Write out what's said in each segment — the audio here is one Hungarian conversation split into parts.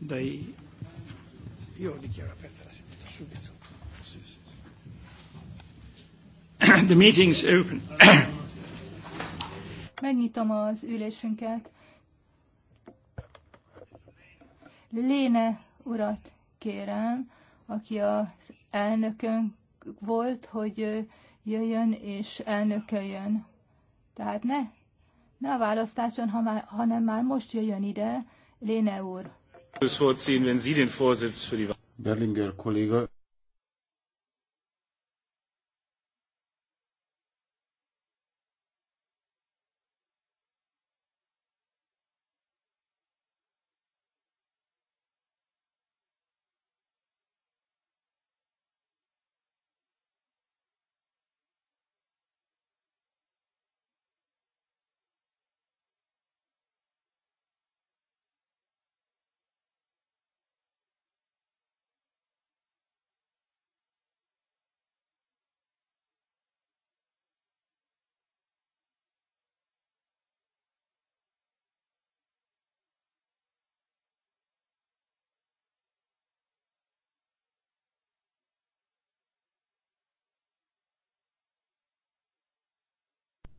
dai... Io dichiaro aperta la seduta subito. Sì, sì. The meeting is open. Megnyitom az ülésünket. Léne urat kérem, aki az elnökön volt, hogy jöjjön és elnököljön. Tehát ne ne a választáson, ha már, hanem már most jöjjön ide, Léne úr. Berlinger kolléga.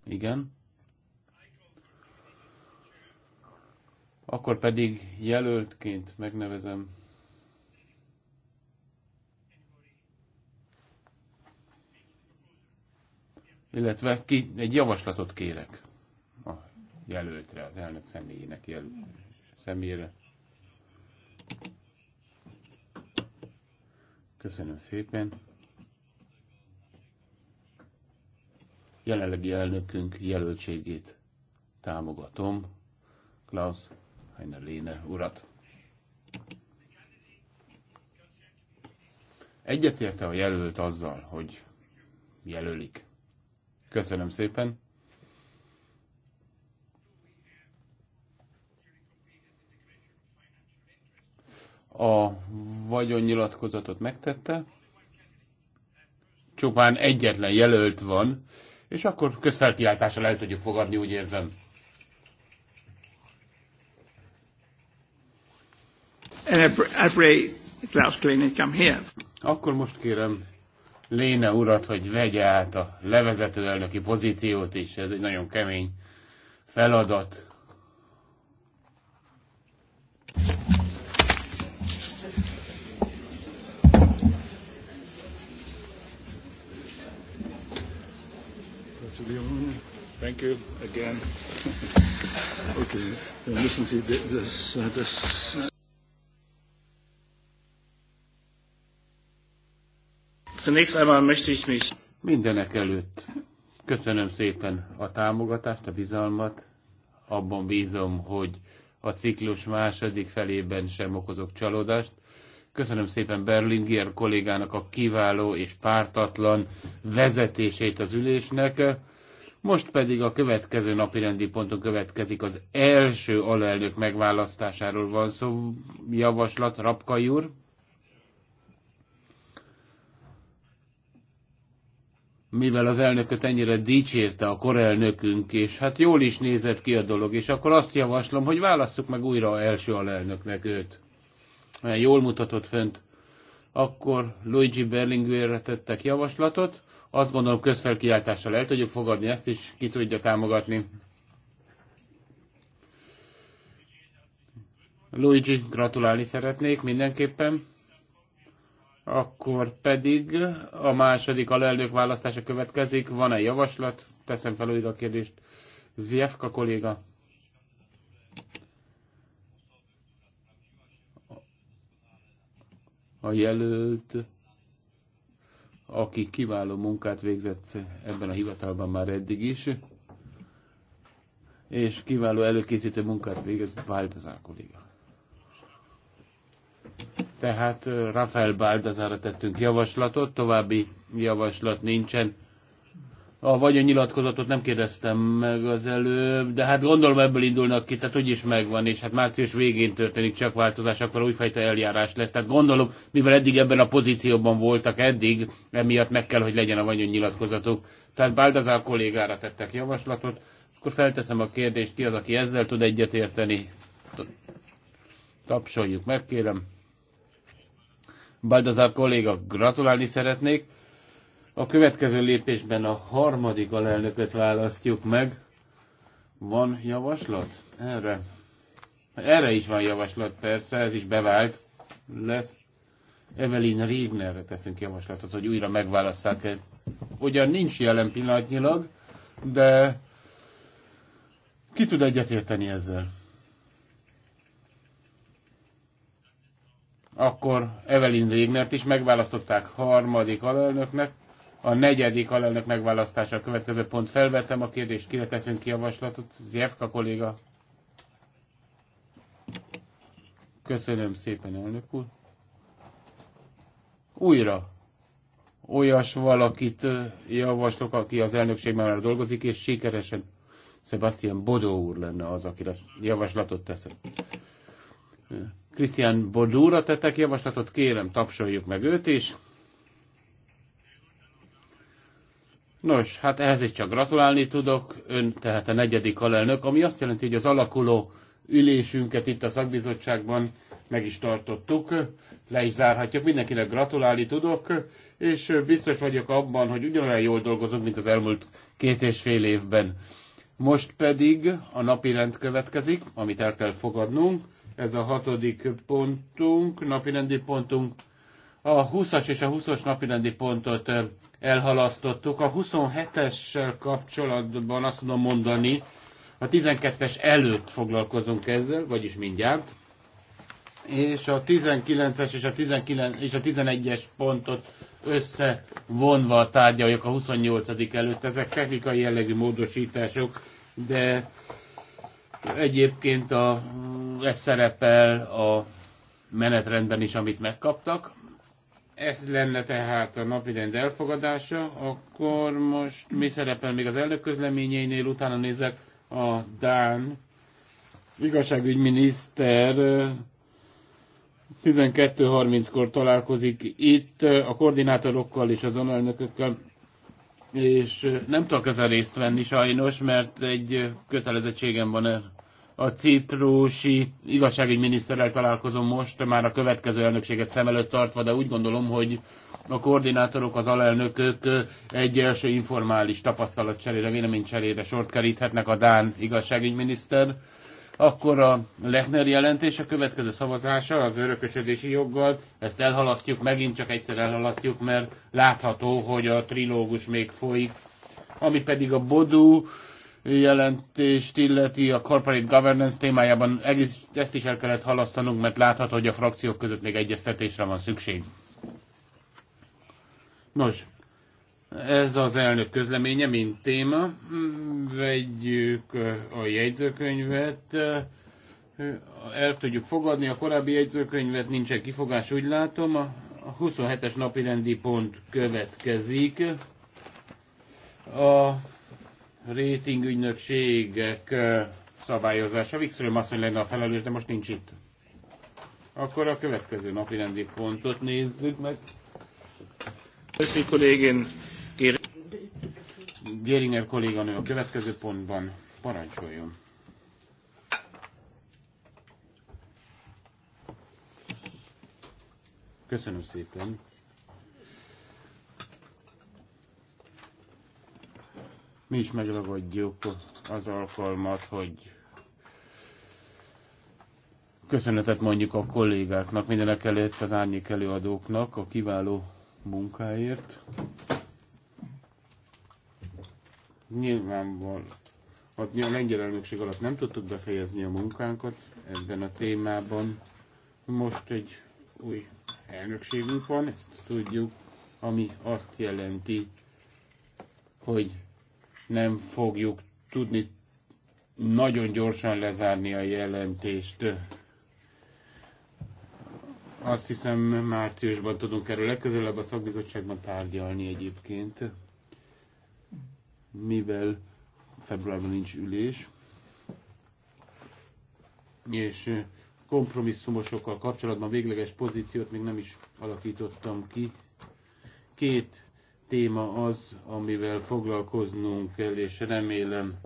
Igen. Akkor pedig jelöltként megnevezem illetve ki, egy javaslatot kérek a jelöltre, az elnök személyének jel, személyre. Köszönöm szépen. jelenlegi elnökünk jelöltségét támogatom, Klaus Heiner Léne urat. Egyetérte a jelölt azzal, hogy jelölik. Köszönöm szépen. A vagyonnyilatkozatot megtette. Csupán egyetlen jelölt van, és akkor közfelkiáltással el tudjuk fogadni, úgy érzem. Akkor most kérem Léne urat, hogy vegye át a levezető elnöki pozíciót is. Ez egy nagyon kemény feladat. zu Thank you again. okay, dann müssen Sie das, das Zunächst einmal möchte ich mich Mindenek előtt köszönöm szépen a támogatást, a bizalmat. Abban bízom, hogy a ciklus második felében sem okozok csalódást. Köszönöm szépen Berlingier kollégának a kiváló és pártatlan vezetését az ülésnek. Most pedig a következő napi rendi ponton következik az első alelnök megválasztásáról van szó. Javaslat, Rapkai úr. mivel az elnököt ennyire dicsérte a korelnökünk, és hát jól is nézett ki a dolog, és akkor azt javaslom, hogy válasszuk meg újra első alelnöknek őt jól mutatott fönt, akkor Luigi Berlinguerre tettek javaslatot, azt gondolom közfelkiáltással el tudjuk fogadni ezt, és ki tudja támogatni. Luigi, gratulálni szeretnék mindenképpen. Akkor pedig a második alelnök választása következik. Van-e javaslat? Teszem fel újra a kérdést. Zviefka kolléga. a jelölt, aki kiváló munkát végzett ebben a hivatalban már eddig is, és kiváló előkészítő munkát végez Baldazár kolléga. Tehát Rafael Baldazára tettünk javaslatot, további javaslat nincsen a vagyonnyilatkozatot nem kérdeztem meg az előbb, de hát gondolom ebből indulnak ki, tehát hogy is megvan, és hát március végén történik csak változás, akkor újfajta eljárás lesz. Tehát gondolom, mivel eddig ebben a pozícióban voltak eddig, emiatt meg kell, hogy legyen a vagyonnyilatkozatuk. Tehát Báldazár kollégára tettek javaslatot, és akkor felteszem a kérdést, ki az, aki ezzel tud egyetérteni. Tapsoljuk meg, kérem. Baldazár kolléga, gratulálni szeretnék a következő lépésben a harmadik alelnököt választjuk meg. Van javaslat erre? Erre is van javaslat, persze, ez is bevált. Lesz. Evelyn Riegnerre teszünk javaslatot, hogy újra megválasszák Ugyan nincs jelen pillanatnyilag, de ki tud egyetérteni ezzel? Akkor Evelyn Régnert is megválasztották harmadik alelnöknek a negyedik alelnök megválasztása a következő pont. Felvettem a kérdést, kire teszünk ki javaslatot? Zjevka kolléga. Köszönöm szépen, elnök úr. Újra olyas valakit javaslok, aki az elnökség már dolgozik, és sikeresen Sebastian Bodó úr lenne az, akire javaslatot teszek. Krisztián Bodóra tettek javaslatot, kérem, tapsoljuk meg őt is. Nos, hát ehhez is csak gratulálni tudok. Ön tehát a negyedik alelnök, ami azt jelenti, hogy az alakuló ülésünket itt a szakbizottságban meg is tartottuk, le is zárhatjuk. Mindenkinek gratulálni tudok, és biztos vagyok abban, hogy ugyanolyan jól dolgozunk, mint az elmúlt két és fél évben. Most pedig a napi rend következik, amit el kell fogadnunk. Ez a hatodik pontunk, rendi pontunk. A 20-as és a 20-as rendi pontot elhalasztottuk. A 27-essel kapcsolatban azt tudom mondani, a 12-es előtt foglalkozunk ezzel, vagyis mindjárt, és a 19-es és a, 19, és a 11-es pontot összevonva tárgyaljuk a 28 előtt. Ezek technikai jellegű módosítások, de egyébként a, ez szerepel a menetrendben is, amit megkaptak. Ez lenne tehát a napirend elfogadása, akkor most mi szerepel még az elnök közleményeinél, utána nézek a Dán igazságügyminiszter 12.30-kor találkozik itt a koordinátorokkal és az alelnökökkel, és nem tudok ezzel részt venni sajnos, mert egy kötelezettségem van erre. A ciprusi igazságügyi miniszterrel találkozom most, már a következő elnökséget szem előtt tartva, de úgy gondolom, hogy a koordinátorok, az alelnökök egy első informális vélemény cserére sort keríthetnek a Dán igazságügyi miniszter. Akkor a Lechner jelentés a következő szavazása az örökösödési joggal. Ezt elhalasztjuk, megint csak egyszer elhalasztjuk, mert látható, hogy a trilógus még folyik. Ami pedig a Bodú jelentést illeti a corporate governance témájában, ezt is el kellett halasztanunk, mert látható, hogy a frakciók között még egyeztetésre van szükség. Nos, ez az elnök közleménye, mint téma. Vegyük a jegyzőkönyvet. El tudjuk fogadni a korábbi jegyzőkönyvet, nincsen kifogás, úgy látom. A 27-es rendi pont következik. A rétingügynökségek szabályozása. azt asszony lenne a felelős, de most nincs itt. Akkor a következő napi rendi pontot nézzük meg. Köszi kollégén. Géringer kolléganő a következő pontban. Parancsoljon. Köszönöm szépen. Mi is megragadjuk az alkalmat, hogy köszönetet mondjuk a kollégáknak, mindenek előtt az árnyék előadóknak a kiváló munkáért. Nyilvánvaló. Hát a lengyel elnökség alatt nem tudtuk befejezni a munkánkat ebben a témában. Most egy új elnökségünk van, ezt tudjuk, ami azt jelenti, hogy nem fogjuk tudni nagyon gyorsan lezárni a jelentést. Azt hiszem márciusban tudunk erről legközelebb a szakbizottságban tárgyalni egyébként, mivel februárban nincs ülés, és kompromisszumosokkal kapcsolatban végleges pozíciót még nem is alakítottam ki. Két téma az, amivel foglalkoznunk kell, és remélem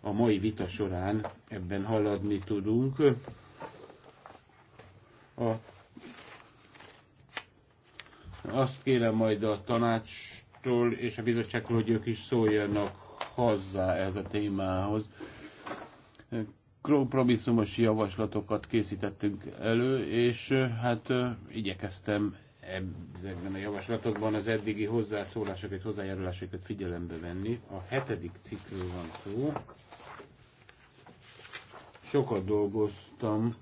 a mai vita során ebben haladni tudunk. A, azt kérem majd a tanácstól és a bizottságtól, hogy ők is szóljanak hozzá ez a témához. Kompromisszumos javaslatokat készítettünk elő, és hát igyekeztem ezekben a javaslatokban az eddigi hozzászólásokat, hozzájárulásokat figyelembe venni. A hetedik cikkről van szó. Sokat dolgoztam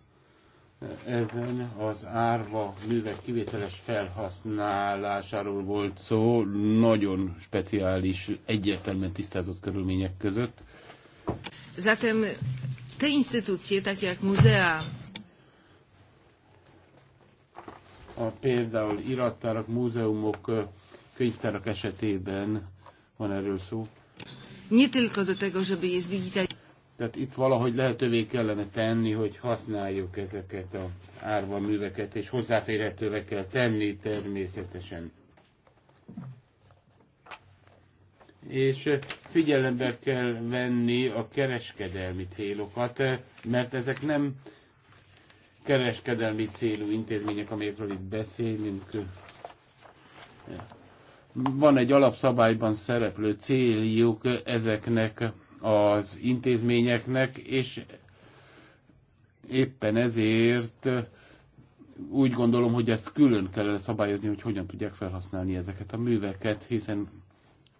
ezen az árva művek kivételes felhasználásáról volt szó, nagyon speciális, egyértelműen tisztázott körülmények között. Zatem te instytucje, tak jak muzea a, például irattárak, múzeumok, könyvtárak esetében van erről szó. Tehát itt valahogy lehetővé kellene tenni, hogy használjuk ezeket a árva műveket, és hozzáférhetővé kell tenni természetesen. És figyelembe kell venni a kereskedelmi célokat, mert ezek nem kereskedelmi célú intézmények, amelyekről itt beszélünk. Van egy alapszabályban szereplő céljuk ezeknek az intézményeknek, és éppen ezért úgy gondolom, hogy ezt külön kellene szabályozni, hogy hogyan tudják felhasználni ezeket a műveket, hiszen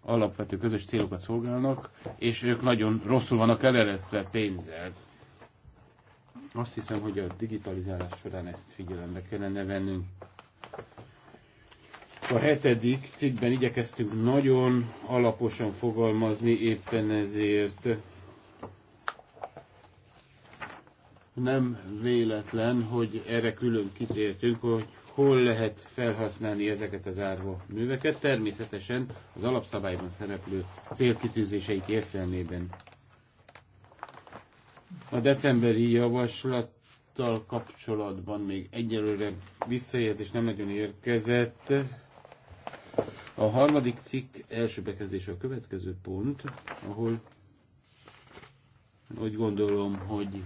alapvető közös célokat szolgálnak, és ők nagyon rosszul vannak eleresztve pénzzel. Azt hiszem, hogy a digitalizálás során ezt figyelembe kellene vennünk. A hetedik cikkben igyekeztünk nagyon alaposan fogalmazni, éppen ezért nem véletlen, hogy erre külön kitértünk, hogy hol lehet felhasználni ezeket az árva műveket, természetesen az alapszabályban szereplő célkitűzéseik értelmében. A decemberi javaslattal kapcsolatban még egyelőre visszajelzés nem nagyon érkezett. A harmadik cikk első bekezdése a következő pont, ahol úgy gondolom, hogy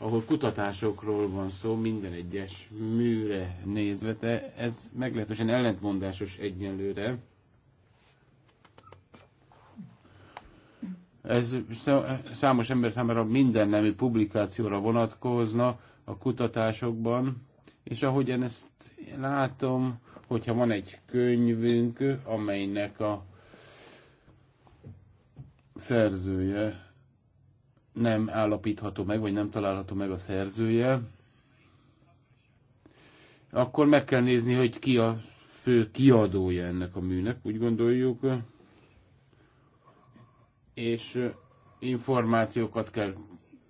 ahol kutatásokról van szó, minden egyes műre nézve, de ez meglehetősen ellentmondásos egyenlőre. Ez számos ember számára minden nemű publikációra vonatkozna a kutatásokban, és ahogyan ezt látom, hogyha van egy könyvünk, amelynek a szerzője nem állapítható meg, vagy nem található meg a szerzője, akkor meg kell nézni, hogy ki a fő kiadója ennek a műnek, úgy gondoljuk és információkat kell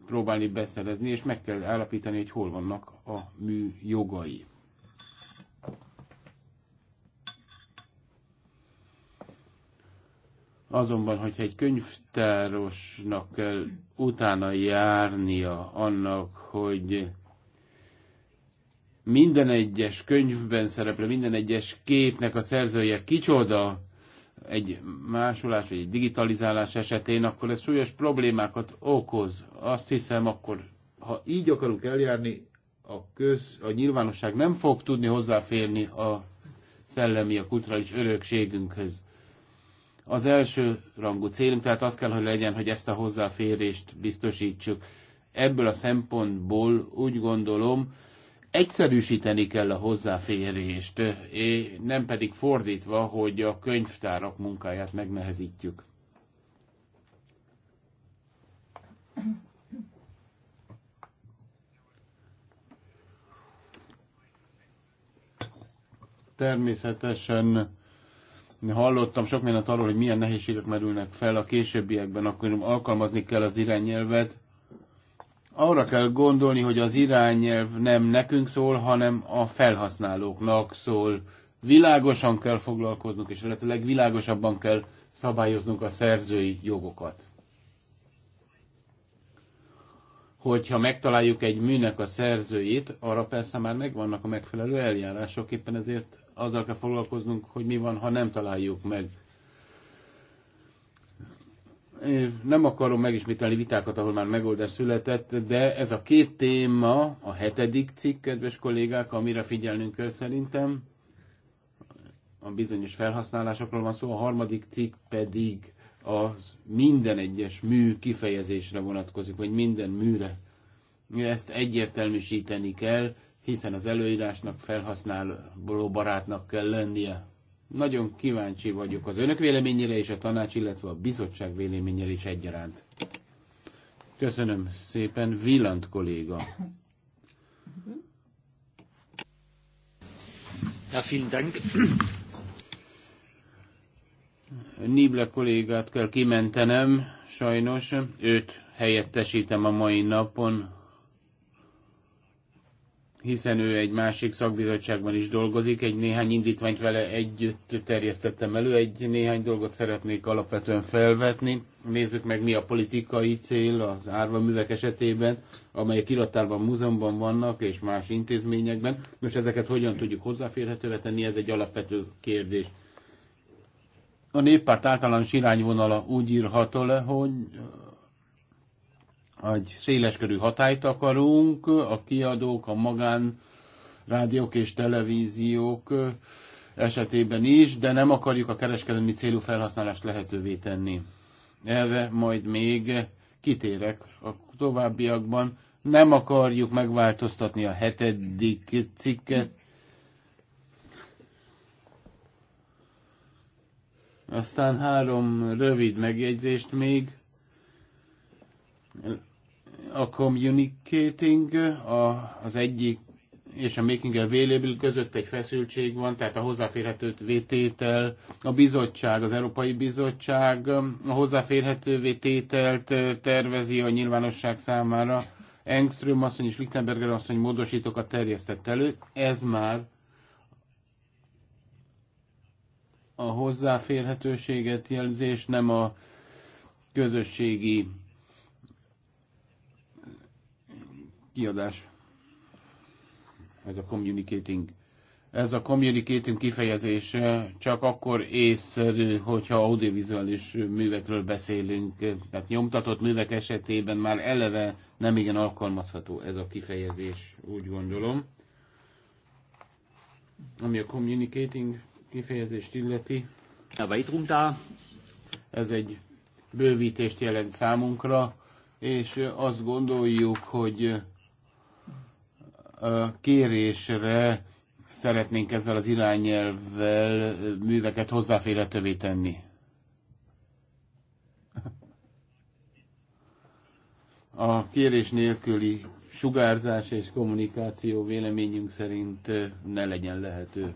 próbálni beszerezni, és meg kell állapítani, hogy hol vannak a mű jogai. Azonban, hogyha egy könyvtárosnak kell utána járnia annak, hogy minden egyes könyvben szereplő, minden egyes képnek a szerzője kicsoda, egy másolás, vagy egy digitalizálás esetén, akkor ez súlyos problémákat okoz. Azt hiszem, akkor ha így akarunk eljárni, a, köz, a nyilvánosság nem fog tudni hozzáférni a szellemi, a kulturális örökségünkhöz. Az első rangú célunk, tehát az kell, hogy legyen, hogy ezt a hozzáférést biztosítsuk. Ebből a szempontból úgy gondolom, egyszerűsíteni kell a hozzáférést, nem pedig fordítva, hogy a könyvtárak munkáját megnehezítjük. Természetesen hallottam sok mindent arról, hogy milyen nehézségek merülnek fel a későbbiekben, akkor alkalmazni kell az irányelvet, arra kell gondolni, hogy az irányelv nem nekünk szól, hanem a felhasználóknak szól. Világosan kell foglalkoznunk, és lehetőleg világosabban kell szabályoznunk a szerzői jogokat. Hogyha megtaláljuk egy műnek a szerzőjét, arra persze már megvannak a megfelelő eljárások, éppen ezért azzal kell foglalkoznunk, hogy mi van, ha nem találjuk meg nem akarom megismételni vitákat, ahol már megoldás született, de ez a két téma, a hetedik cikk, kedves kollégák, amire figyelnünk kell szerintem, a bizonyos felhasználásokról van szó, a harmadik cikk pedig az minden egyes mű kifejezésre vonatkozik, vagy minden műre. Ezt egyértelműsíteni kell, hiszen az előírásnak felhasználó barátnak kell lennie nagyon kíváncsi vagyok az önök véleményére és a tanács, illetve a bizottság véleményére is egyaránt. Köszönöm szépen, Villant kolléga. Ja, vielen Dank. Nible kollégát kell kimentenem, sajnos. Őt helyettesítem a mai napon hiszen ő egy másik szakbizottságban is dolgozik, egy néhány indítványt vele együtt terjesztettem elő, egy néhány dolgot szeretnék alapvetően felvetni. Nézzük meg, mi a politikai cél az árva művek esetében, amelyek irattárban, múzeumban vannak, és más intézményekben. Most ezeket hogyan tudjuk hozzáférhetővé tenni, ez egy alapvető kérdés. A néppárt általános irányvonala úgy írható le, hogy egy széleskörű hatályt akarunk, a kiadók, a magán rádiók és televíziók esetében is, de nem akarjuk a kereskedelmi célú felhasználást lehetővé tenni. Erre majd még kitérek a továbbiakban. Nem akarjuk megváltoztatni a hetedik cikket. Aztán három rövid megjegyzést még a communicating, a, az egyik és a making available között egy feszültség van, tehát a hozzáférhető vététel, a bizottság, az Európai Bizottság a hozzáférhető vétételt tervezi a nyilvánosság számára. Engström asszony és Lichtenberger asszony módosítókat terjesztett elő. Ez már a hozzáférhetőséget jelzés, nem a közösségi kiadás. Ez a communicating. Ez a communicating kifejezés csak akkor észszerű, hogyha audiovizuális művekről beszélünk. Tehát nyomtatott művek esetében már eleve nem igen alkalmazható ez a kifejezés, úgy gondolom. Ami a communicating kifejezést illeti. Erweiterung da. Ez egy bővítést jelent számunkra, és azt gondoljuk, hogy kérésre szeretnénk ezzel az irányelvvel műveket hozzáférhetővé tenni. A kérés nélküli sugárzás és kommunikáció véleményünk szerint ne legyen lehető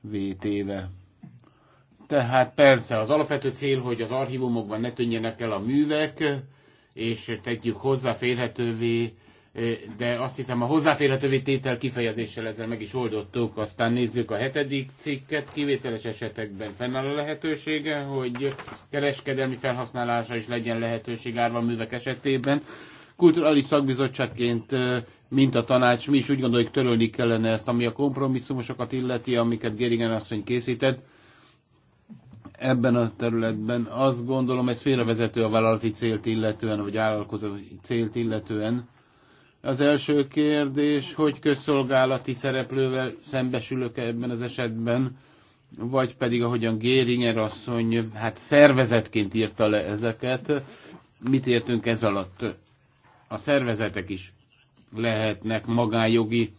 vétéve. Tehát persze az alapvető cél, hogy az archívumokban ne tűnjenek el a művek, és tegyük hozzáférhetővé de azt hiszem a hozzáférhetővé tétel kifejezéssel ezzel meg is oldottuk. Aztán nézzük a hetedik cikket, kivételes esetekben fennáll a lehetősége, hogy kereskedelmi felhasználása is legyen lehetőség árva művek esetében. Kulturális szakbizottságként, mint a tanács, mi is úgy gondoljuk, törölni kellene ezt, ami a kompromisszumosokat illeti, amiket Gérigen asszony készített ebben a területben. Azt gondolom, ez félrevezető a vállalati célt illetően, vagy vállalkozó célt illetően az első kérdés, hogy közszolgálati szereplővel szembesülök-e ebben az esetben, vagy pedig ahogyan Géringer asszony, hát szervezetként írta le ezeket, mit értünk ez alatt? A szervezetek is lehetnek magánjogi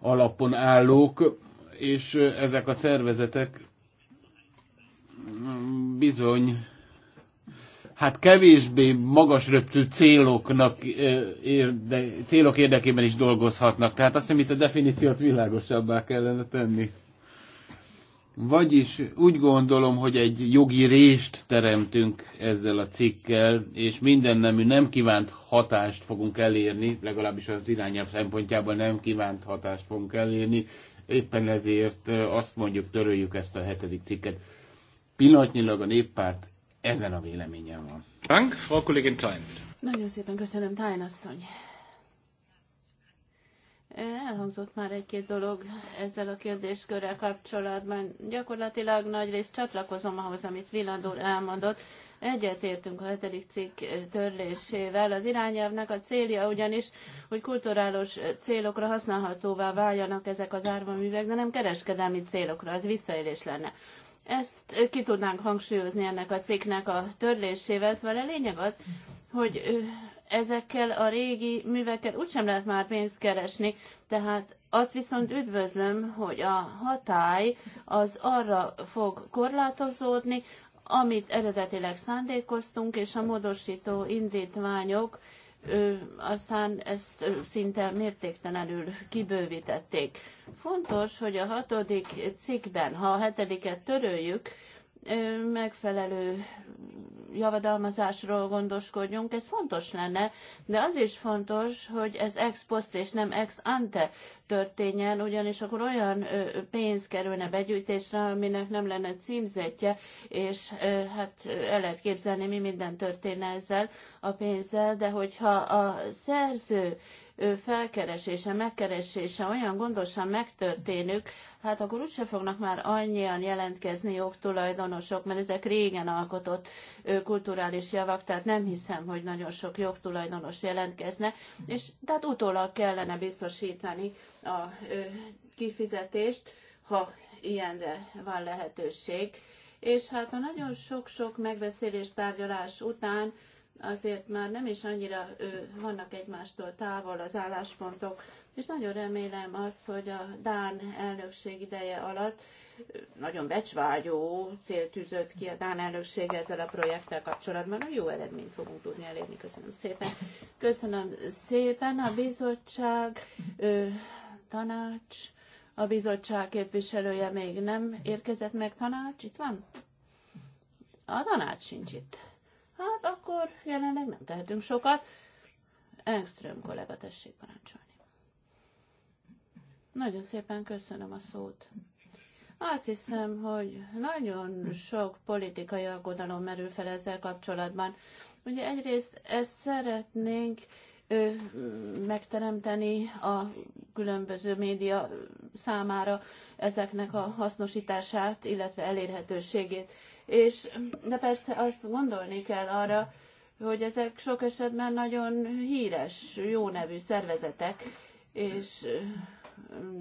alapon állók, és ezek a szervezetek mm, bizony hát kevésbé magas röptű céloknak, érde, célok érdekében is dolgozhatnak. Tehát azt hiszem, itt a definíciót világosabbá kellene tenni. Vagyis úgy gondolom, hogy egy jogi rést teremtünk ezzel a cikkel, és minden nemű nem kívánt hatást fogunk elérni, legalábbis az irányelv szempontjából nem kívánt hatást fogunk elérni, éppen ezért azt mondjuk töröljük ezt a hetedik cikket. Pillanatnyilag a néppárt ezen a véleményen van. Dank, Frau Kollegin Thein. Nagyon szépen köszönöm, Thein asszony. Elhangzott már egy-két dolog ezzel a kérdéskörrel kapcsolatban. Gyakorlatilag nagyrészt csatlakozom ahhoz, amit Villand úr elmondott. Egyetértünk a hetedik cikk törlésével. Az irányelvnek a célja ugyanis, hogy kulturális célokra használhatóvá váljanak ezek az árvaművek, de nem kereskedelmi célokra, az visszaélés lenne. Ezt ki tudnánk hangsúlyozni ennek a cikknek a törlésével, szóval a lényeg az, hogy ezekkel a régi művekkel úgysem lehet már pénzt keresni, tehát azt viszont üdvözlöm, hogy a hatály az arra fog korlátozódni, amit eredetileg szándékoztunk, és a módosító indítványok aztán ezt szinte mértéktelenül kibővítették. Fontos, hogy a hatodik cikkben, ha a hetediket töröljük, megfelelő javadalmazásról gondoskodjunk, ez fontos lenne, de az is fontos, hogy ez ex post és nem ex ante történjen, ugyanis akkor olyan pénz kerülne begyűjtésre, aminek nem lenne címzetje, és hát el lehet képzelni, mi minden történne ezzel a pénzzel, de hogyha a szerző felkeresése, megkeresése olyan gondosan megtörténük, hát akkor úgyse fognak már annyian jelentkezni jogtulajdonosok, mert ezek régen alkotott kulturális javak, tehát nem hiszem, hogy nagyon sok jogtulajdonos jelentkezne, és tehát utólag kellene biztosítani a kifizetést, ha ilyenre van lehetőség. És hát a nagyon sok-sok megbeszélés tárgyalás után azért már nem is annyira ő, vannak egymástól távol az álláspontok, és nagyon remélem azt, hogy a Dán elnökség ideje alatt nagyon becsvágyó cél tűzött ki a Dán elnökség ezzel a projekttel kapcsolatban, a jó eredményt fogunk tudni elérni. Köszönöm szépen. Köszönöm szépen a bizottság, ö, tanács, a bizottság képviselője még nem érkezett meg. Tanács, itt van? A tanács sincs itt. Hát akkor jelenleg nem tehetünk sokat. Engström kollega, tessék parancsolni. Nagyon szépen köszönöm a szót. Azt hiszem, hogy nagyon sok politikai aggodalom merül fel ezzel kapcsolatban. Ugye egyrészt ezt szeretnénk ö, megteremteni a különböző média számára ezeknek a hasznosítását, illetve elérhetőségét és de persze azt gondolni kell arra, hogy ezek sok esetben nagyon híres, jó nevű szervezetek, és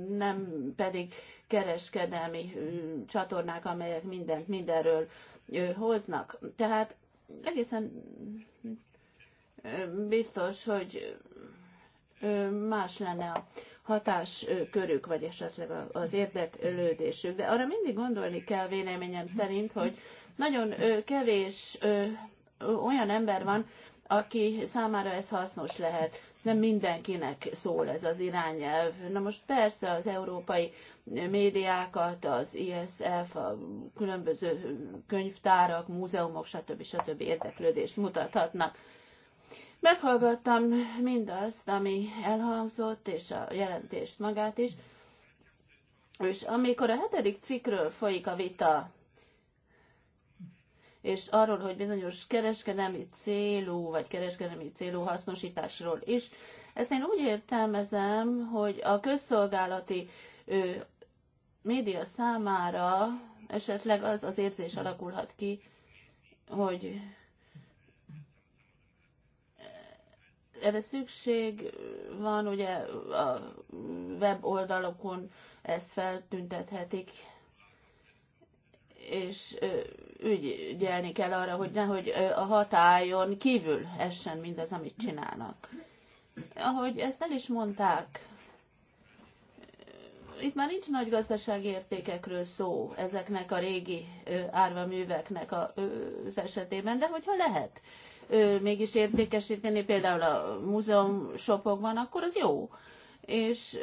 nem pedig kereskedelmi csatornák, amelyek mindent mindenről hoznak. Tehát egészen biztos, hogy más lenne a hatáskörük, vagy esetleg az érdeklődésük. De arra mindig gondolni kell véleményem szerint, hogy nagyon kevés olyan ember van, aki számára ez hasznos lehet. Nem mindenkinek szól ez az irányelv. Na most persze az európai médiákat, az ISF, a különböző könyvtárak, múzeumok, stb. stb. érdeklődést mutathatnak Meghallgattam mindazt, ami elhangzott, és a jelentést magát is, és amikor a hetedik cikről folyik a vita, és arról, hogy bizonyos kereskedelmi célú, vagy kereskedelmi célú hasznosításról is, ezt én úgy értelmezem, hogy a közszolgálati ő, média számára esetleg az az érzés alakulhat ki, hogy erre szükség van, ugye a weboldalokon ezt feltüntethetik, és ügyelni kell arra, hogy nehogy a hatájon kívül essen mindez, amit csinálnak. Ahogy ezt el is mondták, itt már nincs nagy gazdasági értékekről szó ezeknek a régi árvaműveknek az esetében, de hogyha lehet mégis értékesíteni, például a múzeum sopokban, akkor az jó. És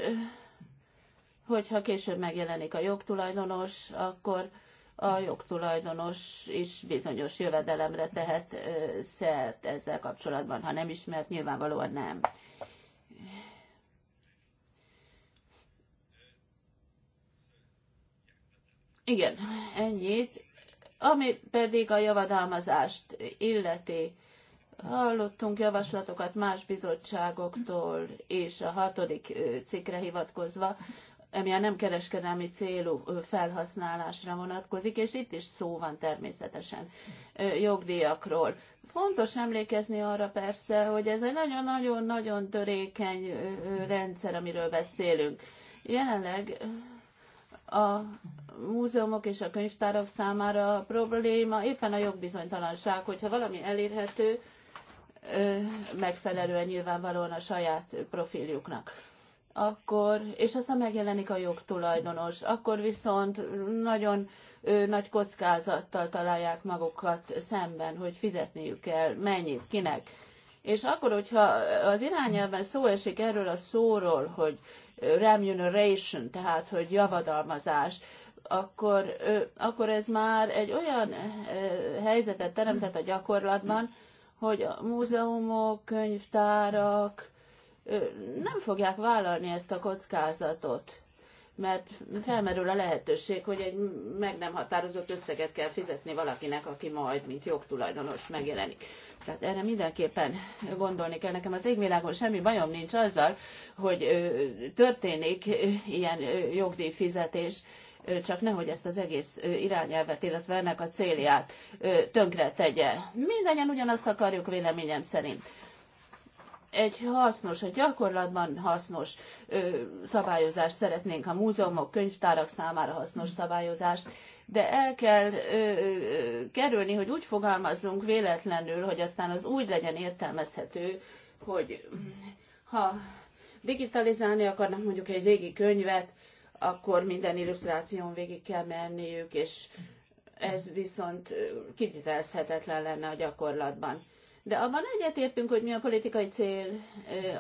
hogyha később megjelenik a jogtulajdonos, akkor a jogtulajdonos is bizonyos jövedelemre tehet szert ezzel kapcsolatban, ha nem ismert, nyilvánvalóan nem. Igen, ennyit. Ami pedig a javadalmazást illeti, Hallottunk javaslatokat más bizottságoktól, és a hatodik cikkre hivatkozva, ami a nem kereskedelmi célú felhasználásra vonatkozik, és itt is szó van természetesen jogdíjakról. Fontos emlékezni arra persze, hogy ez egy nagyon-nagyon-nagyon törékeny rendszer, amiről beszélünk. Jelenleg a múzeumok és a könyvtárok számára a probléma éppen a jogbizonytalanság, hogyha valami elérhető, megfelelően nyilvánvalóan a saját profiljuknak akkor, és aztán megjelenik a jogtulajdonos, akkor viszont nagyon ö, nagy kockázattal találják magukat szemben, hogy fizetniük kell, mennyit, kinek. És akkor, hogyha az irányelven szó esik erről a szóról, hogy remuneration, tehát hogy javadalmazás, akkor, ö, akkor ez már egy olyan ö, helyzetet teremtett a gyakorlatban, hogy a múzeumok, könyvtárak nem fogják vállalni ezt a kockázatot, mert felmerül a lehetőség, hogy egy meg nem határozott összeget kell fizetni valakinek, aki majd, mint jogtulajdonos megjelenik. Tehát erre mindenképpen gondolni kell. Nekem az égvilágon semmi bajom nincs azzal, hogy történik ilyen jogdíjfizetés, csak nehogy ezt az egész irányelvet, illetve ennek a célját tönkre tegye. Mindannyian ugyanazt akarjuk véleményem szerint egy hasznos, egy gyakorlatban hasznos ö, szabályozást szeretnénk a múzeumok, könyvtárak számára hasznos szabályozást, de el kell ö, ö, kerülni, hogy úgy fogalmazzunk véletlenül, hogy aztán az úgy legyen értelmezhető, hogy ha digitalizálni akarnak mondjuk egy régi könyvet, akkor minden illusztráción végig kell menniük, és ez viszont kivitelezhetetlen lenne a gyakorlatban. De abban egyetértünk, hogy mi a politikai cél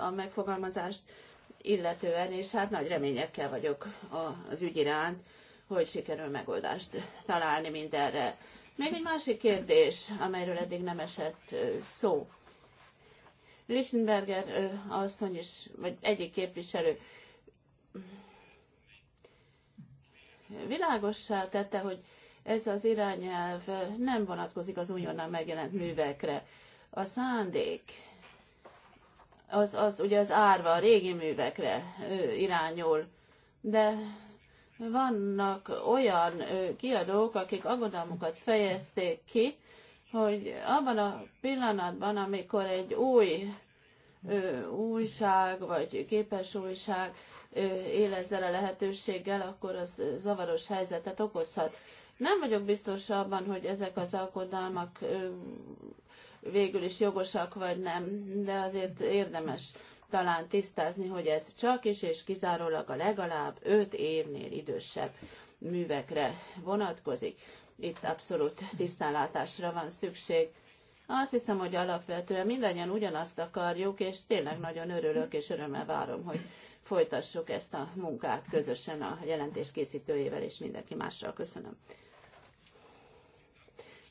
a megfogalmazást illetően, és hát nagy reményekkel vagyok az ügy iránt, hogy sikerül megoldást találni mindenre. Még egy másik kérdés, amelyről eddig nem esett szó. Lichtenberger asszony is, vagy egyik képviselő világossá tette, hogy ez az irányelv nem vonatkozik az újonnan megjelent művekre. A szándék az, az ugye az árva a régi művekre irányul, de vannak olyan kiadók, akik aggodalmukat fejezték ki, hogy abban a pillanatban, amikor egy új újság vagy képes újság él ezzel a lehetőséggel, akkor az zavaros helyzetet okozhat. Nem vagyok biztos abban, hogy ezek az alkodalmak végül is jogosak vagy nem, de azért érdemes talán tisztázni, hogy ez csak is és kizárólag a legalább 5 évnél idősebb művekre vonatkozik. Itt abszolút tisztánlátásra van szükség. Azt hiszem, hogy alapvetően mindannyian ugyanazt akarjuk, és tényleg nagyon örülök, és örömmel várom, hogy folytassuk ezt a munkát közösen a jelentés készítőjével és mindenki mással. Köszönöm.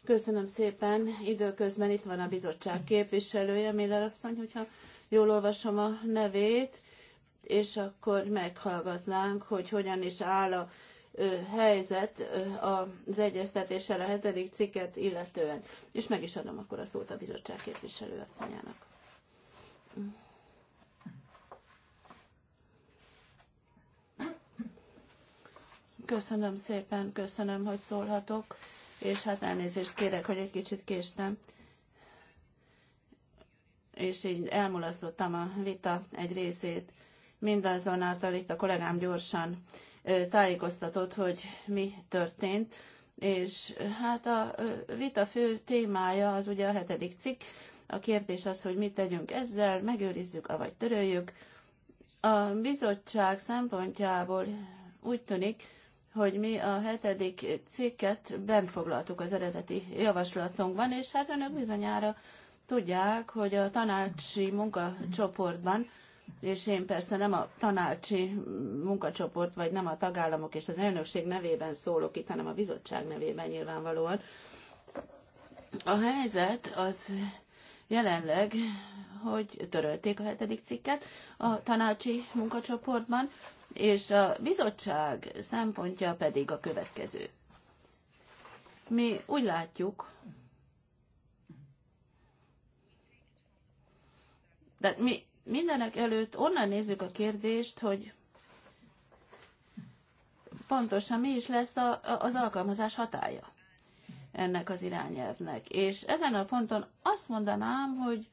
Köszönöm szépen. Időközben itt van a bizottság képviselője, Miller asszony, hogyha jól olvasom a nevét, és akkor meghallgatnánk, hogy hogyan is áll a helyzet az egyeztetéssel a hetedik cikket illetően. És meg is adom akkor a szót a bizottság képviselő asszonyának. Köszönöm szépen, köszönöm, hogy szólhatok, és hát elnézést kérek, hogy egy kicsit késtem. És így elmulasztottam a vita egy részét. Mindazonáltal itt a kollégám gyorsan tájékoztatott, hogy mi történt. És hát a vita fő témája az ugye a hetedik cikk. A kérdés az, hogy mit tegyünk ezzel, megőrizzük, avagy töröljük. A bizottság szempontjából úgy tűnik, hogy mi a hetedik cikket bent foglaltuk az eredeti javaslatunkban, és hát önök bizonyára tudják, hogy a tanácsi munkacsoportban, és én persze nem a tanácsi munkacsoport, vagy nem a tagállamok és az elnökség nevében szólok itt, hanem a bizottság nevében nyilvánvalóan. A helyzet az jelenleg, hogy törölték a hetedik cikket a tanácsi munkacsoportban, és a bizottság szempontja pedig a következő. Mi úgy látjuk, de mi mindenek előtt onnan nézzük a kérdést, hogy pontosan mi is lesz a, az alkalmazás hatája ennek az irányelvnek. És ezen a ponton azt mondanám, hogy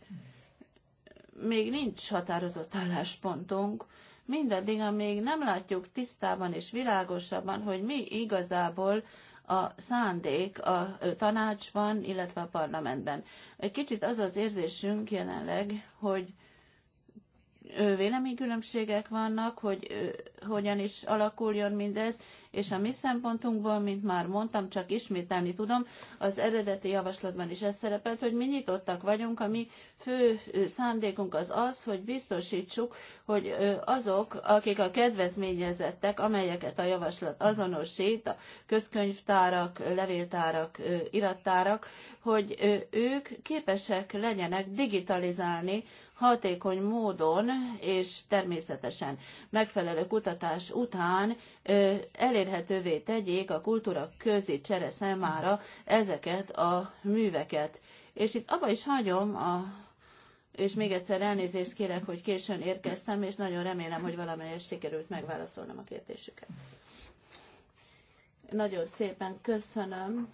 még nincs határozott álláspontunk, mindaddig, amíg nem látjuk tisztában és világosabban, hogy mi igazából a szándék a tanácsban, illetve a parlamentben. Egy kicsit az az érzésünk jelenleg, hogy véleménykülönbségek vannak, hogy hogyan is alakuljon mindez, és a mi szempontunkból, mint már mondtam, csak ismételni tudom, az eredeti javaslatban is ez szerepelt, hogy mi nyitottak vagyunk, a mi fő szándékunk az az, hogy biztosítsuk, hogy azok, akik a kedvezményezettek, amelyeket a javaslat azonosít, a közkönyvtárak, levéltárak, irattárak, hogy ők képesek legyenek digitalizálni hatékony módon és természetesen megfelelő kutatás után elérhetővé tegyék a kultúra közi csere számára ezeket a műveket. És itt abba is hagyom a és még egyszer elnézést kérek, hogy későn érkeztem, és nagyon remélem, hogy valamelyest sikerült megválaszolnom a kérdésüket. Nagyon szépen köszönöm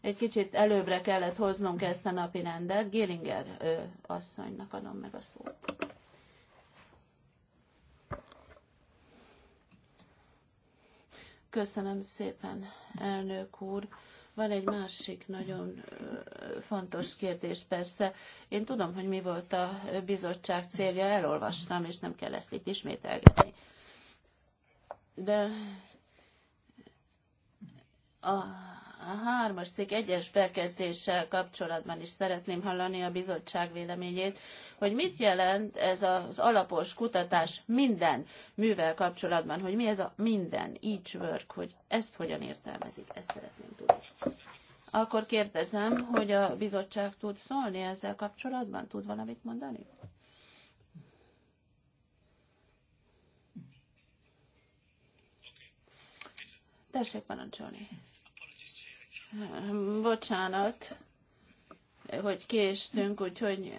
egy kicsit előbbre kellett hoznunk ezt a napi rendet. Géringer asszonynak adom meg a szót. Köszönöm szépen, elnök úr. Van egy másik nagyon fontos kérdés persze. Én tudom, hogy mi volt a bizottság célja, elolvastam, és nem kell ezt itt ismételgetni. De a a hármas cikk egyes bekezdéssel kapcsolatban is szeretném hallani a bizottság véleményét, hogy mit jelent ez az alapos kutatás minden művel kapcsolatban, hogy mi ez a minden, each work, hogy ezt hogyan értelmezik, ezt szeretném tudni. Akkor kérdezem, hogy a bizottság tud szólni ezzel kapcsolatban? Tud valamit mondani? Tessék parancsolni. Bocsánat, hogy késtünk, úgyhogy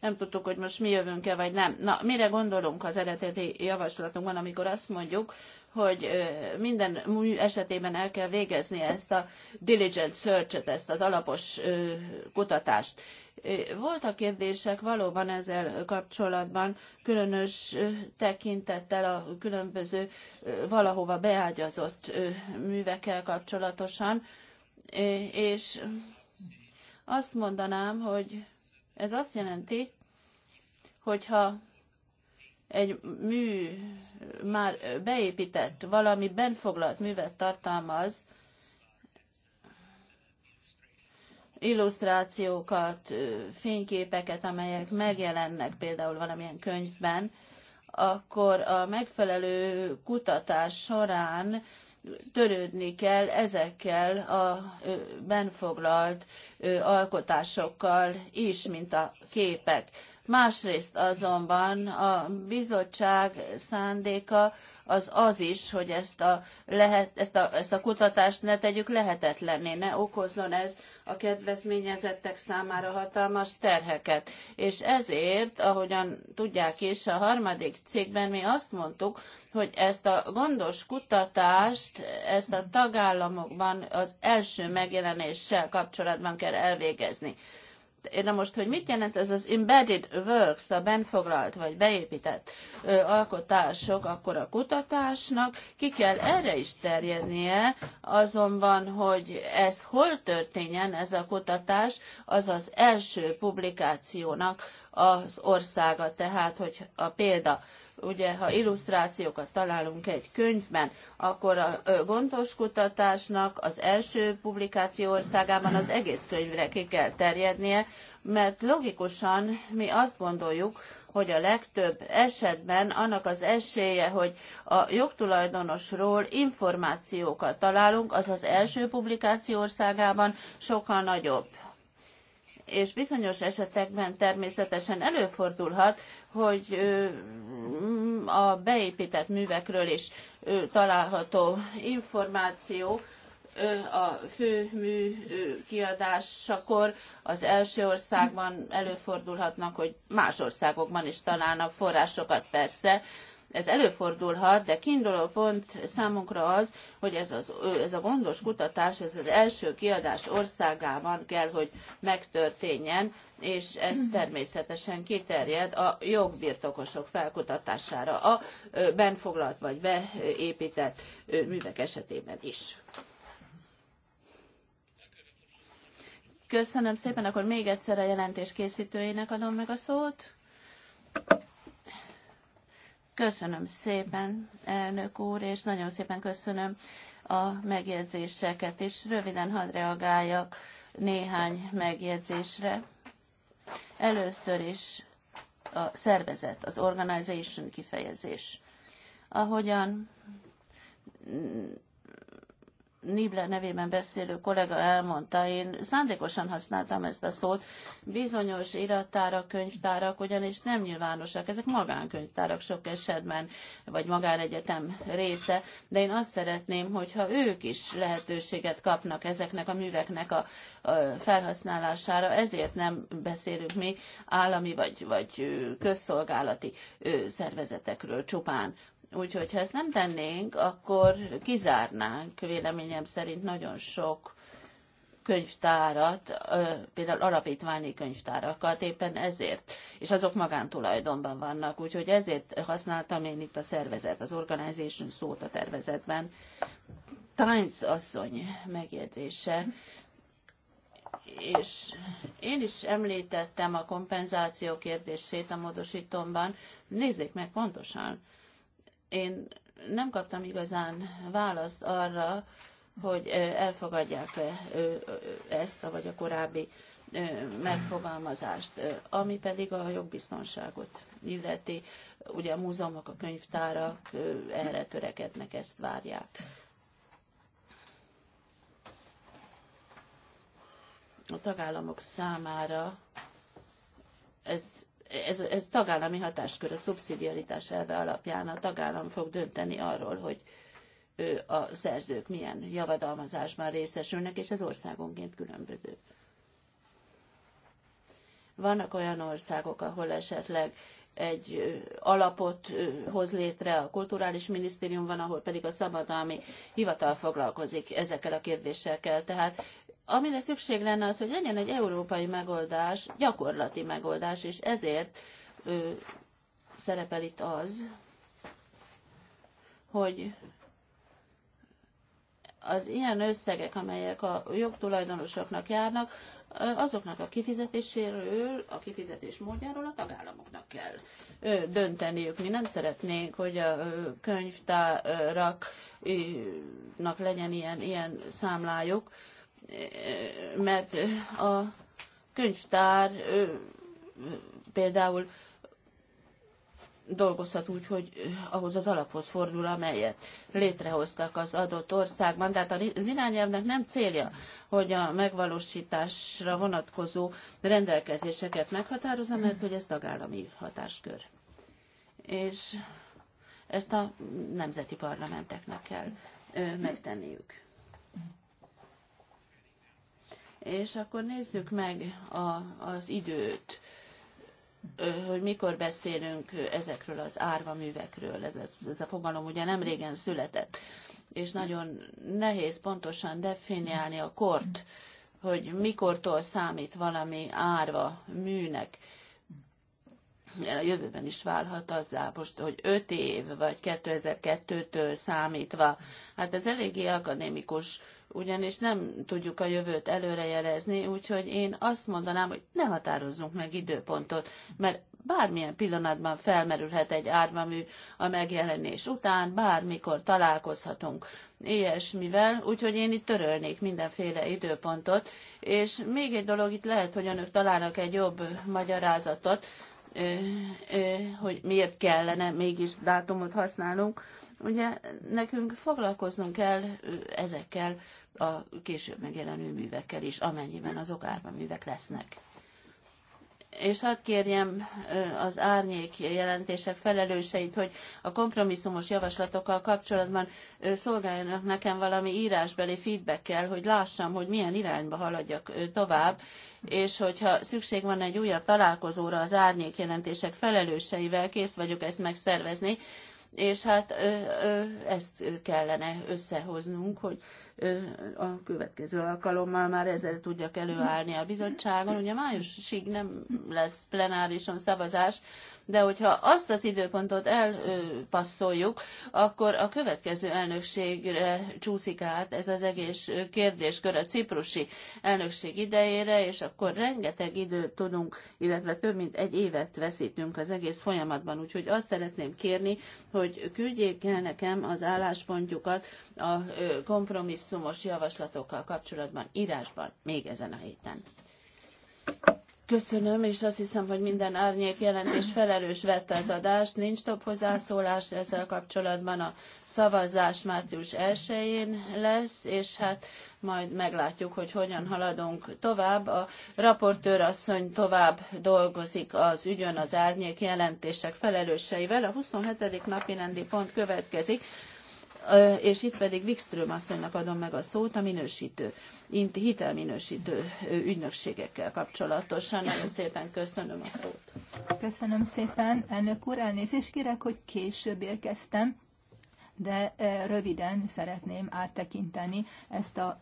nem tudtuk, hogy most mi jövünk-e, vagy nem. Na, mire gondolunk az eredeti javaslatunkban, amikor azt mondjuk, hogy minden mű esetében el kell végezni ezt a diligent search-et, ezt az alapos kutatást. Voltak kérdések valóban ezzel kapcsolatban, különös tekintettel a különböző valahova beágyazott művekkel kapcsolatosan, és azt mondanám, hogy ez azt jelenti, hogyha egy mű már beépített, valami benfoglalt művet tartalmaz, illusztrációkat, fényképeket, amelyek megjelennek például valamilyen könyvben, akkor a megfelelő kutatás során törődni kell ezekkel a benfoglalt alkotásokkal is, mint a képek. Másrészt azonban a bizottság szándéka az az is, hogy ezt a, lehet, ezt a, ezt a kutatást ne tegyük lehetetlenné, ne okozzon ez a kedvezményezettek számára hatalmas terheket. És ezért, ahogyan tudják is, a harmadik cikkben mi azt mondtuk, hogy ezt a gondos kutatást, ezt a tagállamokban az első megjelenéssel kapcsolatban kell elvégezni. Na most, hogy mit jelent ez az embedded works, a benfoglalt vagy beépített ö, alkotások, akkor a kutatásnak ki kell erre is terjednie, azonban, hogy ez hol történjen ez a kutatás, az az első publikációnak az országa, tehát hogy a példa Ugye, ha illusztrációkat találunk egy könyvben, akkor a gondos kutatásnak az első publikáció országában az egész könyvre ki kell terjednie, mert logikusan mi azt gondoljuk, hogy a legtöbb esetben annak az esélye, hogy a jogtulajdonosról információkat találunk, az az első publikáció országában sokkal nagyobb és bizonyos esetekben természetesen előfordulhat, hogy a beépített művekről is található információ, a főmű kiadásakor az első országban előfordulhatnak, hogy más országokban is találnak forrásokat persze, ez előfordulhat, de kiinduló pont számunkra az, hogy ez, az, ez a gondos kutatás, ez az első kiadás országában kell, hogy megtörténjen, és ez mhm. természetesen kiterjed a jogbirtokosok felkutatására a benfoglalt vagy beépített művek esetében is. Köszönöm szépen, akkor még egyszer a jelentés készítőjének adom meg a szót. Köszönöm szépen, elnök úr, és nagyon szépen köszönöm a megjegyzéseket, és röviden hadd reagáljak néhány megjegyzésre. Először is a szervezet, az organization kifejezés. Ahogyan Nibler nevében beszélő kollega elmondta, én szándékosan használtam ezt a szót, bizonyos irattárak, könyvtárak ugyanis nem nyilvánosak, ezek magánkönyvtárak sok esetben, vagy magánegyetem része, de én azt szeretném, hogyha ők is lehetőséget kapnak ezeknek a műveknek a, felhasználására, ezért nem beszélünk mi állami vagy, vagy közszolgálati szervezetekről csupán, Úgyhogy ha ezt nem tennénk, akkor kizárnánk véleményem szerint nagyon sok könyvtárat, például alapítványi könyvtárakat éppen ezért, és azok magántulajdonban vannak, úgyhogy ezért használtam én itt a szervezet, az organization szót a tervezetben. Tánc asszony megjegyzése, és én is említettem a kompenzáció kérdését a módosítomban, nézzék meg pontosan, én nem kaptam igazán választ arra, hogy elfogadják-e ezt, vagy a korábbi megfogalmazást. Ami pedig a jogbiztonságot illeti, ugye a múzeumok, a könyvtárak erre törekednek, ezt várják. A tagállamok számára ez ez, ez tagállami hatáskör, a szubszidiaritás elve alapján a tagállam fog dönteni arról, hogy a szerzők milyen javadalmazásban részesülnek, és ez országonként különböző. Vannak olyan országok, ahol esetleg egy alapot hoz létre a kulturális minisztérium van, ahol pedig a szabadalmi hivatal foglalkozik ezekkel a kérdésekkel. Tehát amire szükség lenne az, hogy legyen egy európai megoldás, gyakorlati megoldás, és ezért ö, szerepel itt az, hogy az ilyen összegek, amelyek a jogtulajdonosoknak járnak, azoknak a kifizetéséről, a kifizetés módjáról a tagállamoknak kell dönteniük. Mi nem szeretnénk, hogy a könyvtáraknak legyen ilyen, ilyen számlájuk, mert a könyvtár például dolgozhat úgy, hogy ahhoz az alaphoz fordul, amelyet létrehoztak az adott országban. Tehát az irányelvnek nem célja, hogy a megvalósításra vonatkozó rendelkezéseket meghatározza, mert hogy ez tagállami hatáskör. És ezt a nemzeti parlamenteknek kell megtenniük. És akkor nézzük meg a, az időt, hogy mikor beszélünk ezekről az árva művekről. Ez, ez a fogalom ugye nem régen született, és nagyon nehéz pontosan definiálni a kort, hogy mikortól számít valami árva műnek a jövőben is válhat azzá, most, hogy 5 év, vagy 2002-től számítva. Hát ez eléggé akadémikus ugyanis nem tudjuk a jövőt előrejelezni, úgyhogy én azt mondanám, hogy ne határozzunk meg időpontot, mert bármilyen pillanatban felmerülhet egy árvamű a megjelenés után, bármikor találkozhatunk ilyesmivel, úgyhogy én itt törölnék mindenféle időpontot, és még egy dolog, itt lehet, hogy önök találnak egy jobb magyarázatot, hogy miért kellene mégis dátumot használnunk, Ugye nekünk foglalkoznunk kell ezekkel a később megjelenő művekkel is, amennyiben azok művek lesznek. És hadd kérjem az árnyék jelentések felelőseit, hogy a kompromisszumos javaslatokkal kapcsolatban szolgáljanak nekem valami írásbeli feedbackkel, hogy lássam, hogy milyen irányba haladjak tovább, és hogyha szükség van egy újabb találkozóra az árnyék jelentések felelőseivel, kész vagyok ezt megszervezni, és hát ezt kellene összehoznunk, hogy a következő alkalommal már ezzel tudjak előállni a bizottságon. Ugye májusig nem lesz plenárisan szavazás, de hogyha azt az időpontot elpasszoljuk, akkor a következő elnökségre csúszik át ez az egész kérdéskör a ciprusi elnökség idejére, és akkor rengeteg időt tudunk, illetve több mint egy évet veszítünk az egész folyamatban. Úgyhogy azt szeretném kérni, hogy küldjék el nekem az álláspontjukat a kompromisszumos javaslatokkal kapcsolatban írásban még ezen a héten. Köszönöm, és azt hiszem, hogy minden árnyék jelentés felelős vette az adást. Nincs több hozzászólás ezzel kapcsolatban. A szavazás március 1-én lesz, és hát majd meglátjuk, hogy hogyan haladunk tovább. A raportőr asszony tovább dolgozik az ügyön az árnyék jelentések felelőseivel. A 27. napi rendi pont következik és itt pedig Wikström asszonynak adom meg a szót, a minősítő hitelminősítő ügynökségekkel kapcsolatosan. Nagyon szépen köszönöm a szót. Köszönöm szépen, elnök úr, elnézést kérek, hogy később érkeztem de röviden szeretném áttekinteni ezt a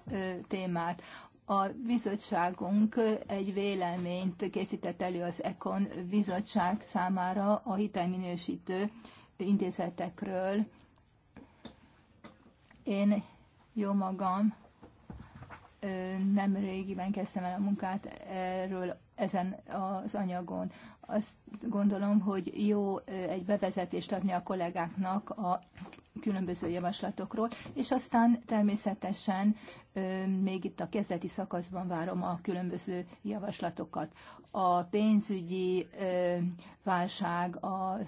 témát. A bizottságunk egy véleményt készített elő az ECON bizottság számára a hitelminősítő intézetekről. Én jó magam nem régiben kezdtem el a munkát erről, ezen az anyagon. Azt gondolom, hogy jó egy bevezetést adni a kollégáknak a különböző javaslatokról, és aztán természetesen még itt a kezdeti szakaszban várom a különböző javaslatokat. A pénzügyi válság, a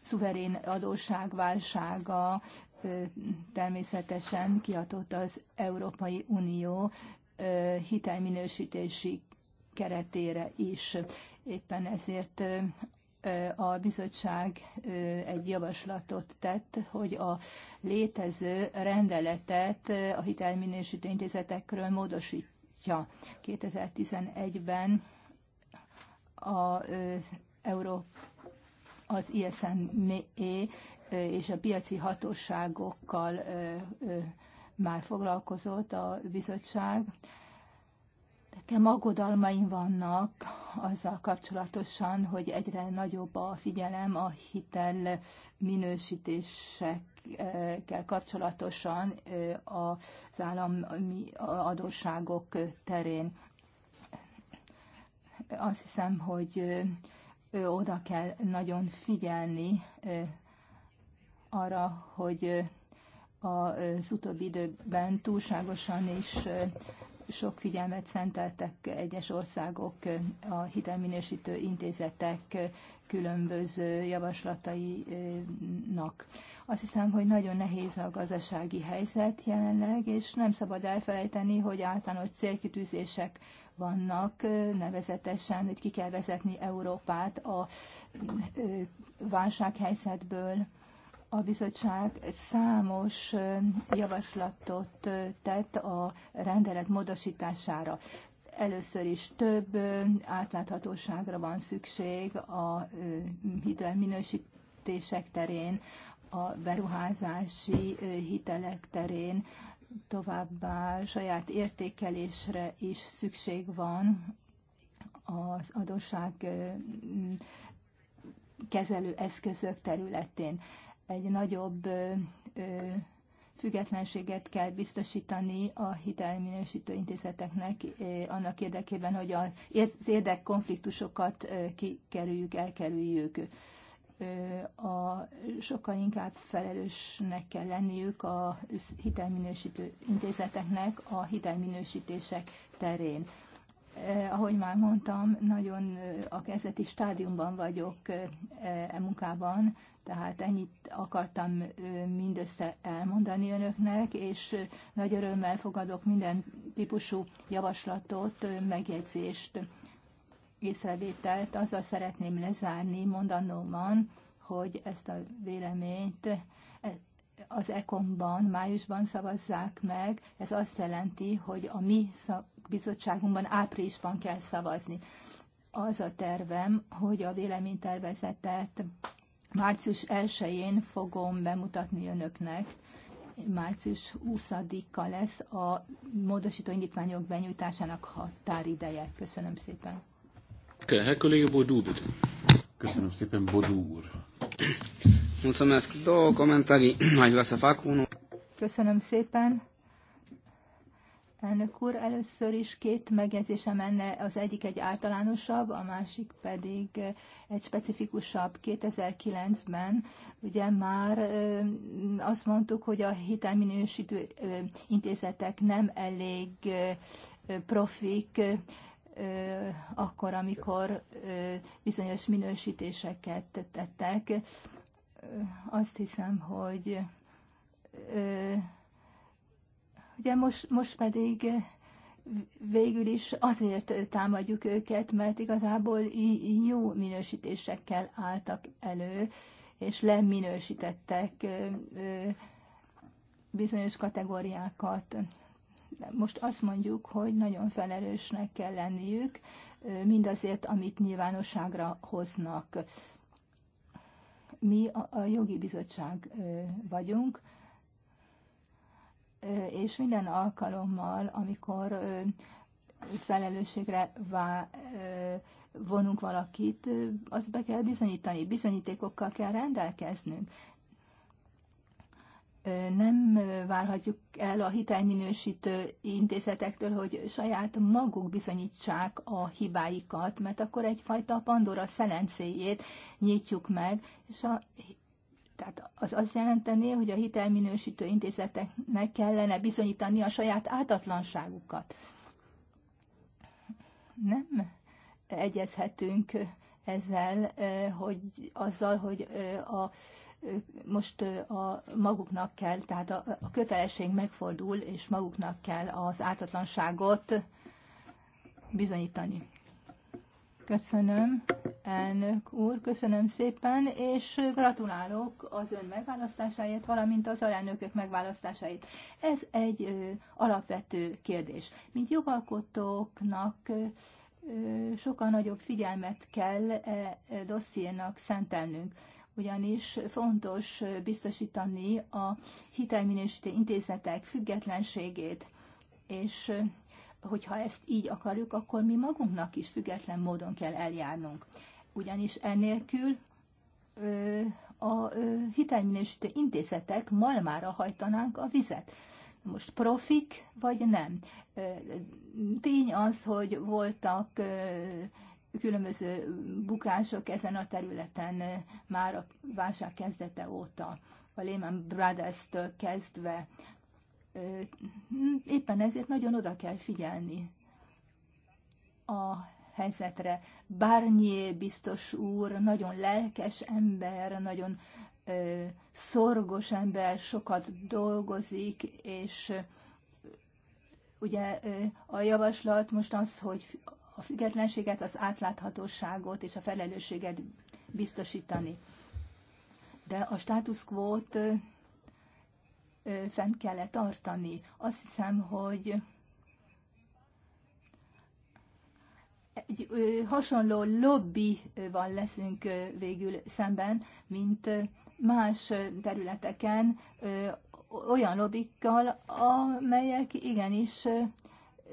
szuverén adósság válsága, természetesen kiadott az Európai Unió hitelminősítési keretére is. Éppen ezért a bizottság egy javaslatot tett, hogy a létező rendeletet a hitelminősítő intézetekről módosítja. 2011-ben az Európa az ism és a piaci hatóságokkal már foglalkozott a bizottság. Nekem aggodalmaim vannak azzal kapcsolatosan, hogy egyre nagyobb a figyelem a hitel minősítésekkel kapcsolatosan az állami adósságok terén. Azt hiszem, hogy oda kell nagyon figyelni arra, hogy az utóbbi időben túlságosan is sok figyelmet szenteltek egyes országok a hitelminősítő intézetek különböző javaslatainak. Azt hiszem, hogy nagyon nehéz a gazdasági helyzet jelenleg, és nem szabad elfelejteni, hogy általános célkitűzések vannak, nevezetesen, hogy ki kell vezetni Európát a válsághelyzetből, a bizottság számos javaslatot tett a rendelet módosítására. Először is több átláthatóságra van szükség a hitelminősítések terén, a beruházási hitelek terén, továbbá saját értékelésre is szükség van az adósság kezelő eszközök területén egy nagyobb függetlenséget kell biztosítani a hitelminősítő intézeteknek annak érdekében, hogy az érdekkonfliktusokat kikerüljük, elkerüljük. A, sokkal inkább felelősnek kell lenniük a hitelminősítő intézeteknek a hitelminősítések terén. Eh, ahogy már mondtam, nagyon eh, a kezdeti stádiumban vagyok eh, e munkában, tehát ennyit akartam mindössze elmondani önöknek, és nagy örömmel fogadok minden típusú javaslatot, megjegyzést, észrevételt. Azzal szeretném lezárni mondanóman, hogy ezt a véleményt az ECOM-ban, májusban szavazzák meg. Ez azt jelenti, hogy a mi szak bizottságunkban áprilisban kell szavazni. Az a tervem, hogy a véleménytervezetet március 1-én fogom bemutatni önöknek. Március 20-a lesz a módosító indítványok benyújtásának határideje. Köszönöm szépen. Köszönöm szépen, Bodú úr. Köszönöm szépen, Bodú úr. Köszönöm szépen. Elnök úr, először is két megjegyzésem menne az egyik egy általánosabb, a másik pedig egy specifikusabb. 2009-ben ugye már azt mondtuk, hogy a hitelminősítő intézetek nem elég profik, akkor, amikor bizonyos minősítéseket tettek. Azt hiszem, hogy Ugye most, most pedig eh, végül is azért támadjuk őket, mert igazából jó minősítésekkel álltak elő, és leminősítettek eh, eh, bizonyos kategóriákat. Most azt mondjuk, hogy nagyon felelősnek kell lenniük mindazért, amit nyilvánosságra hoznak. Mi a jogi bizottság vagyunk, és minden alkalommal, amikor felelősségre vá, vonunk valakit, azt be kell bizonyítani, bizonyítékokkal kell rendelkeznünk. Nem várhatjuk el a hitelminősítő intézetektől, hogy saját maguk bizonyítsák a hibáikat, mert akkor egyfajta Pandora szelencéjét nyitjuk meg, és a tehát az azt jelenteni, hogy a hitelminősítő intézeteknek kellene bizonyítani a saját ártatlanságukat. Nem egyezhetünk ezzel, hogy azzal, hogy a, most a maguknak kell, tehát a, a kötelesség megfordul, és maguknak kell az ártatlanságot bizonyítani. Köszönöm, elnök úr, köszönöm szépen, és gratulálok az ön megválasztásáért, valamint az alelnökök megválasztásáért. Ez egy ö, alapvető kérdés. Mint jogalkotóknak ö, sokkal nagyobb figyelmet kell e, e dossziénak szentelnünk ugyanis fontos biztosítani a hitelminősítő intézetek függetlenségét, és hogyha ezt így akarjuk, akkor mi magunknak is független módon kell eljárnunk. Ugyanis ennélkül a hitelminősítő intézetek malmára hajtanánk a vizet. Most profik vagy nem? Tény az, hogy voltak különböző bukások ezen a területen már a válság kezdete óta, a Lehman Brothers-től kezdve Éppen ezért nagyon oda kell figyelni a helyzetre. Bárnyi biztos úr, nagyon lelkes ember, nagyon ö, szorgos ember, sokat dolgozik, és ugye a javaslat most az, hogy a függetlenséget, az átláthatóságot és a felelősséget biztosítani. De a status quo-t fent kell tartani. Azt hiszem, hogy egy hasonló lobbival leszünk végül szemben, mint más területeken olyan lobbikkal, amelyek igenis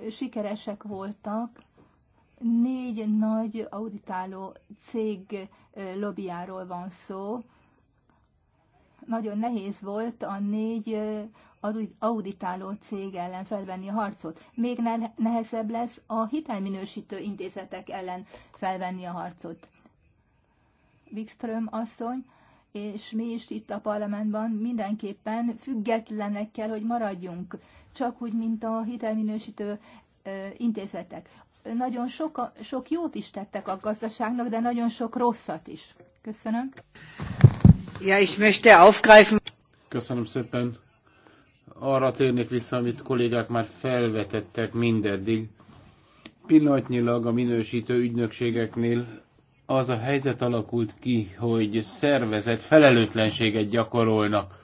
sikeresek voltak. Négy nagy auditáló cég lobbyáról van szó, nagyon nehéz volt a négy auditáló cég ellen felvenni a harcot. Még nehezebb lesz a hitelminősítő intézetek ellen felvenni a harcot. Wikström asszony, és mi is itt a parlamentben mindenképpen függetlenek kell, hogy maradjunk, csak úgy, mint a hitelminősítő intézetek. Nagyon sok, sok jót is tettek a gazdaságnak, de nagyon sok rosszat is. Köszönöm. Ja, ich möchte aufgreifen. Köszönöm szépen. Arra térnék vissza, amit kollégák már felvetettek mindeddig. Pillanatnyilag a minősítő ügynökségeknél az a helyzet alakult ki, hogy szervezet felelőtlenséget gyakorolnak.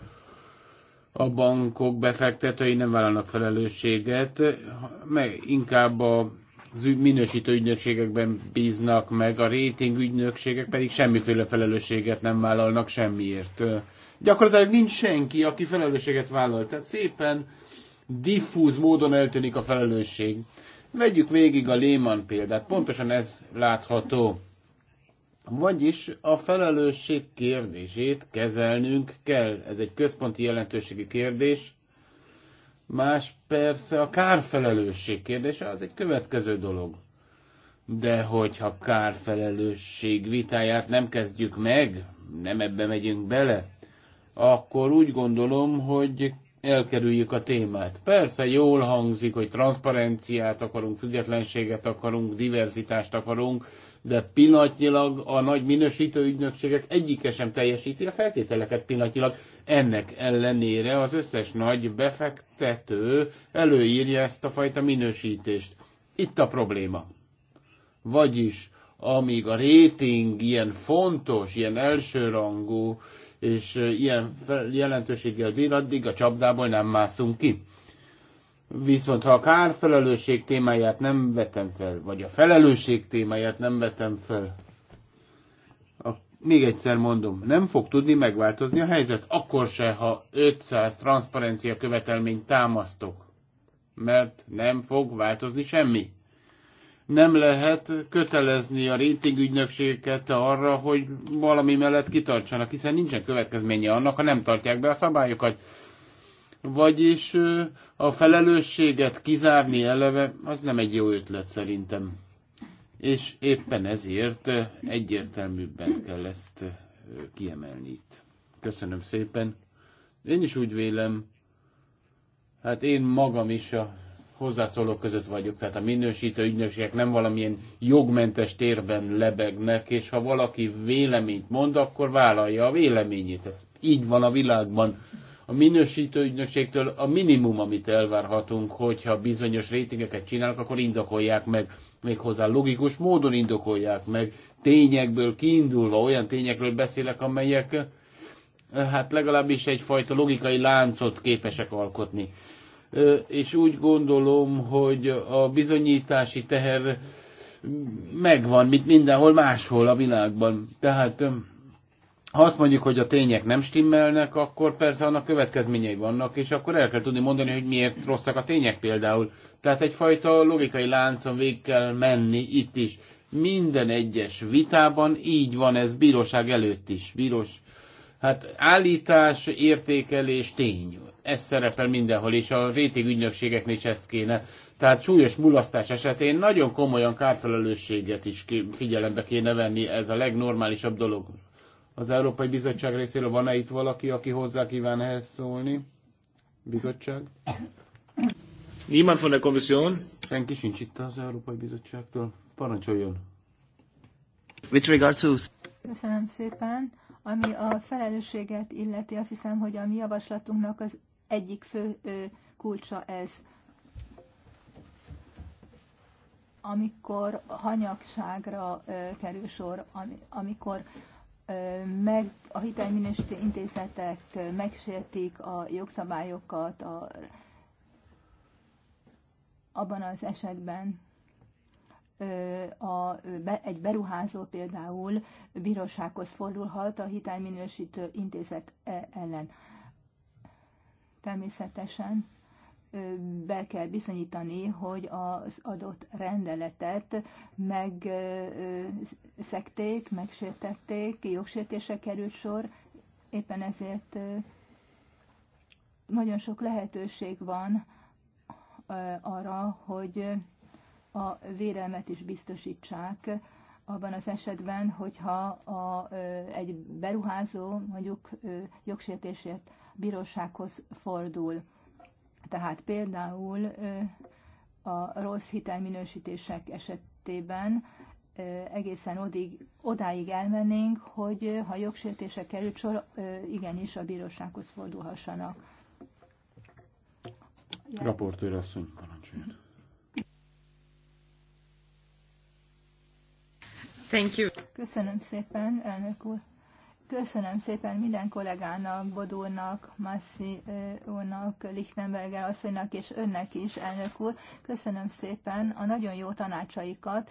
A bankok befektetői nem vállalnak felelősséget, meg inkább a az minősítő ügynökségekben bíznak meg, a rating ügynökségek pedig semmiféle felelősséget nem vállalnak semmiért. Gyakorlatilag nincs senki, aki felelősséget vállal. Tehát szépen diffúz módon eltűnik a felelősség. Vegyük végig a Lehman példát. Pontosan ez látható. Vagyis a felelősség kérdését kezelnünk kell. Ez egy központi jelentőségi kérdés Más persze a kárfelelősség kérdése, az egy következő dolog. De hogyha kárfelelősség vitáját nem kezdjük meg, nem ebbe megyünk bele, akkor úgy gondolom, hogy elkerüljük a témát. Persze jól hangzik, hogy transzparenciát akarunk, függetlenséget akarunk, diverzitást akarunk, de pillanatnyilag a nagy minősítő ügynökségek egyike sem teljesíti a feltételeket pillanatnyilag. Ennek ellenére az összes nagy befektető előírja ezt a fajta minősítést. Itt a probléma. Vagyis, amíg a réting ilyen fontos, ilyen elsőrangú és eh, ilyen jelentőséggel bír, addig a csapdából nem mászunk ki. Viszont ha a kárfelelősség témáját nem vetem fel, vagy a felelősség témáját nem vetem fel, a, még egyszer mondom, nem fog tudni megváltozni a helyzet, akkor se, ha 500 transzparencia követelményt támasztok, mert nem fog változni semmi. Nem lehet kötelezni a rétingügynökségeket arra, hogy valami mellett kitartsanak, hiszen nincsen következménye annak, ha nem tartják be a szabályokat vagyis a felelősséget kizárni eleve, az nem egy jó ötlet szerintem. És éppen ezért egyértelműbben kell ezt kiemelni itt. Köszönöm szépen. Én is úgy vélem, hát én magam is a hozzászólók között vagyok, tehát a minősítő ügynökségek nem valamilyen jogmentes térben lebegnek, és ha valaki véleményt mond, akkor vállalja a véleményét. Ez így van a világban a minősítő ügynökségtől a minimum, amit elvárhatunk, hogyha bizonyos rétingeket csinálnak, akkor indokolják meg, méghozzá logikus módon indokolják meg, tényekből kiindulva, olyan tényekről beszélek, amelyek eh, hát legalábbis egyfajta logikai láncot képesek alkotni. Eh, és úgy gondolom, hogy a bizonyítási teher megvan, mint mindenhol máshol a világban. Tehát eh, ha azt mondjuk, hogy a tények nem stimmelnek, akkor persze annak következményei vannak, és akkor el kell tudni mondani, hogy miért rosszak a tények például. Tehát egyfajta logikai láncon végig kell menni itt is. Minden egyes vitában így van ez bíróság előtt is. Bírós, hát állítás, értékelés, tény. Ez szerepel mindenhol, és a ügynökségeknél is ezt kéne. Tehát súlyos mulasztás esetén nagyon komolyan kárfelelősséget is figyelembe kéne venni, ez a legnormálisabb dolog az Európai Bizottság részéről van-e itt valaki, aki hozzá kíván ehhez szólni? Bizottság? Niemand von der Kommission? Senki sincs itt az Európai Bizottságtól. Parancsoljon! With regards to... Köszönöm szépen. Ami a felelősséget illeti, azt hiszem, hogy a mi javaslatunknak az egyik fő ö, kulcsa ez. Amikor hanyagságra ö, kerül sor, ami, amikor meg, a hitelminősítő intézetek megsértik a jogszabályokat a, abban az esetben, a, egy beruházó például bírósághoz fordulhat a hitelminősítő intézet e, ellen. Természetesen be kell bizonyítani, hogy az adott rendeletet megszekték, megsértették, jogsértése került sor. Éppen ezért nagyon sok lehetőség van arra, hogy a vérelmet is biztosítsák, abban az esetben, hogyha a, egy beruházó mondjuk jogsértésért bírósághoz fordul. Tehát például a rossz hitelminősítések esetében egészen odig, odáig elmennénk, hogy ha jogsértése került sor, igenis a bírósághoz fordulhassanak. Raportőr asszony, parancsoljon. Thank you. Köszönöm szépen, elnök úr. Köszönöm szépen minden kollégának, Bodónak, Masszi úrnak, Lichtenberger asszonynak és önnek is, elnök úr. Köszönöm szépen a nagyon jó tanácsaikat.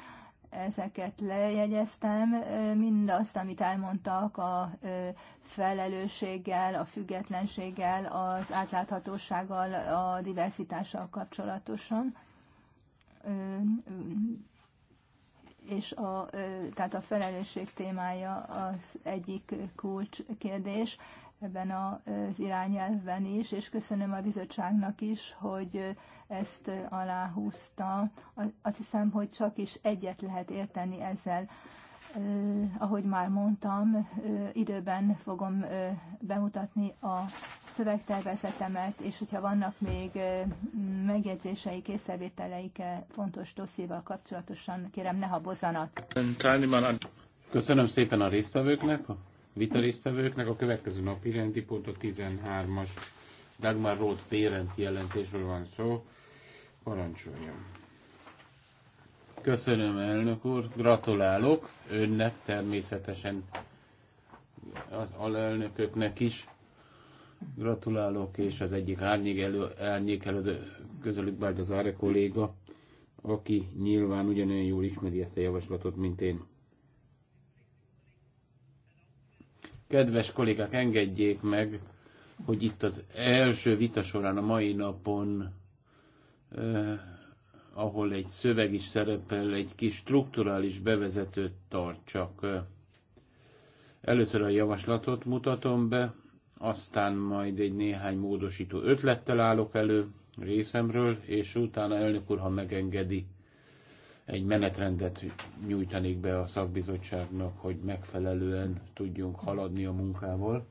Ezeket lejegyeztem, mindazt, amit elmondtak a felelősséggel, a függetlenséggel, az átláthatósággal, a diversitással kapcsolatosan és a, tehát a felelősség témája az egyik kulcs kérdés ebben az irányelvben is, és köszönöm a bizottságnak is, hogy ezt aláhúzta. Azt hiszem, hogy csak is egyet lehet érteni ezzel ahogy már mondtam, időben fogom bemutatni a szövegtervezetemet, és hogyha vannak még megjegyzéseik, észrevételeik e fontos dossziéval kapcsolatosan, kérem ne habozzanak. Köszönöm szépen a résztvevőknek, a vita résztvevőknek. A következő napi rendi pont a 13-as Dagmar Roth Pérent jelentésről van szó. Parancsoljon! Köszönöm, elnök úr, gratulálok önnek természetesen az alelnököknek is. Gratulálok, és az egyik árnyék elő, árnyék elő közelük Bárgyazáre kolléga, aki nyilván ugyanolyan jól ismeri ezt a javaslatot, mint én. Kedves kollégák, engedjék meg, hogy itt az első vita során a mai napon ahol egy szöveg is szerepel, egy kis strukturális bevezetőt tartsak. Először a javaslatot mutatom be, aztán majd egy néhány módosító ötlettel állok elő részemről, és utána elnök úr, ha megengedi, egy menetrendet nyújtanék be a szakbizottságnak, hogy megfelelően tudjunk haladni a munkával.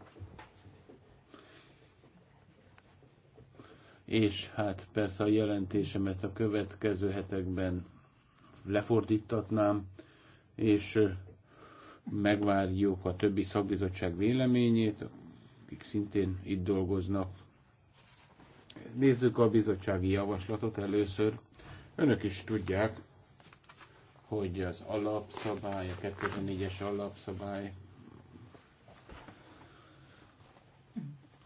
és hát persze a jelentésemet a következő hetekben lefordítatnám, és megvárjuk a többi szakbizottság véleményét, akik szintén itt dolgoznak. Nézzük a bizottsági javaslatot először. Önök is tudják, hogy az alapszabály, a 2004-es alapszabály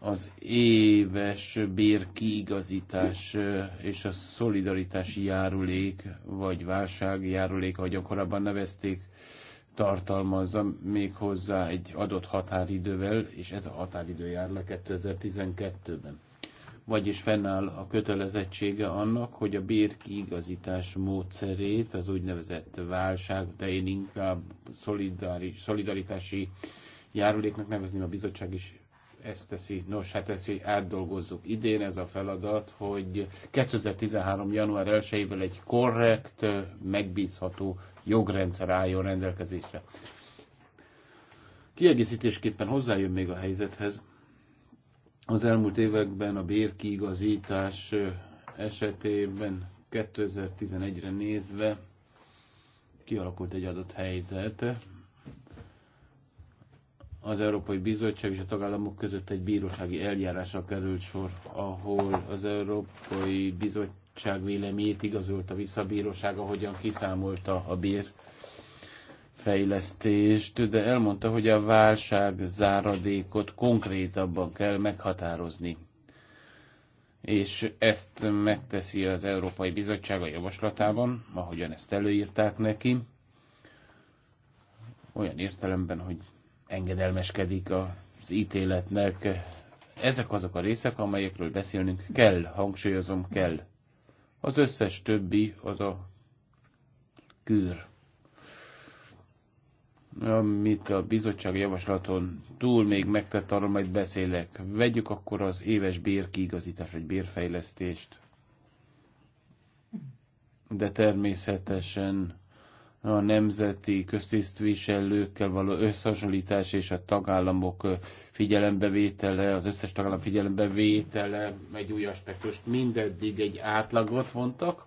az éves bérkiigazítás és a szolidaritási járulék, vagy válságjárulék, ahogy korábban nevezték, tartalmazza még hozzá egy adott határidővel, és ez a határidő jár le 2012-ben. Vagyis fennáll a kötelezettsége annak, hogy a bérkiigazítás módszerét, az úgynevezett válság, de én inkább szolidári, szolidaritási járuléknak nevezném a bizottság is ezt teszi. Nos, hát ezt hogy átdolgozzuk. Idén ez a feladat, hogy 2013. január 1-ével egy korrekt, megbízható jogrendszer álljon rendelkezésre. Kiegészítésképpen hozzájön még a helyzethez. Az elmúlt években a bérkiigazítás esetében 2011-re nézve kialakult egy adott helyzet, az Európai Bizottság és a tagállamok között egy bírósági eljárásra került sor, ahol az Európai Bizottság véleményét igazolta vissza a bíróság, ahogyan kiszámolta a bír fejlesztést, de elmondta, hogy a válság záradékot konkrétabban kell meghatározni. És ezt megteszi az Európai Bizottság a javaslatában, ahogyan ezt előírták neki, olyan értelemben, hogy engedelmeskedik az ítéletnek. Ezek azok a részek, amelyekről beszélnünk kell, hangsúlyozom kell. Az összes többi az a kűr amit a bizottság javaslaton túl még megtett, arról majd beszélek. Vegyük akkor az éves bérkiigazítást, vagy bérfejlesztést. De természetesen a nemzeti köztisztviselőkkel való összehasonlítás és a tagállamok figyelembevétele, az összes tagállam figyelembevétele egy új aspektust. Mindeddig egy átlagot vontak,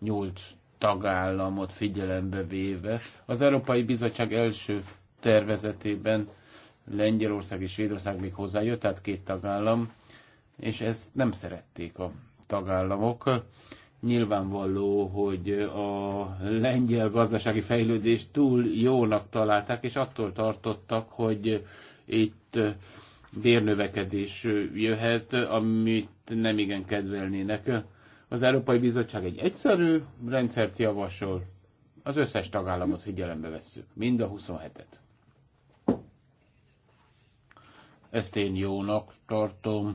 nyolc tagállamot figyelembe véve. Az Európai Bizottság első tervezetében Lengyelország és Svédország még hozzájött, tehát két tagállam, és ezt nem szerették a tagállamok Nyilvánvaló, hogy a lengyel gazdasági fejlődést túl jónak találták, és attól tartottak, hogy itt bérnövekedés jöhet, amit nem igen kedvelnének. Az Európai Bizottság egy egyszerű rendszert javasol. Az összes tagállamot figyelembe vesszük, mind a 27-et. Ezt én jónak tartom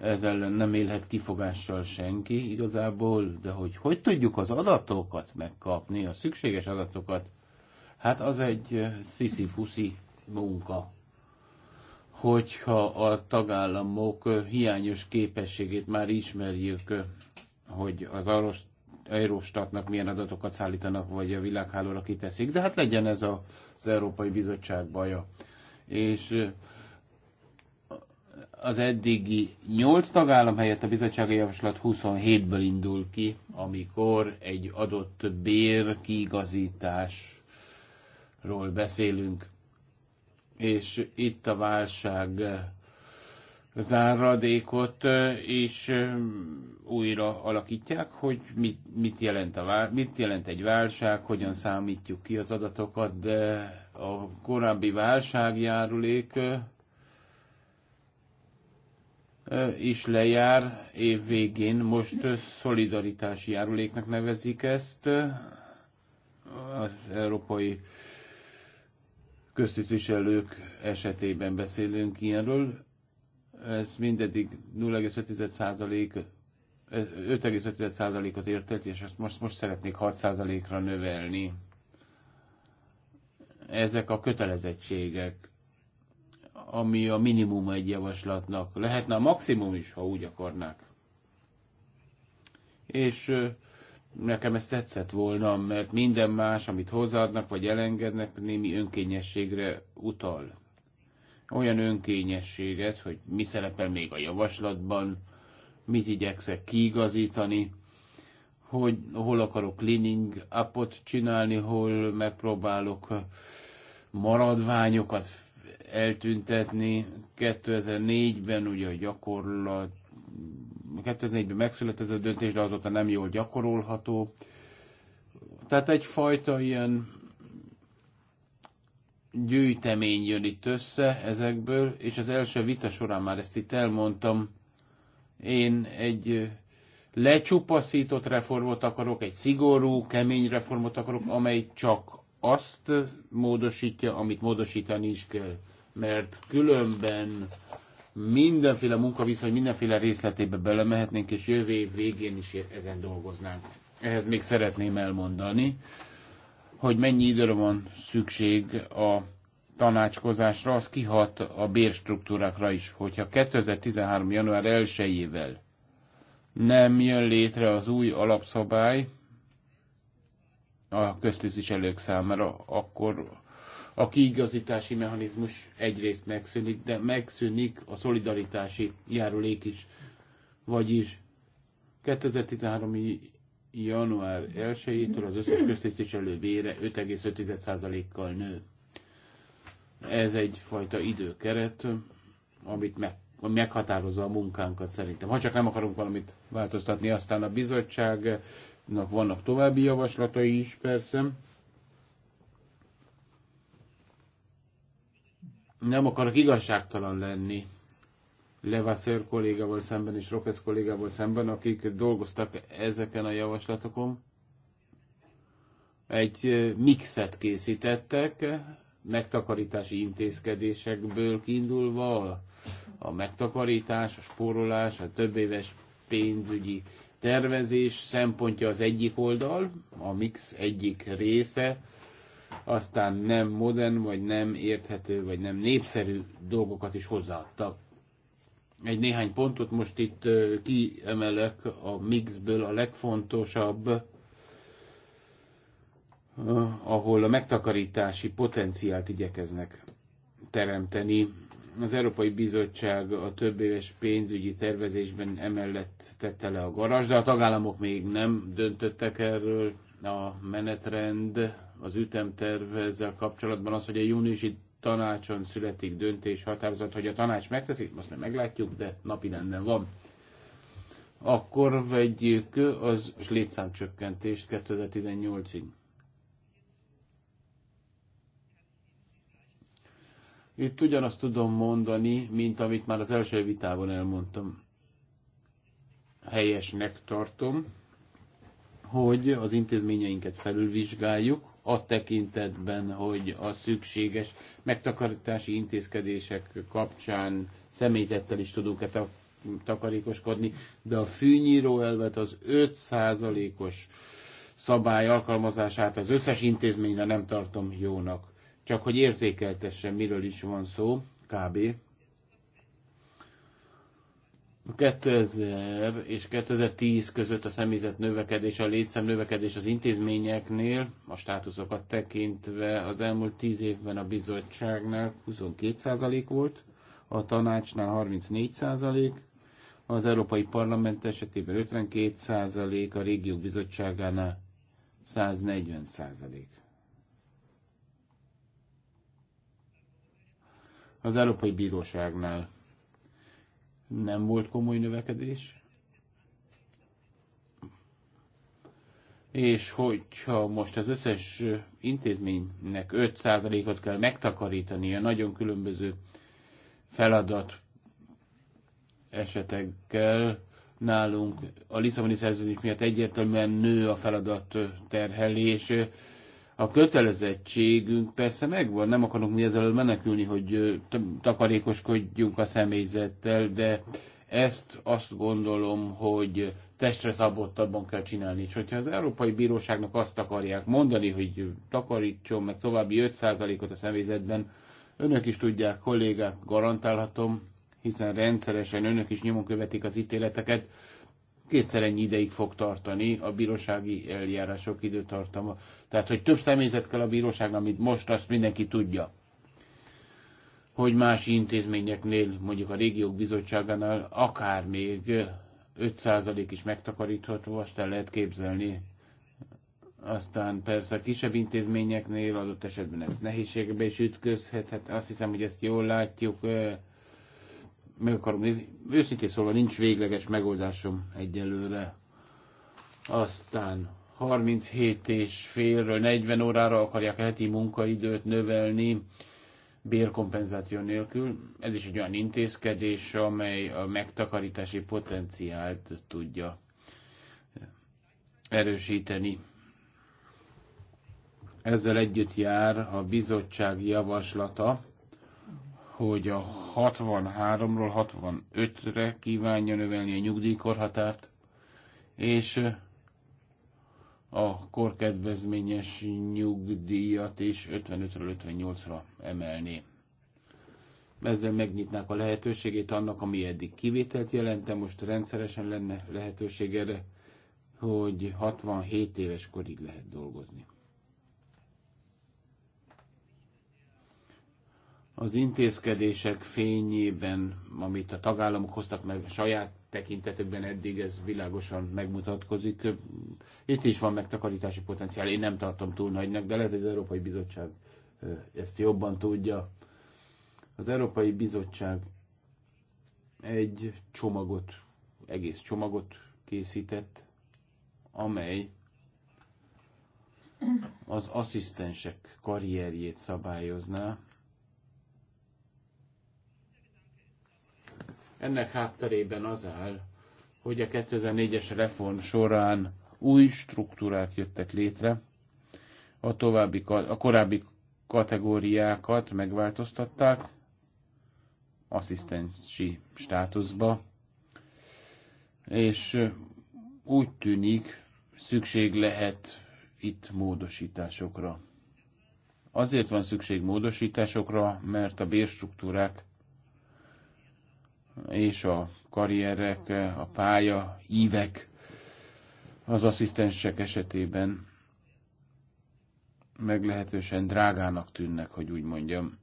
ez ellen nem élhet kifogással senki igazából, de hogy hogy tudjuk az adatokat megkapni, a szükséges adatokat, hát az egy sziszi-fuszi munka. Hogyha a tagállamok hiányos képességét már ismerjük, hogy az aros Eurostatnak milyen adatokat szállítanak, vagy a világhálóra kiteszik, de hát legyen ez az Európai Bizottság baja. És az eddigi 8 tagállam helyett a bizottsági javaslat 27-ből indul ki, amikor egy adott bér kiigazításról beszélünk. És itt a válság záradékot is újra alakítják, hogy mit, mit, jelent a, mit jelent egy válság, hogyan számítjuk ki az adatokat, de a korábbi válságjárulék is lejár év végén. Most szolidaritási járuléknak nevezik ezt az európai köztisztviselők esetében beszélünk ilyenről. Ez mindeddig 0,5 5,5%-ot ért el, és ezt most, most szeretnék 6%-ra növelni. Ezek a kötelezettségek ami a minimum egy javaslatnak. Lehetne a maximum is, ha úgy akarnák. És nekem ez tetszett volna, mert minden más, amit hozzáadnak vagy elengednek, némi önkényességre utal. Olyan önkényesség ez, hogy mi szerepel még a javaslatban, mit igyekszek kiigazítani, hogy hol akarok cleaning upot csinálni, hol megpróbálok maradványokat eltüntetni. 2004-ben ugye a gyakorlat 2004-ben megszületett ez a döntés, de azóta nem jól gyakorolható. Tehát egyfajta ilyen gyűjtemény jön itt össze ezekből, és az első vita során már ezt itt elmondtam, én egy lecsupaszított reformot akarok, egy szigorú, kemény reformot akarok, amely csak azt módosítja, amit módosítani is kell mert különben mindenféle munkaviszony, mindenféle részletébe belemehetnénk, és jövő év végén is ezen dolgoznánk. Ehhez még szeretném elmondani, hogy mennyi időre van szükség a tanácskozásra, az kihat a bérstruktúrákra is. Hogyha 2013. január 1-ével nem jön létre az új alapszabály a köztisztviselők számára, akkor a kiigazítási mechanizmus egyrészt megszűnik, de megszűnik a szolidaritási járulék is. Vagyis 2013. január 1-től az összes köztisztviselő bére 5,5%-kal nő. Ez egyfajta időkeret, amit meg, meghatározza a munkánkat szerintem. Ha csak nem akarunk valamit változtatni, aztán a bizottságnak vannak további javaslatai is persze, nem akarok igazságtalan lenni Levasseur kollégával szemben és Rokesz kollégával szemben, akik dolgoztak ezeken a javaslatokon. Egy mixet készítettek, megtakarítási intézkedésekből kiindulva, a megtakarítás, a spórolás, a több éves pénzügyi tervezés szempontja az egyik oldal, a mix egyik része, aztán nem modern, vagy nem érthető, vagy nem népszerű dolgokat is hozzáadtak. Egy néhány pontot most itt kiemelek a mixből, a legfontosabb, ahol a megtakarítási potenciált igyekeznek teremteni. Az Európai Bizottság a több éves pénzügyi tervezésben emellett tette le a garázs, de a tagállamok még nem döntöttek erről. A menetrend az ütemterv ezzel kapcsolatban az, hogy a júniusi tanácson születik döntés, határozat, hogy a tanács megteszi, Most már meglátjuk, de napi rendben van. Akkor vegyük az létszámcsökkentést 2018-ig. Itt ugyanazt tudom mondani, mint amit már az első vitában elmondtam. Helyesnek tartom, hogy az intézményeinket felülvizsgáljuk, a tekintetben, hogy a szükséges megtakarítási intézkedések kapcsán személyzettel is tudunk-e takarékoskodni, de a fűnyíró elvet az 5%-os szabály alkalmazását az összes intézményre nem tartom jónak. Csak hogy érzékeltessen, miről is van szó, kb. 2000 és 2010 között a személyzet növekedés, a létszám növekedés az intézményeknél, a státuszokat tekintve az elmúlt 10 évben a bizottságnál 22% volt, a tanácsnál 34%, az Európai Parlament esetében 52%, a régiók bizottságánál 140%. Az Európai Bíróságnál nem volt komoly növekedés. És hogyha most az összes intézménynek 5%-ot kell a nagyon különböző feladat esetekkel, nálunk a Lisszaboni szerződés miatt egyértelműen nő a feladat terhelés, a kötelezettségünk persze megvan, nem akarunk mi ezzel menekülni, hogy takarékoskodjunk a személyzettel, de ezt azt gondolom, hogy testre szabottabban kell csinálni. És hogyha az Európai Bíróságnak azt akarják mondani, hogy takarítson meg további 5%-ot a személyzetben, önök is tudják, kollégák, garantálhatom, hiszen rendszeresen önök is nyomon követik az ítéleteket, kétszer ennyi ideig fog tartani a bírósági eljárások időtartama. Tehát, hogy több személyzet kell a bíróságnak, mint most, azt mindenki tudja. Hogy más intézményeknél, mondjuk a régiók bizottságánál, akár még 5% is megtakarítható, azt el lehet képzelni. Aztán persze a kisebb intézményeknél adott esetben ez nehézségbe is ütközhet, hát azt hiszem, hogy ezt jól látjuk, meg akarom nézni. Őszintén szólva nincs végleges megoldásom egyelőre. Aztán 37 és félről 40 órára akarják heti munkaidőt növelni bérkompenzáció nélkül. Ez is egy olyan intézkedés, amely a megtakarítási potenciált tudja erősíteni. Ezzel együtt jár a bizottság javaslata, hogy a 63-ról 65-re kívánja növelni a nyugdíjkorhatárt, és a korkedvezményes nyugdíjat is 55-ről 58-ra emelni. Ezzel megnyitnák a lehetőségét annak, ami eddig kivételt jelente, most rendszeresen lenne lehetőség erre, hogy 67 éves korig lehet dolgozni. az intézkedések fényében, amit a tagállamok hoztak meg a saját tekintetükben eddig, ez világosan megmutatkozik. Itt is van megtakarítási potenciál, én nem tartom túl nagynak, de lehet, hogy az Európai Bizottság ezt jobban tudja. Az Európai Bizottság egy csomagot, egész csomagot készített, amely az asszisztensek karrierjét szabályozná, Ennek hátterében az áll, hogy a 2004-es reform során új struktúrák jöttek létre, a, további, a korábbi kategóriákat megváltoztatták asszisztensi státuszba, és úgy tűnik, szükség lehet itt módosításokra. Azért van szükség módosításokra, mert a bérstruktúrák és a karrierek, a pálya, ívek az asszisztensek esetében meglehetősen drágának tűnnek, hogy úgy mondjam.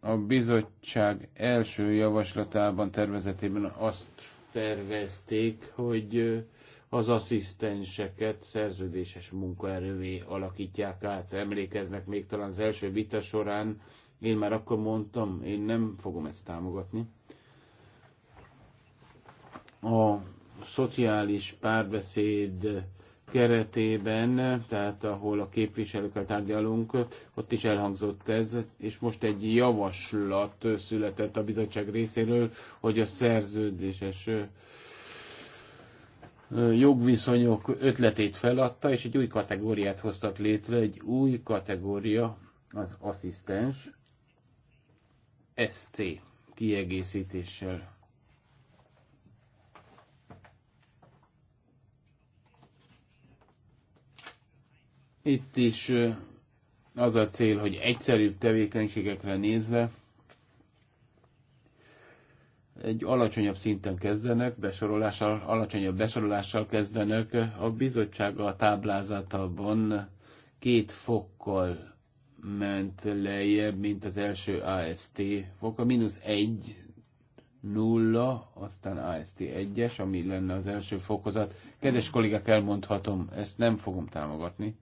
A bizottság első javaslatában, tervezetében azt tervezték, hogy az asszisztenseket szerződéses munkaerővé alakítják át. Emlékeznek még talán az első vita során, én már akkor mondtam, én nem fogom ezt támogatni a szociális párbeszéd keretében, tehát ahol a képviselőkkel tárgyalunk, ott is elhangzott ez, és most egy javaslat született a bizottság részéről, hogy a szerződéses jogviszonyok ötletét feladta, és egy új kategóriát hoztak létre, egy új kategória, az asszisztens SC kiegészítéssel Itt is az a cél, hogy egyszerűbb tevékenységekre nézve egy alacsonyabb szinten kezdenek, besorolással, alacsonyabb besorolással kezdenek. A bizottság a táblázatában két fokkal ment lejjebb, mint az első AST foka, mínusz egy, nulla, aztán AST 1-es, ami lenne az első fokozat. Kedves kollégák, elmondhatom, ezt nem fogom támogatni.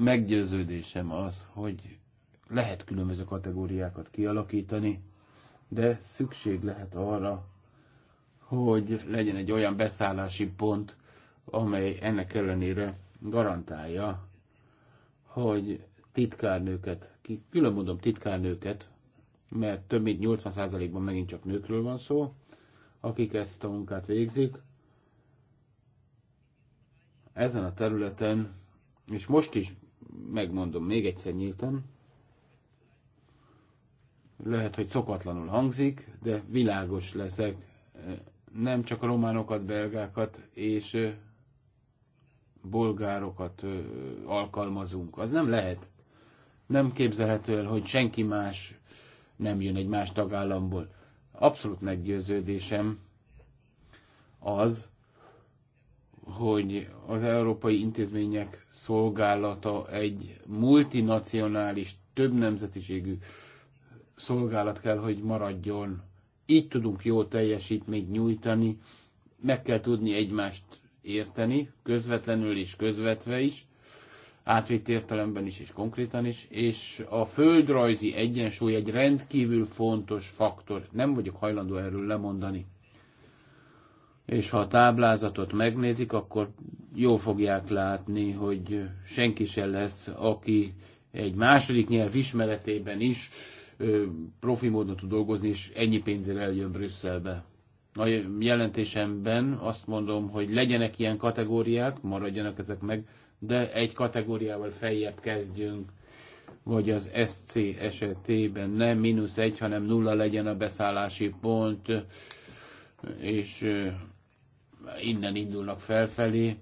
meggyőződésem az, hogy lehet különböző kategóriákat kialakítani, de szükség lehet arra, hogy legyen egy olyan beszállási pont, amely ennek ellenére garantálja, hogy titkárnőket, ki, külön mondom titkárnőket, mert több mint 80%-ban megint csak nőkről van szó, akik ezt a munkát végzik. Ezen a területen, és most is megmondom még egyszer nyíltan, lehet, hogy szokatlanul hangzik, de világos leszek. Nem csak a románokat, belgákat és bolgárokat alkalmazunk. Az nem lehet. Nem képzelhető el, hogy senki más nem jön egy más tagállamból. Abszolút meggyőződésem az, hogy az európai intézmények szolgálata egy multinacionális, több nemzetiségű szolgálat kell, hogy maradjon. Így tudunk jó teljesítményt nyújtani, meg kell tudni egymást érteni, közvetlenül és közvetve is, átvitt értelemben is és konkrétan is, és a földrajzi egyensúly egy rendkívül fontos faktor. Nem vagyok hajlandó erről lemondani és ha a táblázatot megnézik, akkor jól fogják látni, hogy senki sem lesz, aki egy második nyelv ismeretében is profi módon tud dolgozni, és ennyi pénzzel eljön Brüsszelbe. A jelentésemben azt mondom, hogy legyenek ilyen kategóriák, maradjanak ezek meg, de egy kategóriával feljebb kezdjünk, vagy az SC esetében nem mínusz egy, hanem nulla legyen a beszállási pont, és innen indulnak felfelé.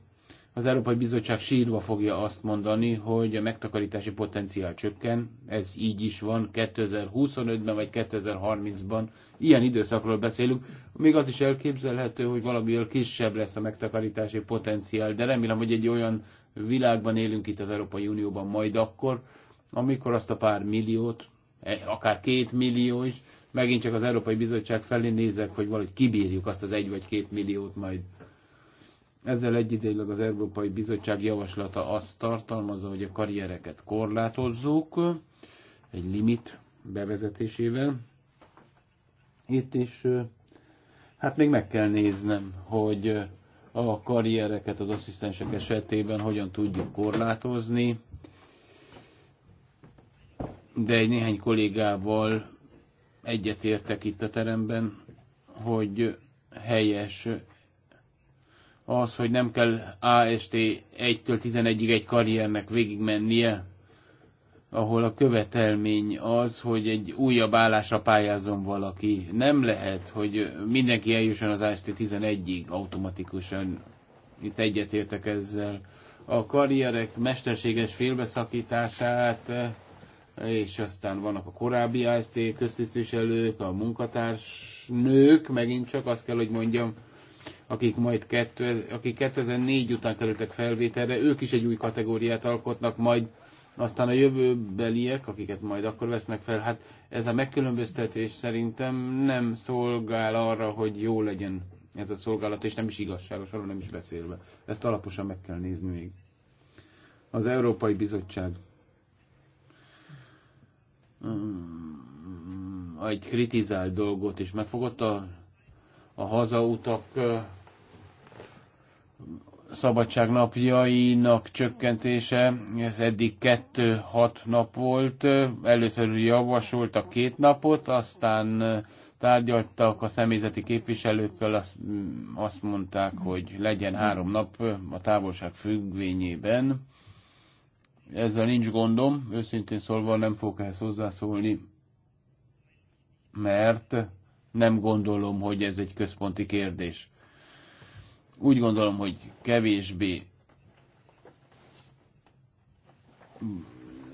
Az Európai Bizottság sírva fogja azt mondani, hogy a megtakarítási potenciál csökken, ez így is van 2025-ben vagy 2030-ban, ilyen időszakról beszélünk, még az is elképzelhető, hogy valamilyen kisebb lesz a megtakarítási potenciál, de remélem, hogy egy olyan világban élünk itt az Európai Unióban majd akkor, amikor azt a pár milliót, e, akár két millió is, megint csak az Európai Bizottság felé nézek, hogy valahogy kibírjuk azt az egy vagy két milliót majd. Ezzel egyidejűleg az Európai Bizottság javaslata azt tartalmazza, hogy a karriereket korlátozzuk egy limit bevezetésével. Itt is, hát még meg kell néznem, hogy a karriereket az asszisztensek esetében hogyan tudjuk korlátozni, de egy néhány kollégával egyetértek itt a teremben, hogy helyes az, hogy nem kell AST 1-től 11-ig egy karriernek végigmennie, ahol a követelmény az, hogy egy újabb állásra pályázzon valaki. Nem lehet, hogy mindenki eljusson az AST 11-ig automatikusan. Itt egyetértek ezzel. A karrierek mesterséges félbeszakítását és aztán vannak a korábbi AST köztisztviselők, a munkatárs nők, megint csak azt kell, hogy mondjam, akik majd kettő, akik 2004 után kerültek felvételre, ők is egy új kategóriát alkotnak, majd aztán a jövőbeliek, akiket majd akkor vesznek fel, hát ez a megkülönböztetés szerintem nem szolgál arra, hogy jó legyen ez a szolgálat, és nem is igazságos, arról nem is beszélve. Ezt alaposan meg kell nézni még. Az Európai Bizottság Mm, mm, mm, egy kritizált dolgot is megfogott a, a hazautak szabadság csökkentése, ez eddig kettő hat nap volt, először javasolt a két napot, aztán tárgyaltak a személyzeti képviselőkkel, azt, azt mondták, hogy legyen három nap a távolság függvényében. Ezzel nincs gondom, őszintén szólva nem fogok ehhez hozzászólni, mert nem gondolom, hogy ez egy központi kérdés. Úgy gondolom, hogy kevésbé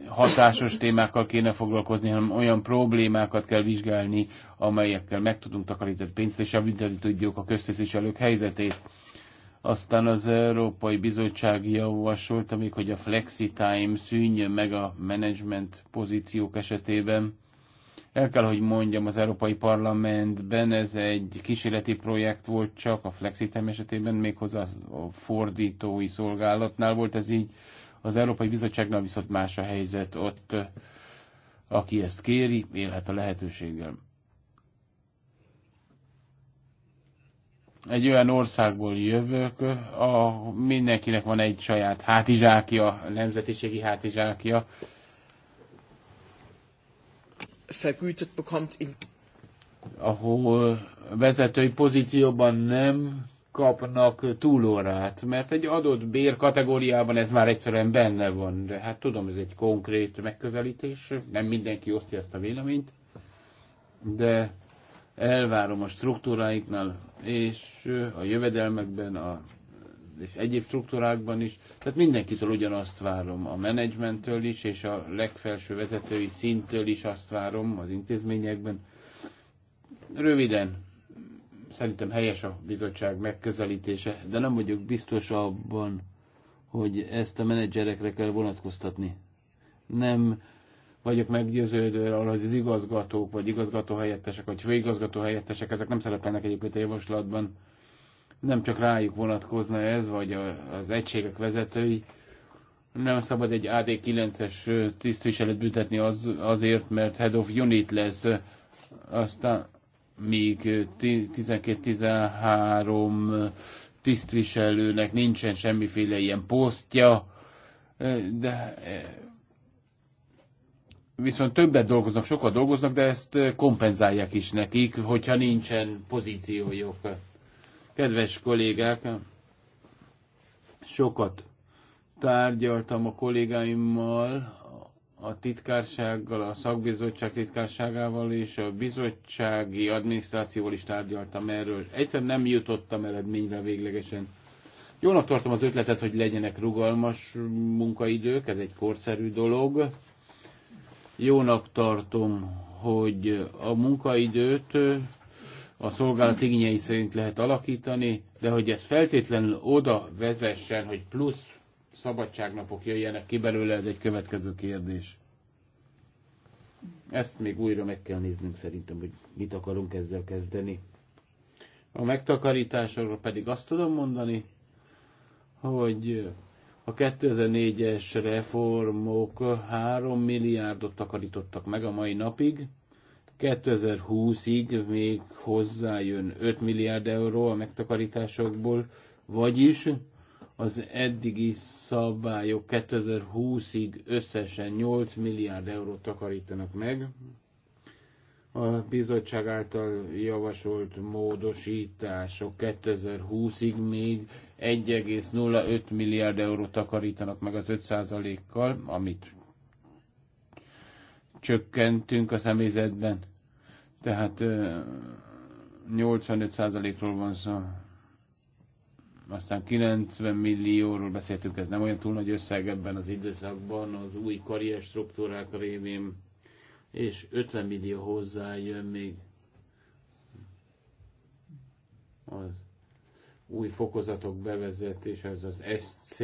hatásos témákkal kéne foglalkozni, hanem olyan problémákat kell vizsgálni, amelyekkel meg tudunk takarítani pénzt, és javítani tudjuk a köztisztviselők helyzetét. Aztán az Európai Bizottság javasolta még, hogy a flexi time szűnjön meg a menedzsment pozíciók esetében. El kell, hogy mondjam, az Európai Parlamentben ez egy kísérleti projekt volt csak a flexitime esetében, méghozzá a fordítói szolgálatnál volt ez így. Az Európai Bizottságnál viszont más a helyzet, ott aki ezt kéri, élhet a lehetőséggel. egy olyan országból jövök, a, mindenkinek van egy saját hátizsákja, nemzetiségi hátizsákja. Vergütet bekommt in... Ahol vezetői pozícióban nem kapnak túlórát, mert egy adott bér kategóriában ez már egyszerűen benne van, de hát tudom, ez egy konkrét megközelítés, nem mindenki osztja ezt a véleményt, de elvárom a struktúráiknál, és a jövedelmekben, a, és egyéb struktúrákban is. Tehát mindenkitől ugyanazt várom, a menedzsmenttől is, és a legfelső vezetői szinttől is azt várom az intézményekben. Röviden, szerintem helyes a bizottság megközelítése, de nem vagyok biztos abban, hogy ezt a menedzserekre kell vonatkoztatni. Nem vagyok meggyőződő arról, hogy az igazgatók, vagy igazgatóhelyettesek, vagy főigazgatóhelyettesek, ezek nem szerepelnek egyébként a javaslatban. Nem csak rájuk vonatkozna ez, vagy az egységek vezetői. Nem szabad egy AD9-es tisztviselőt büntetni az, azért, mert head of unit lesz. Aztán míg 12-13 tisztviselőnek nincsen semmiféle ilyen posztja, de viszont többet dolgoznak, sokat dolgoznak, de ezt kompenzálják is nekik, hogyha nincsen pozíciójuk. Kedves kollégák, sokat tárgyaltam a kollégáimmal, a titkársággal, a szakbizottság titkárságával és a bizottsági adminisztrációval is tárgyaltam erről. Egyszer nem jutottam eredményre véglegesen. Jónak tartom az ötletet, hogy legyenek rugalmas munkaidők, ez egy korszerű dolog Jónak tartom, hogy a munkaidőt a szolgálat igényei szerint lehet alakítani, de hogy ez feltétlenül oda vezessen, hogy plusz szabadságnapok jöjjenek ki belőle, ez egy következő kérdés. Ezt még újra meg kell néznünk szerintem, hogy mit akarunk ezzel kezdeni. A megtakarításról pedig azt tudom mondani, hogy a 2004-es reformok 3 milliárdot takarítottak meg a mai napig, 2020-ig még hozzájön 5 milliárd euró a megtakarításokból, vagyis az eddigi szabályok 2020-ig összesen 8 milliárd eurót takarítanak meg, a bizottság által javasolt módosítások 2020-ig még 1,05 milliárd eurót takarítanak meg az 5%-kal, amit csökkentünk a személyzetben. Tehát 85%-ról van szó. Aztán 90 millióról beszéltünk, ez nem olyan túl nagy összeg ebben az időszakban, az új karrier struktúrák révén és 50 millió hozzájön még az új fokozatok bevezetése, az az SC,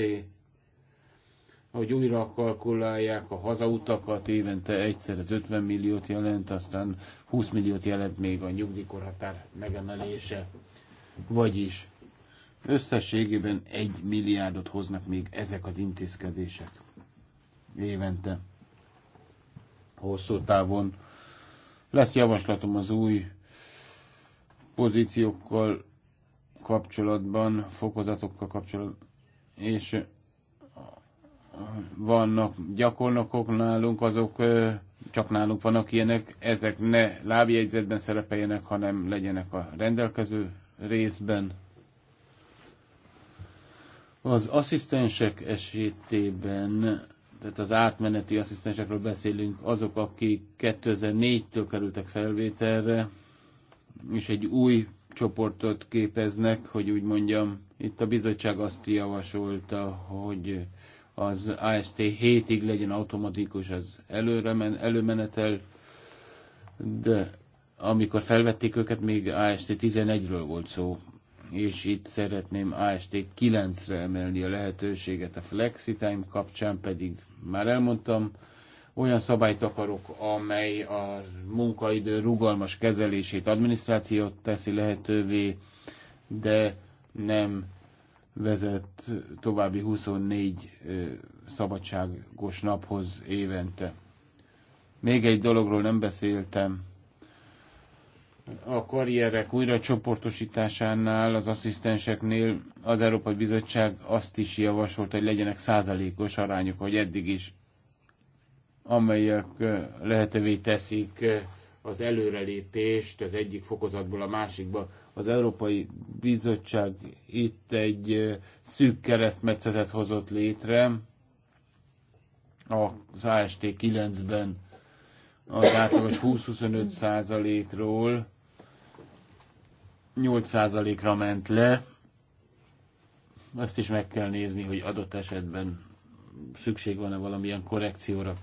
ahogy újra kalkulálják a hazautakat, évente egyszer az 50 milliót jelent, aztán 20 milliót jelent még a nyugdíjkorhatár megemelése. Vagyis összességében 1 milliárdot hoznak még ezek az intézkedések évente hosszú távon. Lesz javaslatom az új pozíciókkal kapcsolatban, fokozatokkal kapcsolatban, és vannak gyakornokok nálunk, azok csak nálunk vannak ilyenek, ezek ne lábjegyzetben szerepeljenek, hanem legyenek a rendelkező részben. Az asszisztensek esetében tehát az átmeneti asszisztensekről beszélünk, azok, akik 2004-től kerültek felvételre, és egy új csoportot képeznek, hogy úgy mondjam, itt a bizottság azt javasolta, hogy az AST 7-ig legyen automatikus az előre men, előmenetel, de amikor felvették őket, még AST 11-ről volt szó és itt szeretném AST 9-re emelni a lehetőséget a FlexiTime kapcsán, pedig már elmondtam, olyan szabályt akarok, amely a munkaidő rugalmas kezelését, adminisztrációt teszi lehetővé, de nem vezet további 24 szabadságos naphoz évente. Még egy dologról nem beszéltem, a karrierek csoportosításánál az asszisztenseknél az Európai Bizottság azt is javasolta, hogy legyenek százalékos arányok, hogy eddig is, amelyek eh, lehetővé teszik eh, az előrelépést az egyik fokozatból a másikba. Az Európai Bizottság itt egy eh, szűk keresztmetszetet hozott létre az AST 9-ben az átlagos 20-25 százalékról 8%-ra ment le. Azt is meg kell nézni, hogy adott esetben szükség van-e valamilyen korrekcióra.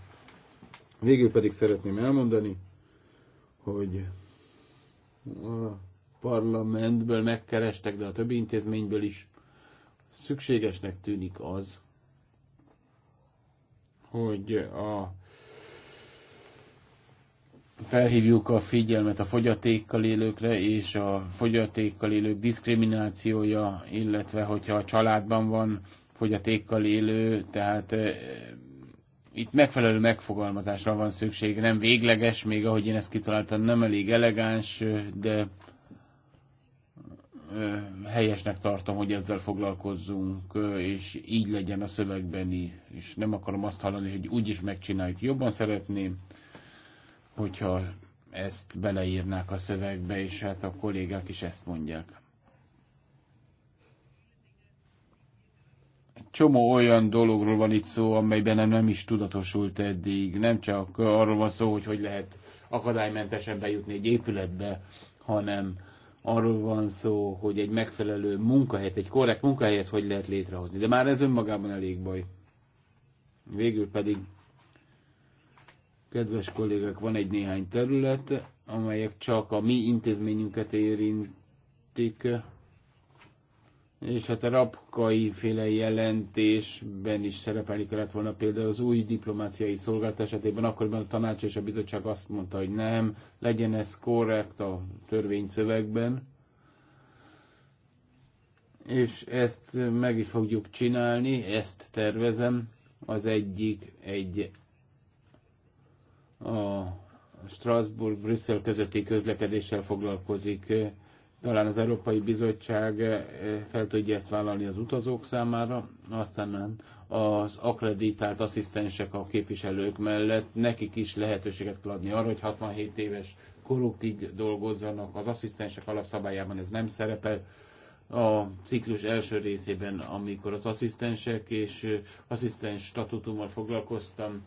Végül pedig szeretném elmondani, hogy a parlamentből megkerestek, de a többi intézményből is szükségesnek tűnik az, hogy a felhívjuk a figyelmet a fogyatékkal élőkre és a fogyatékkal élők diszkriminációja, illetve hogyha a családban van fogyatékkal élő, tehát eh, itt megfelelő megfogalmazásra van szükség, nem végleges, még ahogy én ezt kitaláltam, nem elég elegáns, de eh, helyesnek tartom, hogy ezzel foglalkozzunk, eh, és így legyen a szövegben is. És nem akarom azt hallani, hogy úgy is megcsináljuk. Jobban szeretném, hogyha ezt beleírnák a szövegbe, és hát a kollégák is ezt mondják. csomó olyan dologról van itt szó, amelyben nem, nem is tudatosult eddig. Nem csak arról van szó, hogy hogy lehet akadálymentesen bejutni egy épületbe, hanem arról van szó, hogy egy megfelelő munkahelyet, egy korrekt munkahelyet hogy lehet létrehozni. De már ez önmagában elég baj. Végül pedig Kedves kollégák, van egy néhány terület, amelyek csak a mi intézményünket érintik, és hát a rapkai féle jelentésben is szerepelni kellett volna például az új diplomáciai szolgálat esetében, akkoriban a tanács és a bizottság azt mondta, hogy nem, legyen ez korrekt a törvényszövegben, és ezt meg is fogjuk csinálni, ezt tervezem. Az egyik egy a Strasbourg-Brüsszel közötti közlekedéssel foglalkozik. Talán az Európai Bizottság eh, fel tudja ezt vállalni az utazók számára, aztán az akreditált asszisztensek a képviselők mellett nekik is lehetőséget kell adni arra, hogy 67 éves korukig dolgozzanak. Az asszisztensek alapszabályában ez nem szerepel. A ciklus első részében, amikor az asszisztensek és asszisztens statutummal foglalkoztam,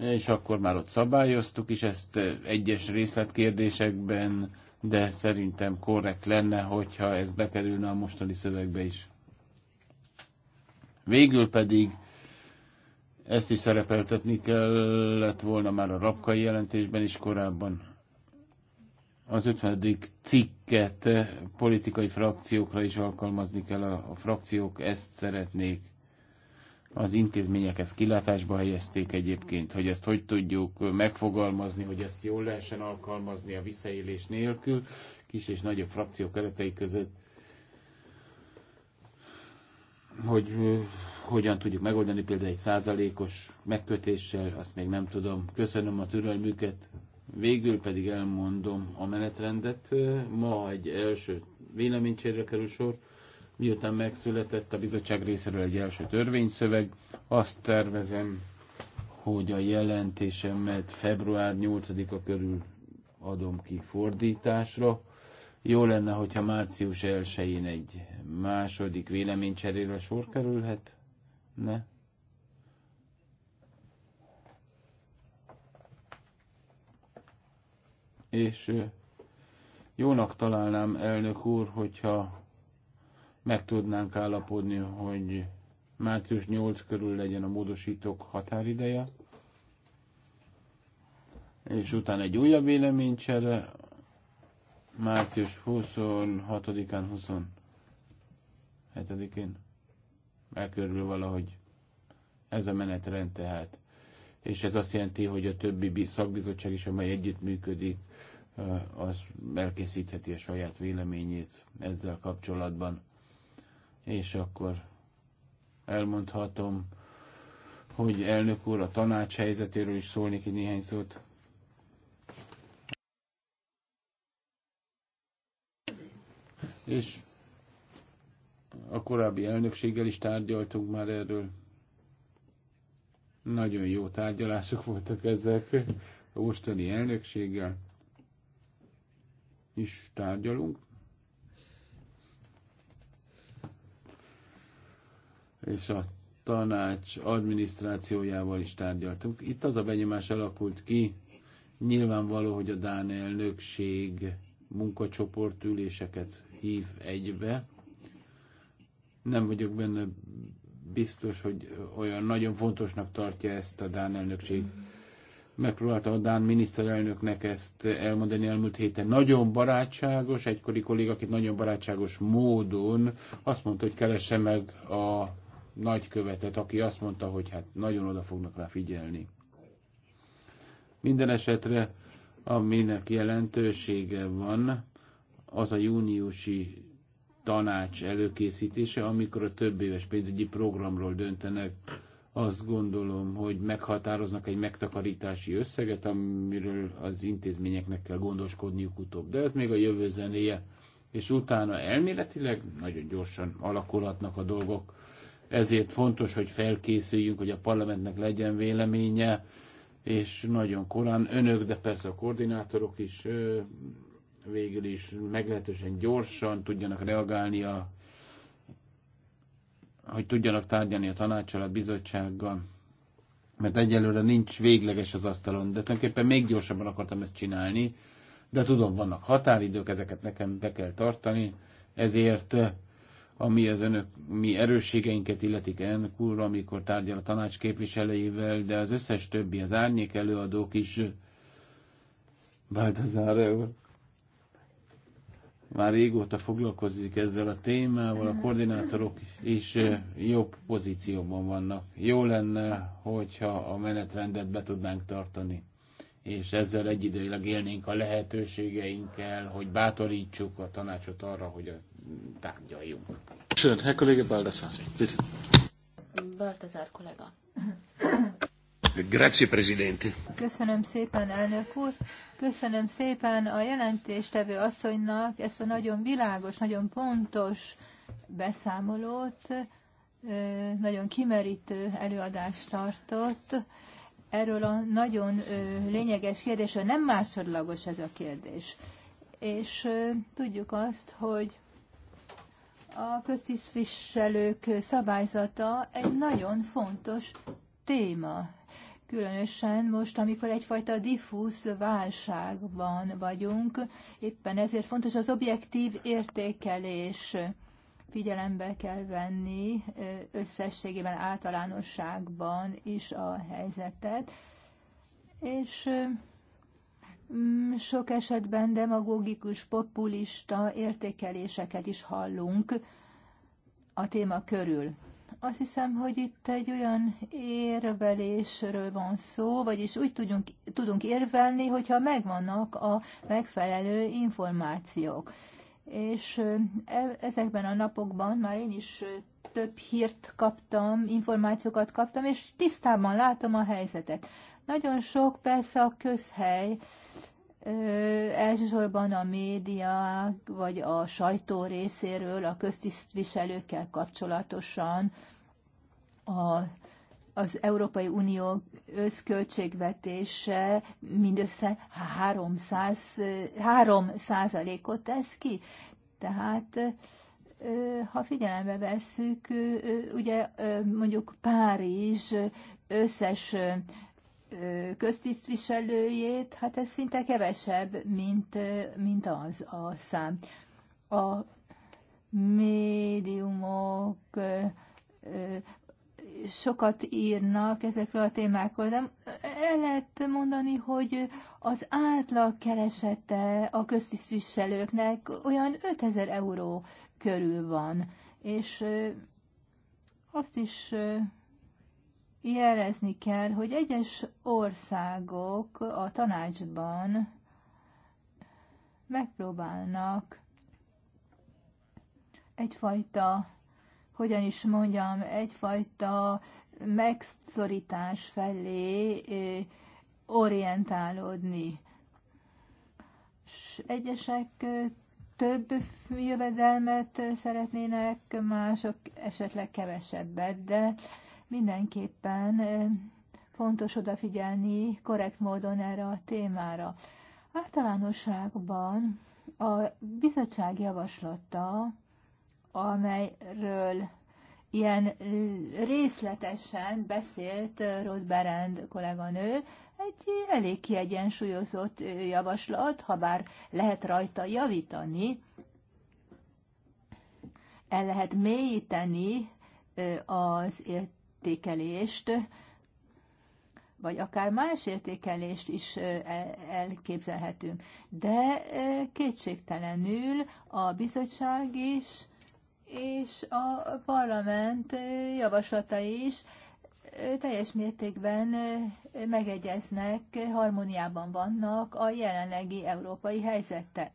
és akkor már ott szabályoztuk is ezt egyes részletkérdésekben, de szerintem korrekt lenne, hogyha ez bekerülne a mostani szövegbe is. Végül pedig ezt is szerepeltetni kellett volna már a rabkai jelentésben is korábban. Az 50. cikket politikai frakciókra is alkalmazni kell, a, a frakciók ezt szeretnék az intézmények ezt kilátásba helyezték egyébként, hogy ezt hogy tudjuk megfogalmazni, hogy ezt jól lehessen alkalmazni a visszaélés nélkül, kis és nagyobb frakció keretei között, hogy hogyan tudjuk megoldani például egy százalékos megkötéssel, azt még nem tudom. Köszönöm a türelmüket, végül pedig elmondom a menetrendet. Ma egy első véleménycsérre kerül sor miután megszületett a bizottság részéről egy első törvényszöveg, azt tervezem, hogy a jelentésemet február 8-a körül adom ki fordításra. Jó lenne, hogyha március 1-én egy második véleménycserére sor kerülhet. Ne? És jónak találnám, elnök úr, hogyha meg tudnánk állapodni, hogy március 8 körül legyen a módosítók határideje, és utána egy újabb véleménycsere, március 26-án, 27-én, elkörül valahogy ez a menetrend tehát. És ez azt jelenti, hogy a többi szakbizottság is, amely együttműködik, az elkészítheti a saját véleményét ezzel kapcsolatban és akkor elmondhatom, hogy elnök úr a tanács helyzetéről is szólni ki néhány szót. És a korábbi elnökséggel is tárgyaltunk már erről. Nagyon jó tárgyalások voltak ezek a mostani elnökséggel. Is tárgyalunk. és a tanács adminisztrációjával is tárgyaltunk. Itt az a benyomás alakult ki, nyilvánvaló, hogy a Dán elnökség munkacsoport üléseket hív egybe. Nem vagyok benne biztos, hogy olyan nagyon fontosnak tartja ezt a Dán elnökség. Megpróbálta a Dán miniszterelnöknek ezt elmondani elmúlt héten. Nagyon barátságos, egykori kolléga, akit nagyon barátságos módon azt mondta, hogy keresse meg a nagykövetet, aki azt mondta, hogy hát nagyon oda fognak rá figyelni. Minden esetre, aminek jelentősége van, az a júniusi tanács előkészítése, amikor a több éves pénzügyi programról döntenek, azt gondolom, hogy meghatároznak egy megtakarítási összeget, amiről az intézményeknek kell gondoskodniuk utóbb. De ez még a jövő zenéje. És utána elméletileg nagyon gyorsan alakulhatnak a dolgok. Ezért fontos, hogy felkészüljünk, hogy a parlamentnek legyen véleménye, és nagyon korán önök, de persze a koordinátorok is végül is meglehetősen gyorsan tudjanak reagálni a hogy tudjanak tárgyalni a tanácsal, a bizottsággal, mert egyelőre nincs végleges az asztalon, de tulajdonképpen még gyorsabban akartam ezt csinálni, de tudom, vannak határidők, ezeket nekem be kell tartani, ezért ami az önök mi erősségeinket illetik elnök úr, amikor tárgyal a tanács képviselőivel, de az összes többi, az árnyék előadók is Baldazára úr már régóta foglalkozik ezzel a témával, a koordinátorok is jobb pozícióban vannak. Jó lenne, hogyha a menetrendet be tudnánk tartani, és ezzel egyidejűleg élnénk a lehetőségeinkkel, hogy bátorítsuk a tanácsot arra, hogy a tárgyaljunk. Sőn, Herr Kollege Baldassar, bitte. Baltazar kollega. Grazie, Presidente. Köszönöm szépen, elnök úr. Köszönöm szépen a jelentéstevő asszonynak ezt a nagyon világos, nagyon pontos beszámolót, nagyon kimerítő előadást tartott. Erről a nagyon lényeges kérdésről nem másodlagos ez a kérdés. És tudjuk azt, hogy a köztisztviselők szabályzata egy nagyon fontos téma. Különösen most, amikor egyfajta diffúz válságban vagyunk, éppen ezért fontos az objektív értékelés. Figyelembe kell venni összességében, általánosságban is a helyzetet, és Mm, sok esetben demagogikus populista értékeléseket is hallunk a téma körül. Azt hiszem, hogy itt egy olyan érvelésről van szó, vagyis úgy tudjunk, tudunk érvelni, hogyha megvannak a megfelelő információk. És e, ezekben a napokban már én is több hírt kaptam, információkat kaptam, és tisztában látom a helyzetet. Nagyon sok persze a közhely, elsősorban a média vagy a sajtó részéről a köztisztviselőkkel kapcsolatosan a, az Európai Unió összköltségvetése mindössze 300, 3 százalékot tesz ki. Tehát ha figyelembe vesszük, ugye mondjuk Párizs összes köztisztviselőjét, hát ez szinte kevesebb, mint, mint az a szám. A médiumok sokat írnak ezekről a témákról, de el lehet mondani, hogy az átlag keresete a köztisztviselőknek olyan 5000 euró körül van, és azt is jelezni kell, hogy egyes országok a tanácsban megpróbálnak egyfajta, hogyan is mondjam, egyfajta megszorítás felé eh, orientálódni. S egyesek eh, több jövedelmet szeretnének, mások esetleg kevesebbet, de Mindenképpen fontos odafigyelni korrekt módon erre a témára. Általánosságban a bizottság javaslata, amelyről ilyen részletesen beszélt Rod Berend kolléganő, egy elég kiegyensúlyozott javaslat, ha bár lehet rajta javítani, el lehet mélyíteni az ért értékelést, vagy akár más értékelést is e, elképzelhetünk. De kétségtelenül a bizottság is és a parlament javaslata is teljes mértékben megegyeznek, harmóniában vannak a jelenlegi európai helyzettel.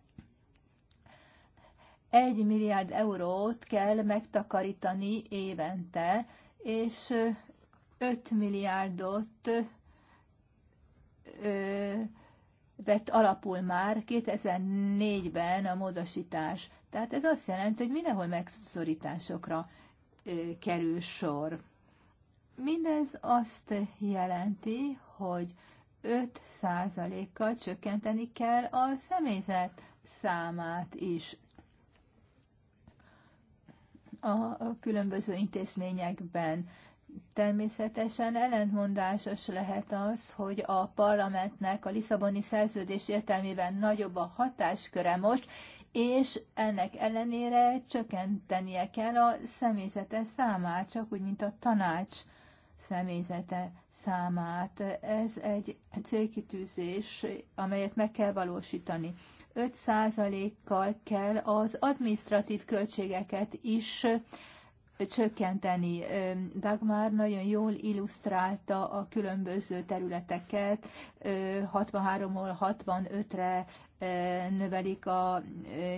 Egy milliárd eurót kell megtakarítani évente és 5 milliárdot vett alapul már 2004-ben a módosítás. Tehát ez azt jelenti, hogy mindenhol megszorításokra kerül sor. Mindez azt jelenti, hogy 5%-kal csökkenteni kell a személyzet számát is a különböző intézményekben. Természetesen ellentmondásos lehet az, hogy a parlamentnek a Lisszaboni szerződés értelmében nagyobb a hatásköre most, és ennek ellenére csökkentenie kell a személyzete számát, csak úgy, mint a tanács személyzete számát. Ez egy célkitűzés, amelyet meg kell valósítani. 5%-kal kell az administratív költségeket is csökkenteni. Dagmar nagyon jól illusztrálta a különböző területeket, 63-ról 65-re növelik a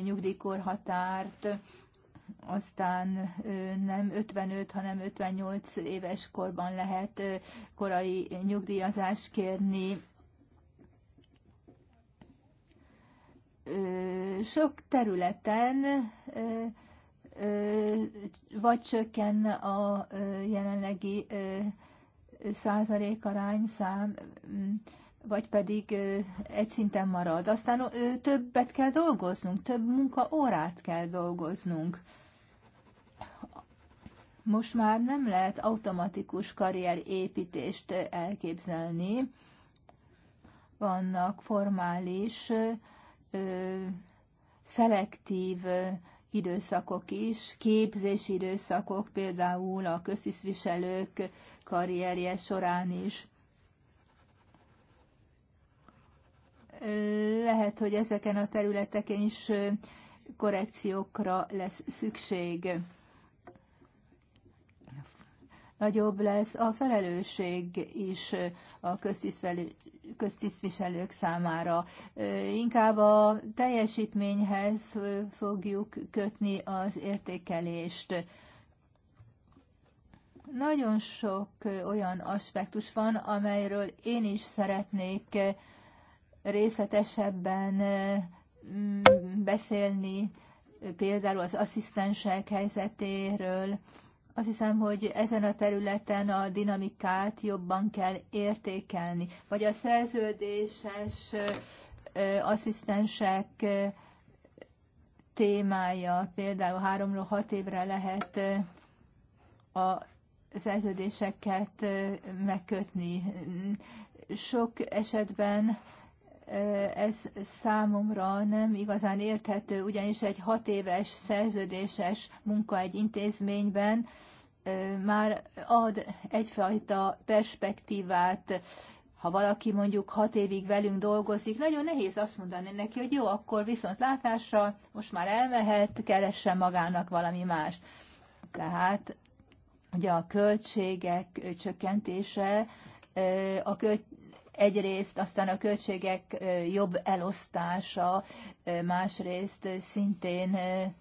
nyugdíjkorhatárt, aztán nem 55, hanem 58 éves korban lehet korai nyugdíjazást kérni, sok területen vagy csökken a jelenlegi százalékarány szám, mm, vagy pedig egy szinten marad. Aztán többet kell dolgoznunk, több munkaórát kell dolgoznunk. Most már nem lehet automatikus karrierépítést elképzelni. Vannak formális szelektív időszakok is, képzési időszakok, például a köztisztviselők karrierje során is. Lehet, hogy ezeken a területeken is korrekciókra lesz szükség nagyobb lesz a felelősség is a köztisztviselők számára. Inkább a teljesítményhez fogjuk kötni az értékelést. Nagyon sok olyan aspektus van, amelyről én is szeretnék részletesebben beszélni, például az asszisztensek helyzetéről, azt hiszem, hogy ezen a területen a dinamikát jobban kell értékelni, vagy a szerződéses asszisztensek témája, például háromról hat évre lehet a szerződéseket megkötni. Sok esetben ez számomra nem igazán érthető, ugyanis egy hat éves szerződéses munka egy intézményben már ad egyfajta perspektívát, ha valaki mondjuk hat évig velünk dolgozik, nagyon nehéz azt mondani neki, hogy jó, akkor viszont látásra most már elmehet, keressen magának valami más. Tehát ugye a költségek csökkentése, a költ egyrészt, aztán a költségek jobb elosztása, másrészt szintén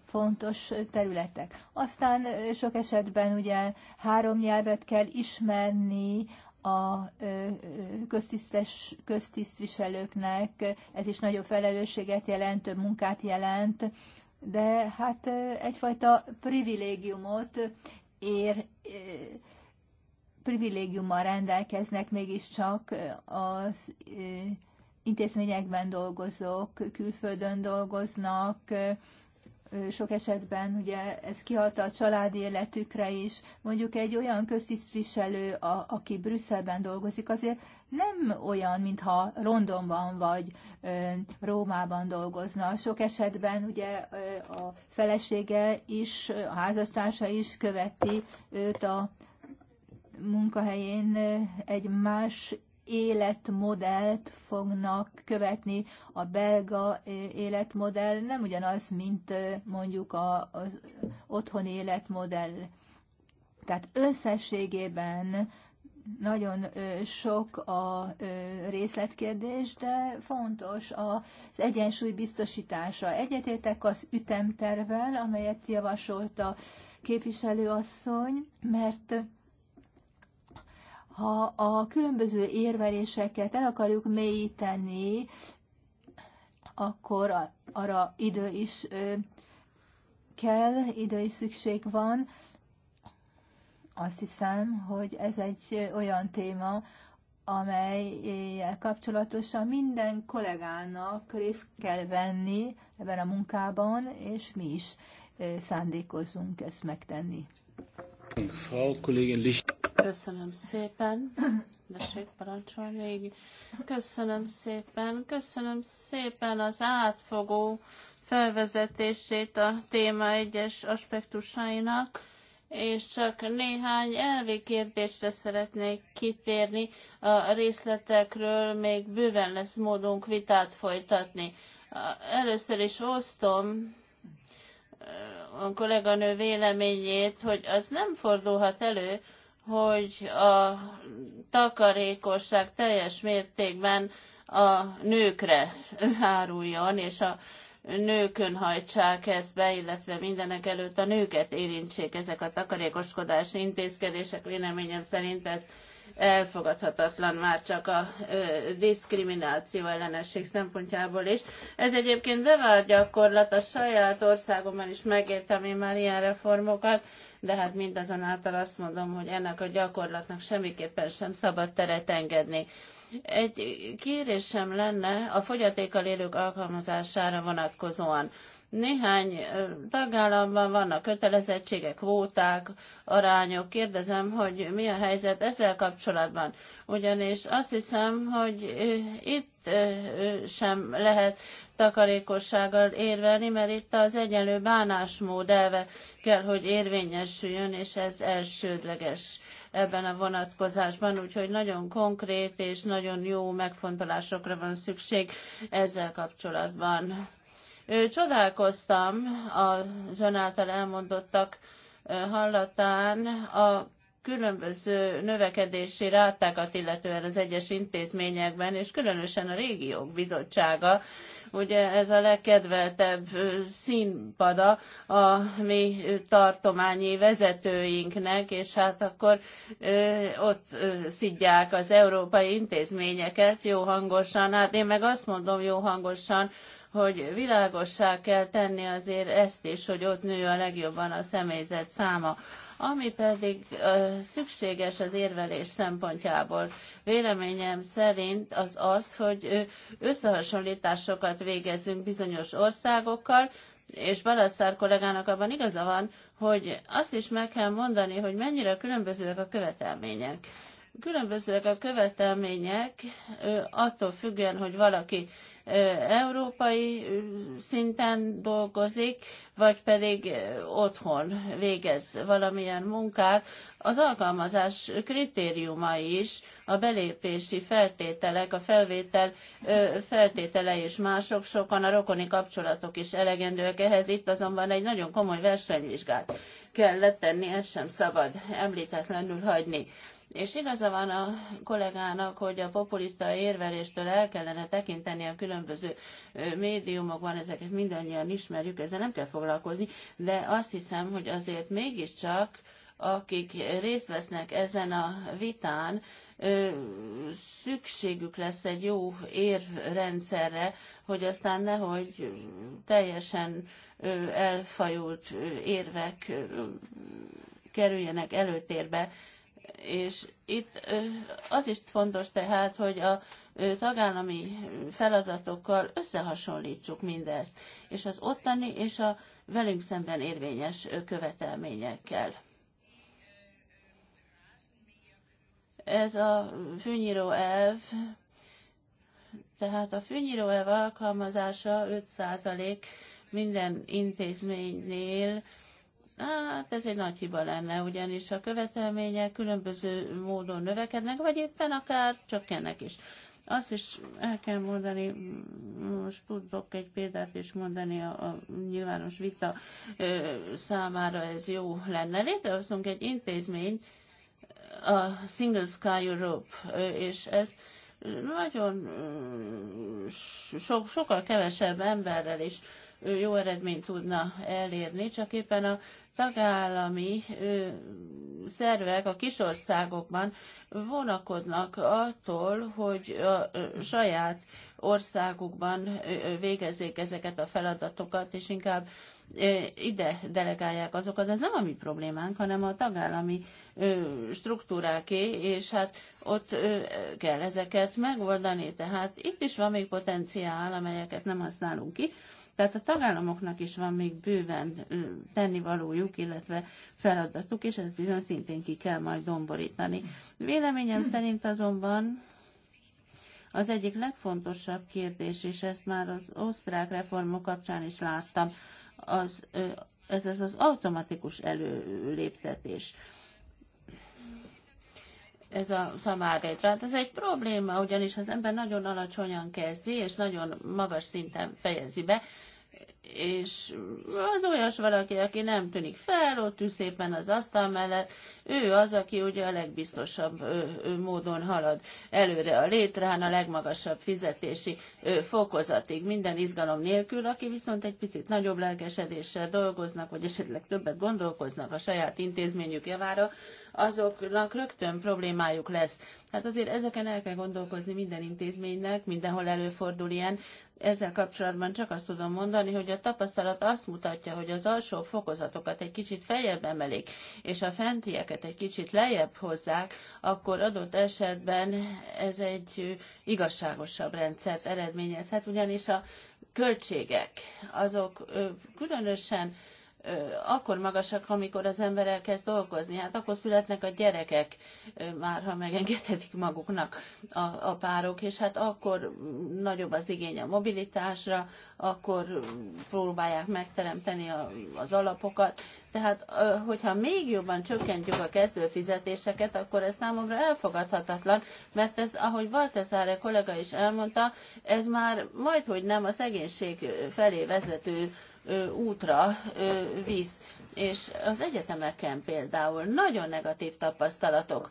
fontos területek. Aztán sok esetben ugye három nyelvet kell ismerni, a köztisztviselőknek, ez is nagyobb felelősséget jelent, több munkát jelent, de hát egyfajta privilégiumot ér, privilégiummal rendelkeznek mégiscsak az intézményekben dolgozók, külföldön dolgoznak, sok esetben ugye ez kihat a családi életükre is. Mondjuk egy olyan köztisztviselő, a, aki Brüsszelben dolgozik, azért nem olyan, mintha Londonban vagy ö, Rómában dolgozna. Sok esetben ugye ö, a felesége is, a házastársa is követi őt a munkahelyén egy más életmodellt fognak követni. A belga életmodell nem ugyanaz, mint mondjuk a, az otthoni életmodell. Tehát összességében nagyon sok a részletkérdés, de fontos az egyensúly biztosítása. Egyetértek az ütemtervel, amelyet javasolt a képviselőasszony, mert ha a különböző érveléseket el akarjuk mélyíteni, akkor arra idő is kell, idő is szükség van. Azt hiszem, hogy ez egy olyan téma, amelyel kapcsolatosan minden kollégának részt kell venni ebben a munkában, és mi is szándékozunk ezt megtenni. Frau Kollegin Licht. Köszönöm szépen. Tessék parancsolni Köszönöm szépen. Köszönöm szépen az átfogó felvezetését a téma egyes aspektusainak, és csak néhány elvi kérdésre szeretnék kitérni. A részletekről még bőven lesz módunk vitát folytatni. Először is osztom a kolléganő véleményét, hogy az nem fordulhat elő, hogy a takarékosság teljes mértékben a nőkre áruljon, és a nőkön hajtsák ezt be, illetve mindenek előtt a nőket érintsék ezek a takarékoskodási intézkedések. Véleményem szerint ez elfogadhatatlan már csak a ö, diszkrimináció ellenesség szempontjából is. Ez egyébként bevált gyakorlat, a saját országomban is megértem én már ilyen reformokat, de hát mindazonáltal azt mondom, hogy ennek a gyakorlatnak semmiképpen sem szabad teret engedni. Egy kérésem lenne a fogyatékkal élők alkalmazására vonatkozóan. Néhány tagállamban vannak kötelezettségek, kvóták, arányok. Kérdezem, hogy mi a helyzet ezzel kapcsolatban. Ugyanis azt hiszem, hogy itt sem lehet takarékossággal érvelni, mert itt az egyenlő bánásmód elve kell, hogy érvényesüljön, és ez elsődleges ebben a vonatkozásban, úgyhogy nagyon konkrét és nagyon jó megfontolásokra van szükség ezzel kapcsolatban. Csodálkoztam az ön által elmondottak hallatán a különböző növekedési rátákat illetően az egyes intézményekben, és különösen a régiók bizottsága, ugye ez a legkedveltebb színpada a mi tartományi vezetőinknek, és hát akkor ott szidják az európai intézményeket jó hangosan. Hát én meg azt mondom jó hangosan, hogy világossá kell tenni azért ezt is, hogy ott nő a legjobban a személyzet száma. Ami pedig ö, szükséges az érvelés szempontjából, véleményem szerint az az, hogy összehasonlításokat végezzünk bizonyos országokkal, és Balasszár kollégának abban igaza van, hogy azt is meg kell mondani, hogy mennyire különbözőek a követelmények. Különbözőek a követelmények ö, attól függően, hogy valaki európai szinten dolgozik, vagy pedig otthon végez valamilyen munkát. Az alkalmazás kritériuma is, a belépési feltételek, a felvétel feltételei is mások, sokan a rokoni kapcsolatok is elegendőek ehhez, itt azonban egy nagyon komoly versenyvizsgát kell letenni, ezt sem szabad említetlenül hagyni. És igaza van a kollégának, hogy a populista érveléstől el kellene tekinteni a különböző médiumokban, ezeket mindannyian ismerjük, ezzel nem kell foglalkozni, de azt hiszem, hogy azért mégiscsak akik részt vesznek ezen a vitán, szükségük lesz egy jó érvrendszerre, hogy aztán nehogy teljesen elfajult érvek kerüljenek előtérbe, és itt az is fontos tehát, hogy a tagállami feladatokkal összehasonlítsuk mindezt, és az ottani és a velünk szemben érvényes követelményekkel. Ez a fűnyíró elv, tehát a fűnyíró elv alkalmazása 5% minden intézménynél Hát ez egy nagy hiba lenne, ugyanis a követelmények különböző módon növekednek, vagy éppen akár csökkennek is. Azt is el kell mondani, most tudok egy példát is mondani a, a nyilvános vita ö, számára, ez jó lenne. Létrehoztunk egy intézményt, a Single Sky Europe, és ez nagyon so, sokkal kevesebb emberrel is jó eredményt tudna elérni, csak éppen a tagállami szervek a kisországokban vonakodnak attól, hogy a saját országukban végezzék ezeket a feladatokat, és inkább ide delegálják azokat. Ez nem a mi problémánk, hanem a tagállami struktúráké, és hát ott kell ezeket megoldani. Tehát itt is van még potenciál, amelyeket nem használunk ki, tehát a tagállamoknak is van még bőven tennivalójuk, illetve feladatuk, és ezt bizony szintén ki kell majd domborítani. Véleményem szerint azonban az egyik legfontosabb kérdés, és ezt már az osztrák reformok kapcsán is láttam, az, ez az, az automatikus előléptetés ez a Hát Ez egy probléma, ugyanis ha az ember nagyon alacsonyan kezdi, és nagyon magas szinten fejezi be, és az olyas valaki, aki nem tűnik fel, ott ül szépen az asztal mellett, ő az, aki ugye a legbiztosabb módon halad előre a létrán, a legmagasabb fizetési fokozatig, minden izgalom nélkül, aki viszont egy picit nagyobb lelkesedéssel dolgoznak, vagy esetleg többet gondolkoznak a saját intézményük javára, azoknak rögtön problémájuk lesz. Hát azért ezeken el kell gondolkozni minden intézménynek, mindenhol előfordul ilyen. Ezzel kapcsolatban csak azt tudom mondani, hogy a a tapasztalat azt mutatja, hogy az alsó fokozatokat egy kicsit feljebb emelik, és a fentieket egy kicsit lejjebb hozzák, akkor adott esetben ez egy igazságosabb rendszert eredményezhet, ugyanis a költségek azok különösen akkor magasak, amikor az ember elkezd dolgozni. Hát akkor születnek a gyerekek, már ha megengedhetik maguknak a, a párok, és hát akkor nagyobb az igény a mobilitásra, akkor próbálják megteremteni a, az alapokat. Tehát, hogyha még jobban csökkentjük a kezdő fizetéseket, akkor ez számomra elfogadhatatlan, mert ez, ahogy Baltezáre kollega is elmondta, ez már majdhogy nem a szegénység felé vezető útra visz. És az egyetemeken például nagyon negatív tapasztalatok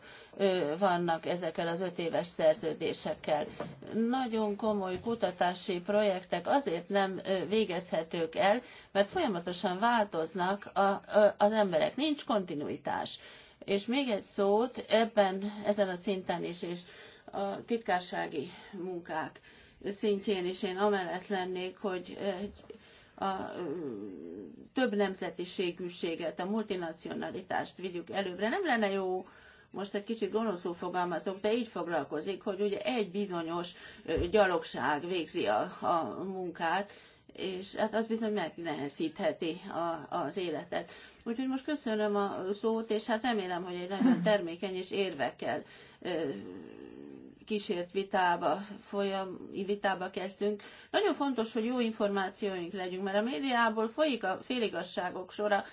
vannak ezekkel az öt éves szerződésekkel. Nagyon komoly kutatási projektek azért nem végezhetők el, mert folyamatosan változnak a, a, az emberek. Nincs kontinuitás. És még egy szót ebben, ezen a szinten is, és a titkársági munkák szintjén is én amellett lennék, hogy egy a több nemzetiségűséget, a multinacionalitást vigyük előbbre. Nem lenne jó most egy kicsit gonoszul fogalmazok, de így foglalkozik, hogy ugye egy bizonyos gyalogság végzi a, a munkát, és hát az bizony megnehezítheti a, az életet. Úgyhogy most köszönöm a szót, és hát remélem, hogy egy nagyon termékeny és érvekkel kísért vitába, folyam, vitába kezdünk. Nagyon fontos, hogy jó információink legyünk, mert a médiából folyik a féligasságok sora,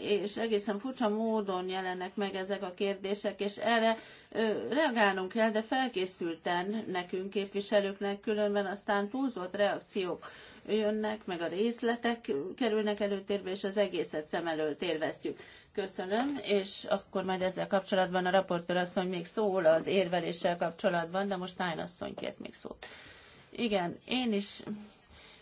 és egészen furcsa módon jelennek meg ezek a kérdések, és erre ö, reagálnunk kell, de felkészülten nekünk, képviselőknek, különben aztán túlzott reakciók jönnek, meg a részletek kerülnek előtérbe, és az egészet szem előtt érvesztjük. Köszönöm, és akkor majd ezzel kapcsolatban a raportőr asszony még szól az érveléssel kapcsolatban, de most Tájn asszony kért még szót. Igen, én is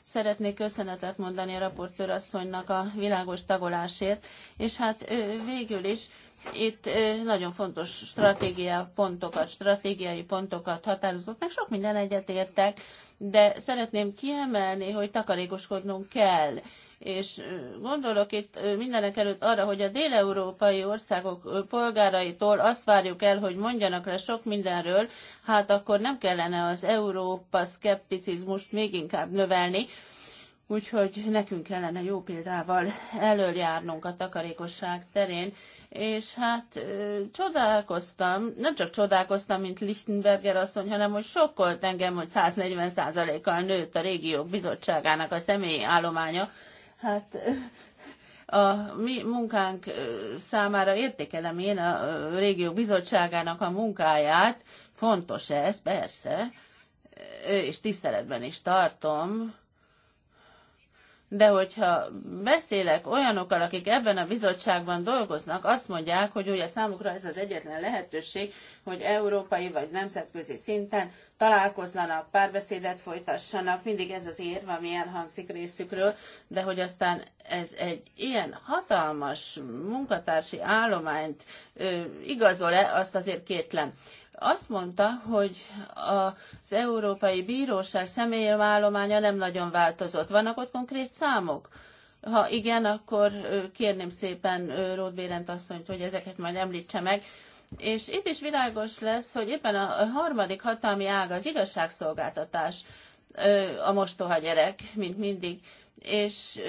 szeretnék köszönetet mondani a raportőr asszonynak a világos tagolásért, és hát végül is itt nagyon fontos stratégia pontokat, stratégiai pontokat határozott, meg sok minden egyetértek, de szeretném kiemelni, hogy takarékoskodnunk kell és gondolok itt mindenek előtt arra, hogy a déleurópai országok polgáraitól azt várjuk el, hogy mondjanak le sok mindenről, hát akkor nem kellene az Európa szkepticizmust még inkább növelni, Úgyhogy nekünk kellene jó példával előjárnunk a takarékosság terén, és hát csodálkoztam, nem csak csodálkoztam, mint Lichtenberger asszony, hanem hogy sokkolt engem, hogy 140%-kal nőtt a régiók bizottságának a személyi állománya hát a mi munkánk számára értékelem én a régió bizottságának a munkáját. Fontos ez, persze, és tiszteletben is tartom, de hogyha beszélek olyanokkal, akik ebben a bizottságban dolgoznak, azt mondják, hogy ugye számukra ez az egyetlen lehetőség, hogy európai vagy nemzetközi szinten találkozzanak, párbeszédet folytassanak, mindig ez az érv, ami elhangzik részükről, de hogy aztán ez egy ilyen hatalmas munkatársi állományt igazol-e, azt azért kétlem azt mondta, hogy az Európai Bíróság személyvállománya nem nagyon változott. Vannak ott konkrét számok? Ha igen, akkor kérném szépen Ród Bérent asszonyt, hogy ezeket majd említse meg. És itt is világos lesz, hogy éppen a harmadik hatalmi ág az igazságszolgáltatás a mostoha gyerek, mint mindig. És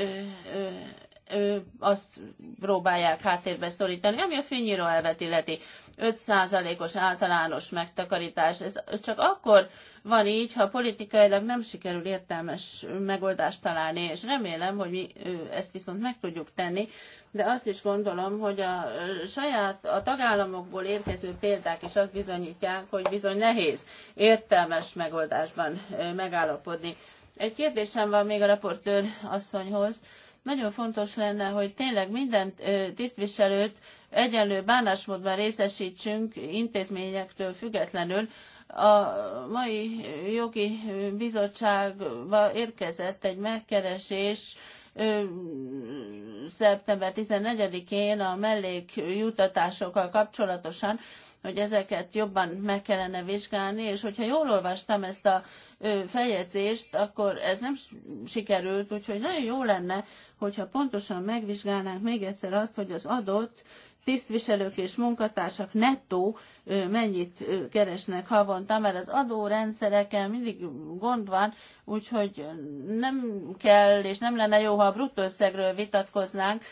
azt próbálják háttérbe szorítani, ami a fűnyíró elvet illeti. 5%-os általános megtakarítás. Ez csak akkor van így, ha politikailag nem sikerül értelmes megoldást találni, és remélem, hogy mi ezt viszont meg tudjuk tenni, de azt is gondolom, hogy a saját, a tagállamokból érkező példák is azt bizonyítják, hogy bizony nehéz értelmes megoldásban megállapodni. Egy kérdésem van még a raportőr asszonyhoz nagyon fontos lenne, hogy tényleg minden tisztviselőt egyenlő bánásmódban részesítsünk intézményektől függetlenül. A mai jogi bizottságba érkezett egy megkeresés szeptember 14-én a mellékjutatásokkal kapcsolatosan, hogy ezeket jobban meg kellene vizsgálni, és hogyha jól olvastam ezt a feljegyzést, akkor ez nem sikerült, úgyhogy nagyon jó lenne, hogyha pontosan megvizsgálnánk még egyszer azt, hogy az adott tisztviselők és munkatársak nettó mennyit keresnek havonta, mert az adórendszereken mindig gond van, úgyhogy nem kell, és nem lenne jó, ha a összegről vitatkoznánk,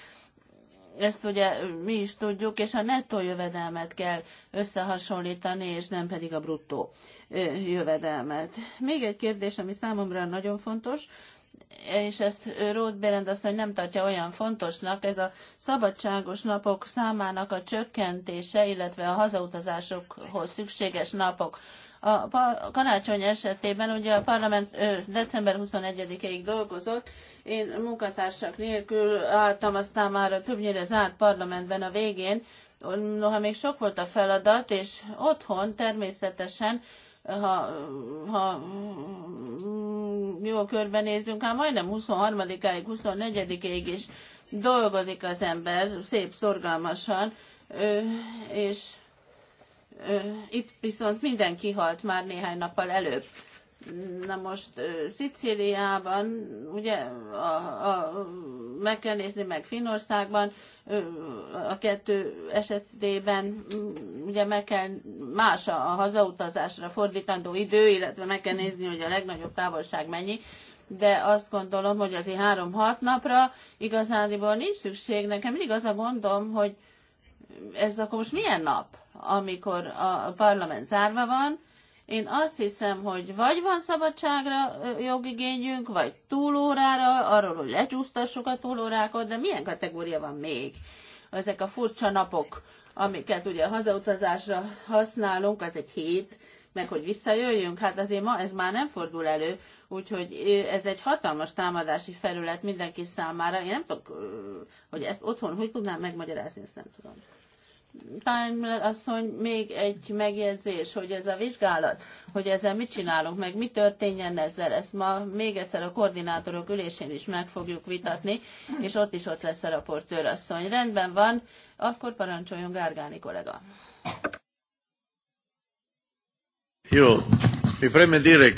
ezt ugye mi is tudjuk, és a nettó jövedelmet kell összehasonlítani, és nem pedig a bruttó jövedelmet. Még egy kérdés, ami számomra nagyon fontos, és ezt Ruth Berend azt, hogy nem tartja olyan fontosnak, ez a szabadságos napok számának a csökkentése, illetve a hazautazásokhoz szükséges napok. A karácsony esetében ugye a parlament december 21-ig dolgozott, én munkatársak nélkül álltam aztán már a többnyire zárt parlamentben a végén, noha még sok volt a feladat, és otthon természetesen ha, ha jó körbenézünk, hát majdnem 23 ig 24-ig is dolgozik az ember szép szorgalmasan, és itt viszont mindenki halt már néhány nappal előbb. Na most Szicíliában, ugye a, a, meg kell nézni meg Finországban, a kettő esetében ugye meg kell más a, a hazautazásra fordítandó idő, illetve meg kell nézni, hogy a legnagyobb távolság mennyi, de azt gondolom, hogy azért három-hat napra igazániból nincs szükség. Nekem mindig az a gondom, hogy ez akkor most milyen nap, amikor a parlament zárva van, én azt hiszem, hogy vagy van szabadságra jogigényünk, vagy túlórára, arról, hogy lecsúsztassuk a túlórákat, de milyen kategória van még? Ezek a furcsa napok, amiket ugye a hazautazásra használunk, az egy hét, meg hogy visszajöjjünk, hát azért ma ez már nem fordul elő, úgyhogy ez egy hatalmas támadási felület mindenki számára. Én nem tudok, hogy ezt otthon hogy tudnám megmagyarázni, ezt nem tudom. Time asszony, még egy megjegyzés, hogy ez a vizsgálat, hogy ezzel mit csinálunk, meg mi történjen ezzel, ezt ma még egyszer a koordinátorok ülésén is meg fogjuk vitatni, és ott is ott lesz a raportőr asszony. Rendben van, akkor parancsoljon Gárgáni kollega. Jó, mi direk.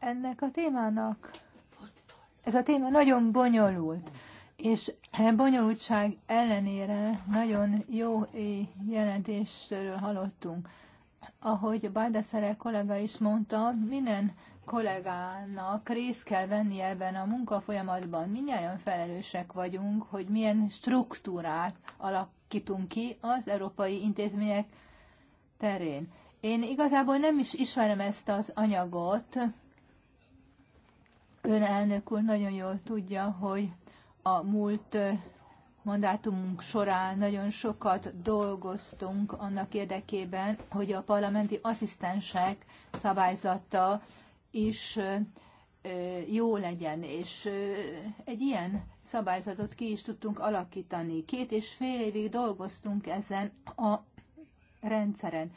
Ennek a témának, ez a téma nagyon bonyolult és bonyolultság ellenére nagyon jó eh, jelentésről hallottunk. Ahogy Baldeszere kollega is mondta, minden kollégának részt kell venni ebben a munkafolyamatban. Mindjárt felelősek vagyunk, hogy milyen struktúrát alakítunk ki az európai intézmények terén. Én igazából nem is ismerem ezt az anyagot. Ön elnök úr nagyon jól tudja, hogy a múlt mandátumunk során nagyon sokat dolgoztunk annak érdekében, hogy a parlamenti asszisztensek szabályzata is jó legyen, és egy ilyen szabályzatot ki is tudtunk alakítani. Két és fél évig dolgoztunk ezen a rendszeren.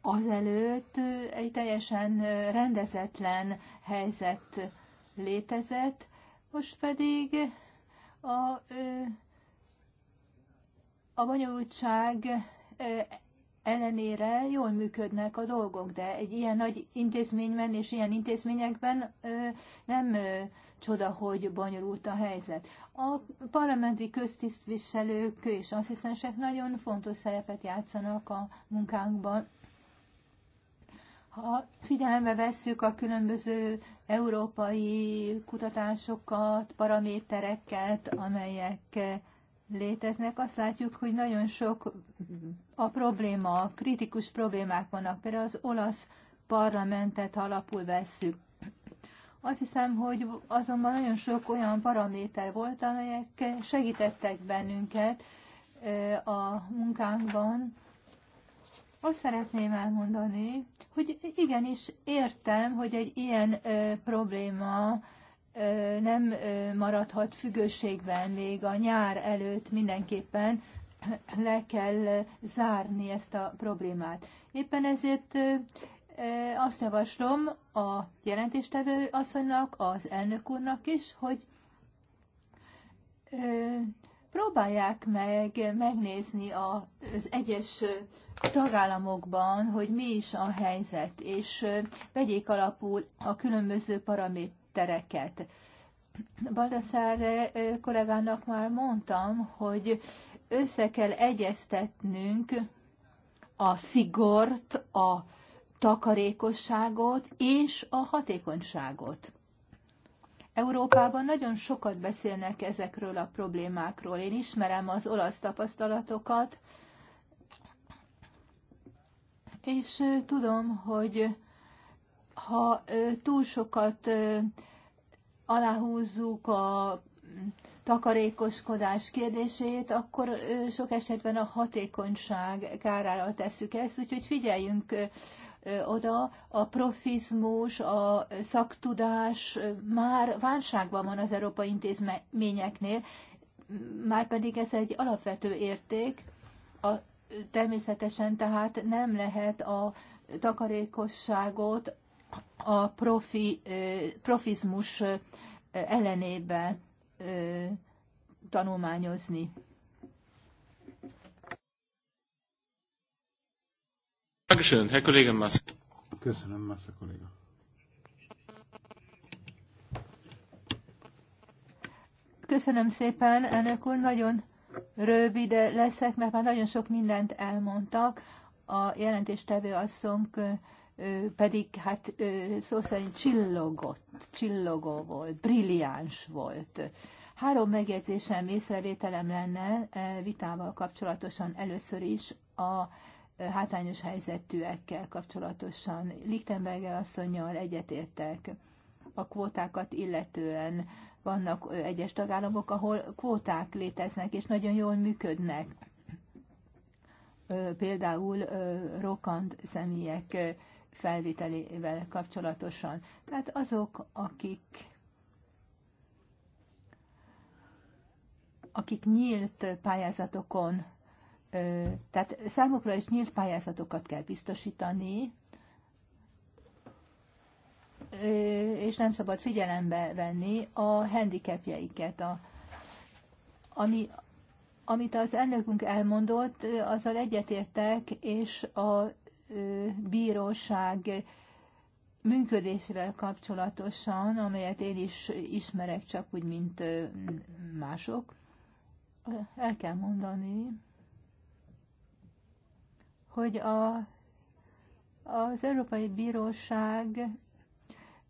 Azelőtt egy teljesen rendezetlen helyzet létezett, most pedig a, a bonyolultság ellenére jól működnek a dolgok, de egy ilyen nagy intézményben és ilyen intézményekben nem csoda, hogy bonyolult a helyzet. A parlamenti köztisztviselők és asszisztensek nagyon fontos szerepet játszanak a munkánkban. Ha figyelembe vesszük a különböző európai kutatásokat, paramétereket, amelyek léteznek, azt látjuk, hogy nagyon sok a probléma, a kritikus problémák vannak. Például az olasz parlamentet alapul vesszük. Azt hiszem, hogy azonban nagyon sok olyan paraméter volt, amelyek segítettek bennünket eh, a munkánkban, azt szeretném elmondani, hogy igenis értem, hogy egy ilyen ö, probléma ö, nem ö, maradhat függőségben még a nyár előtt mindenképpen le kell zárni ezt a problémát. Éppen ezért ö, azt javaslom a jelentéstevő asszonynak, az elnök úrnak is, hogy ö, próbálják meg megnézni az egyes tagállamokban, hogy mi is a helyzet, és vegyék alapul a különböző paramétereket. Baldassare kollégának már mondtam, hogy össze kell egyeztetnünk a szigort, a takarékosságot és a hatékonyságot. Európában nagyon sokat beszélnek ezekről a problémákról. Én ismerem az olasz tapasztalatokat, és tudom, hogy ha túl sokat aláhúzzuk a takarékoskodás kérdését, akkor sok esetben a hatékonyság kárára tesszük ezt, úgyhogy figyeljünk oda, a profizmus, a szaktudás már válságban van az európai intézményeknél, már pedig ez egy alapvető érték, Természetesen tehát nem lehet a takarékosságot a profi, profizmus ellenébe tanulmányozni. Köszönöm, Herr Kollege Köszönöm, Masz kolléga. Köszönöm szépen, elnök úr, nagyon rövid leszek, mert már nagyon sok mindent elmondtak. A jelentéstevő asszonk pedig hát szó szerint csillogott, csillogó volt, brilliáns volt. Három megjegyzésem, észrevételem lenne vitával kapcsolatosan először is a hátrányos helyzetűekkel kapcsolatosan. Lichtenberger asszonynal egyetértek a kvótákat illetően vannak egyes tagállamok, ahol kvóták léteznek, és nagyon jól működnek. Például rokand személyek felvételével kapcsolatosan. Tehát azok, akik akik nyílt pályázatokon, tehát számukra is nyílt pályázatokat kell biztosítani, és nem szabad figyelembe venni a handicapjeiket. A, ami, amit az elnökünk elmondott, azzal egyetértek, és a bíróság működésével kapcsolatosan, amelyet én is ismerek csak úgy, mint mások, el kell mondani, hogy a, az Európai Bíróság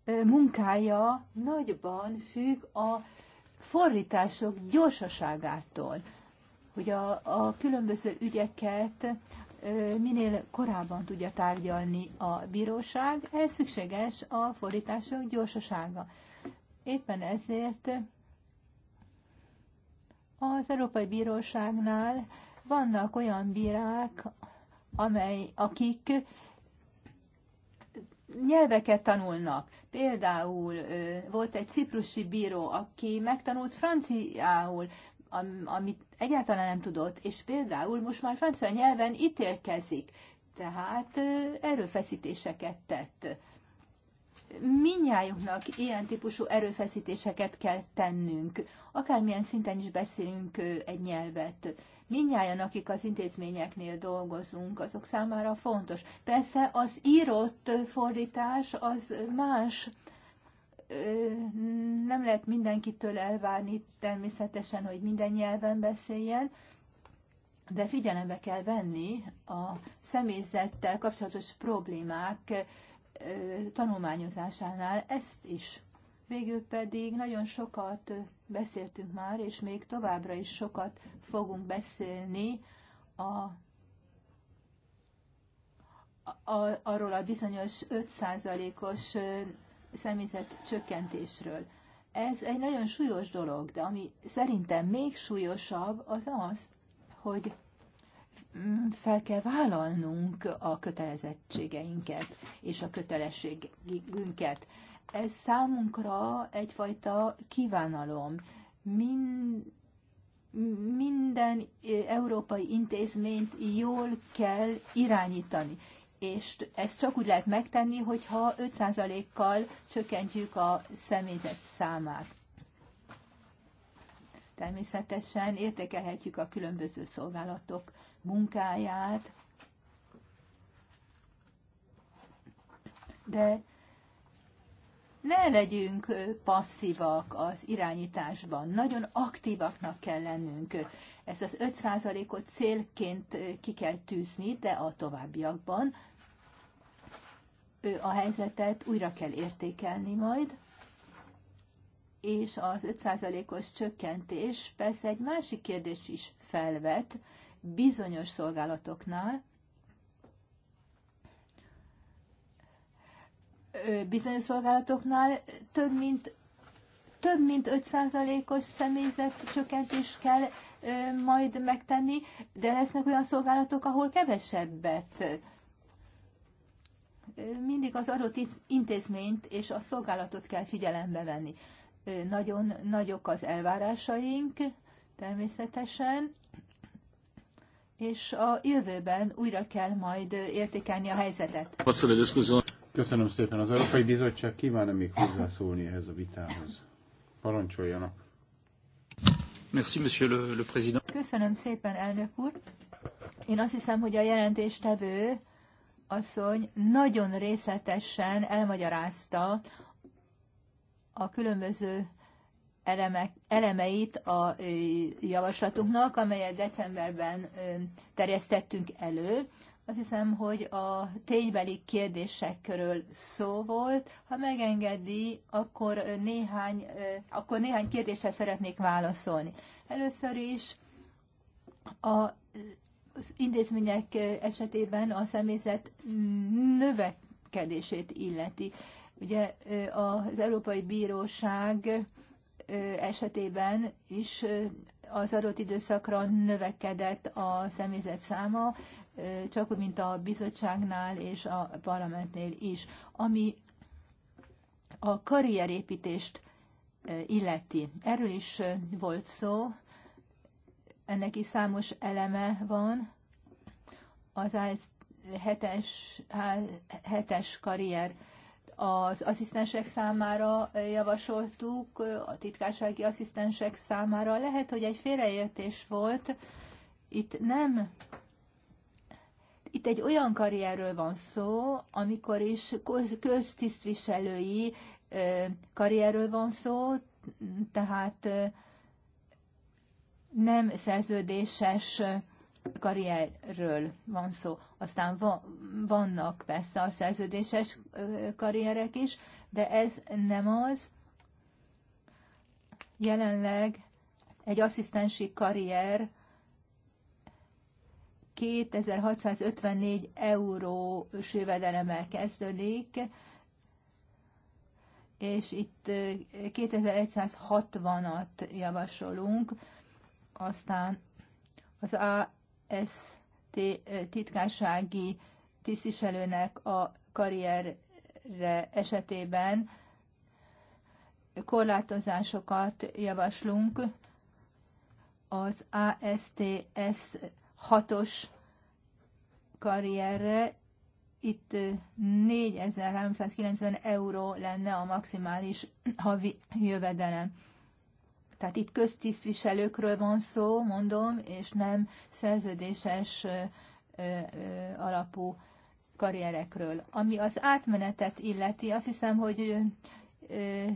munkája nagyban függ a fordítások gyorsaságától, hogy a, a különböző ügyeket minél korábban tudja tárgyalni a bíróság, ehhez szükséges a fordítások gyorsasága. Éppen ezért az Európai Bíróságnál vannak olyan bírák, amely, akik nyelveket tanulnak. Például volt egy ciprusi bíró, aki megtanult franciául, amit egyáltalán nem tudott, és például most már francia nyelven ítélkezik, tehát erőfeszítéseket tett minnyájunknak ilyen típusú erőfeszítéseket kell tennünk, akármilyen szinten is beszélünk egy nyelvet. Minnyáján, akik az intézményeknél dolgozunk, azok számára fontos. Persze az írott fordítás az más, nem lehet mindenkitől elvárni természetesen, hogy minden nyelven beszéljen, de figyelembe kell venni a személyzettel kapcsolatos problémák tanulmányozásánál ezt is. Végül pedig nagyon sokat beszéltünk már, és még továbbra is sokat fogunk beszélni a a, arról a bizonyos 5%-os személyzet csökkentésről. Ez egy nagyon súlyos dolog, de ami szerintem még súlyosabb, az az, hogy fel kell vállalnunk a kötelezettségeinket és a kötelességünket. Ez számunkra egyfajta kívánalom. Mind, minden eh, európai intézményt jól kell irányítani. És ezt csak úgy lehet megtenni, hogyha 5%-kal csökkentjük a személyzet számát. Természetesen értékelhetjük a különböző szolgálatok munkáját, de ne legyünk passzívak az irányításban, nagyon aktívaknak kell lennünk. Ez az 5%-ot célként ki kell tűzni, de a továbbiakban a helyzetet újra kell értékelni majd, és az 5%-os csökkentés persze egy másik kérdés is felvet, bizonyos szolgálatoknál, bizonyos szolgálatoknál több mint több mint 5%-os személyzet csökkentés kell ö, majd megtenni, de lesznek olyan szolgálatok, ahol kevesebbet. Mindig az adott intézményt és a szolgálatot kell figyelembe venni. Nagyon nagyok az elvárásaink, természetesen, és a jövőben újra kell majd értékelni a helyzetet. Köszönöm szépen. Az Európai Bizottság kíván még hozzászólni ehhez a vitához. Parancsoljanak. Merci, monsieur le, le président. Köszönöm szépen, elnök úr. Én azt hiszem, hogy a jelentéstevő asszony nagyon részletesen elmagyarázta a különböző elemek, elemeit a javaslatunknak, amelyet decemberben terjesztettünk elő. Azt hiszem, hogy a ténybeli kérdések körül szó volt. Ha megengedi, akkor néhány, akkor néhány kérdésre szeretnék válaszolni. Először is a az intézmények esetében a személyzet növekedését illeti. Ugye az Európai Bíróság esetében is az adott időszakra növekedett a személyzet száma, csak úgy, mint a bizottságnál és a parlamentnél is. Ami a karrierépítést illeti. Erről is volt szó, ennek is számos eleme van. Az hetes, hetes karrier az asszisztensek számára javasoltuk, a titkársági asszisztensek számára. Lehet, hogy egy félreértés volt. Itt nem itt egy olyan karrierről van szó, amikor is köztisztviselői karrierről van szó, tehát nem szerződéses karrierről van szó. Aztán va, vannak persze a szerződéses karrierek is, de ez nem az. Jelenleg egy asszisztensi karrier 2654 eurós jövedelemmel kezdődik, és itt 2160-at javasolunk, aztán az SZT titkársági tisztviselőnek a karrierre esetében korlátozásokat javaslunk az ASTS 6-os karrierre. Itt 4390 euró lenne a maximális havi jövedelem. Tehát itt köztisztviselőkről van szó, mondom, és nem szerződéses alapú karrierekről. Ami az átmenetet illeti, azt hiszem, hogy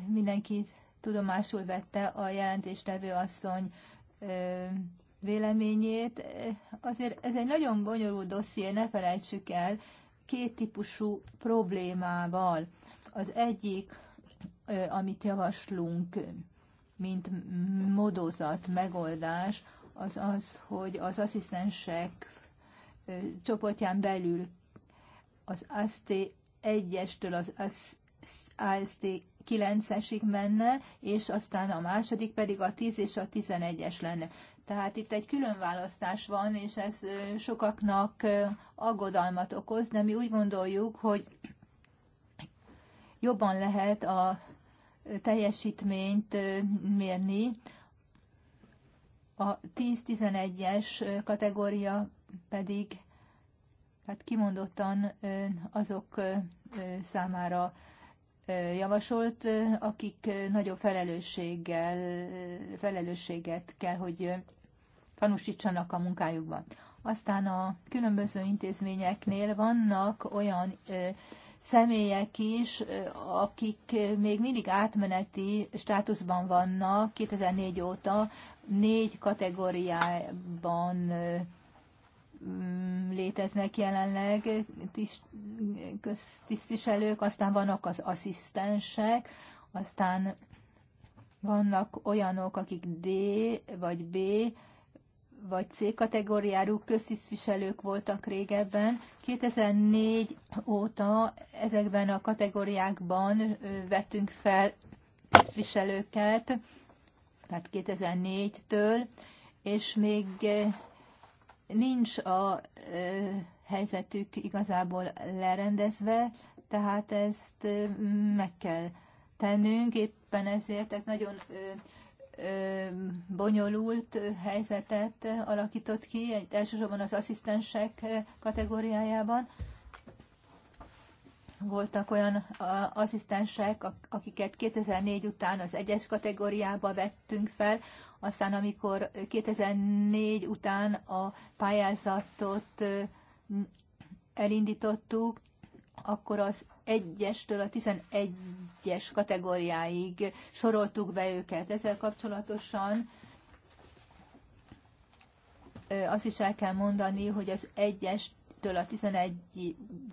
mindenki tudomásul vette a jelentéstevő asszony véleményét. Azért ez egy nagyon bonyolult dosszié, ne felejtsük el, két típusú problémával. Az egyik, amit javaslunk, mint modozat, megoldás, az az, hogy az asszisztensek csoportján belül az AST 1-estől az AST 9-esig menne, és aztán a második pedig a 10 és a 11-es lenne. Tehát itt egy külön választás van, és ez sokaknak aggodalmat okoz, de mi úgy gondoljuk, hogy jobban lehet a teljesítményt mérni. A 10-11-es kategória pedig hát kimondottan azok számára javasolt, akik nagyobb felelősséggel, felelősséget kell, hogy tanúsítsanak a munkájukban. Aztán a különböző intézményeknél vannak olyan személyek is, akik még mindig átmeneti státuszban vannak 2004 óta, négy kategóriában mm, léteznek jelenleg tisztviselők, aztán vannak az asszisztensek, aztán vannak olyanok, akik D vagy B vagy C kategóriárú köztisztviselők voltak régebben. 2004 óta ezekben a kategóriákban vettünk fel tisztviselőket, tehát 2004-től, és még nincs a helyzetük igazából lerendezve, tehát ezt meg kell tennünk, éppen ezért ez nagyon bonyolult helyzetet alakított ki, elsősorban az asszisztensek kategóriájában. Voltak olyan asszisztensek, akiket 2004 után az egyes kategóriába vettünk fel, aztán amikor 2004 után a pályázatot elindítottuk, akkor az 1-estől a 11-es kategóriáig soroltuk be őket. Ezzel kapcsolatosan azt is el kell mondani, hogy az 1-estől a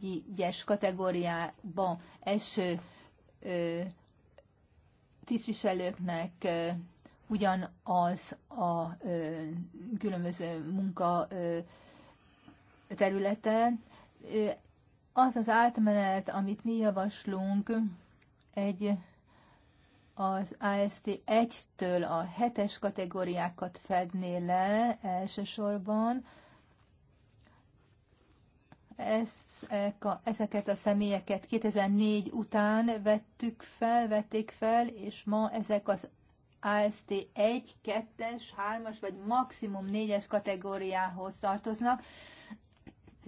11-es kategóriában eső tisztviselőknek ugyanaz a különböző munka területe. Az az átmenet, amit mi javaslunk, egy az AST 1-től a 7-es kategóriákat fedné le elsősorban. Ezek a, ezeket a személyeket 2004 után vettük fel, vették fel, és ma ezek az AST 1, 2-es, 3-as vagy maximum 4-es kategóriához tartoznak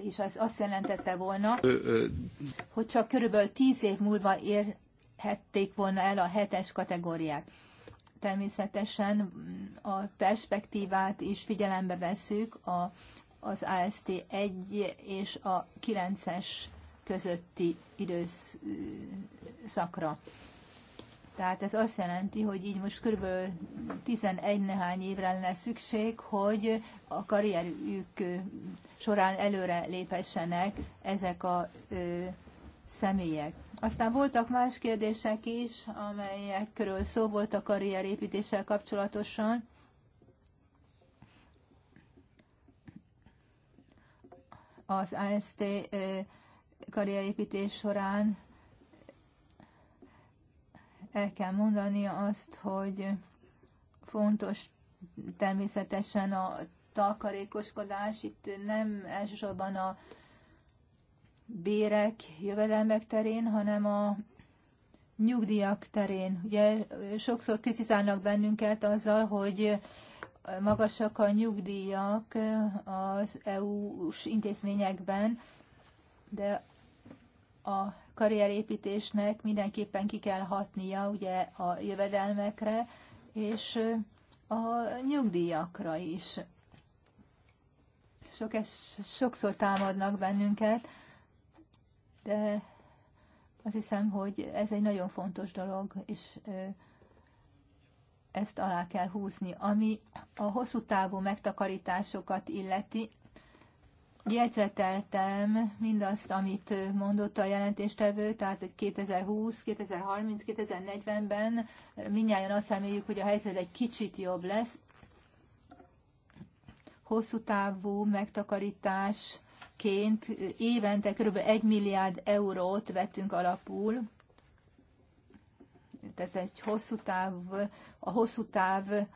és az azt jelentette volna, hogy csak körülbelül tíz év múlva érhették volna el a hetes kategóriát. Természetesen a perspektívát is figyelembe veszük a, az AST 1 és a 9-es közötti időszakra. Tehát ez azt jelenti, hogy így most kb. 11 nehány évre lenne szükség, hogy a karrierjük során előre lépessenek ezek a ö, személyek. Aztán voltak más kérdések is, amelyekről szó volt a karrierépítéssel kapcsolatosan. Az AST karrierépítés során el kell mondani azt, hogy fontos természetesen a takarékoskodás, itt nem elsősorban a bérek, jövedelmek terén, hanem a nyugdíjak terén. Ugye sokszor kritizálnak bennünket azzal, hogy magasak a nyugdíjak az EU-s intézményekben, de a karrierépítésnek mindenképpen ki kell hatnia ugye a jövedelmekre és a nyugdíjakra is. Sok es, sokszor támadnak bennünket, de azt hiszem, hogy ez egy nagyon fontos dolog, és ezt alá kell húzni. Ami a hosszú távú megtakarításokat illeti, jegyzeteltem mindazt, amit mondott a jelentéstevő, tehát 2020, 2030, 2040-ben minnyáján azt reméljük, hogy a helyzet egy kicsit jobb lesz. Hosszú távú megtakarításként évente kb. 1 milliárd eurót vettünk alapul. Tehát ez egy hosszú táv, a hosszú táv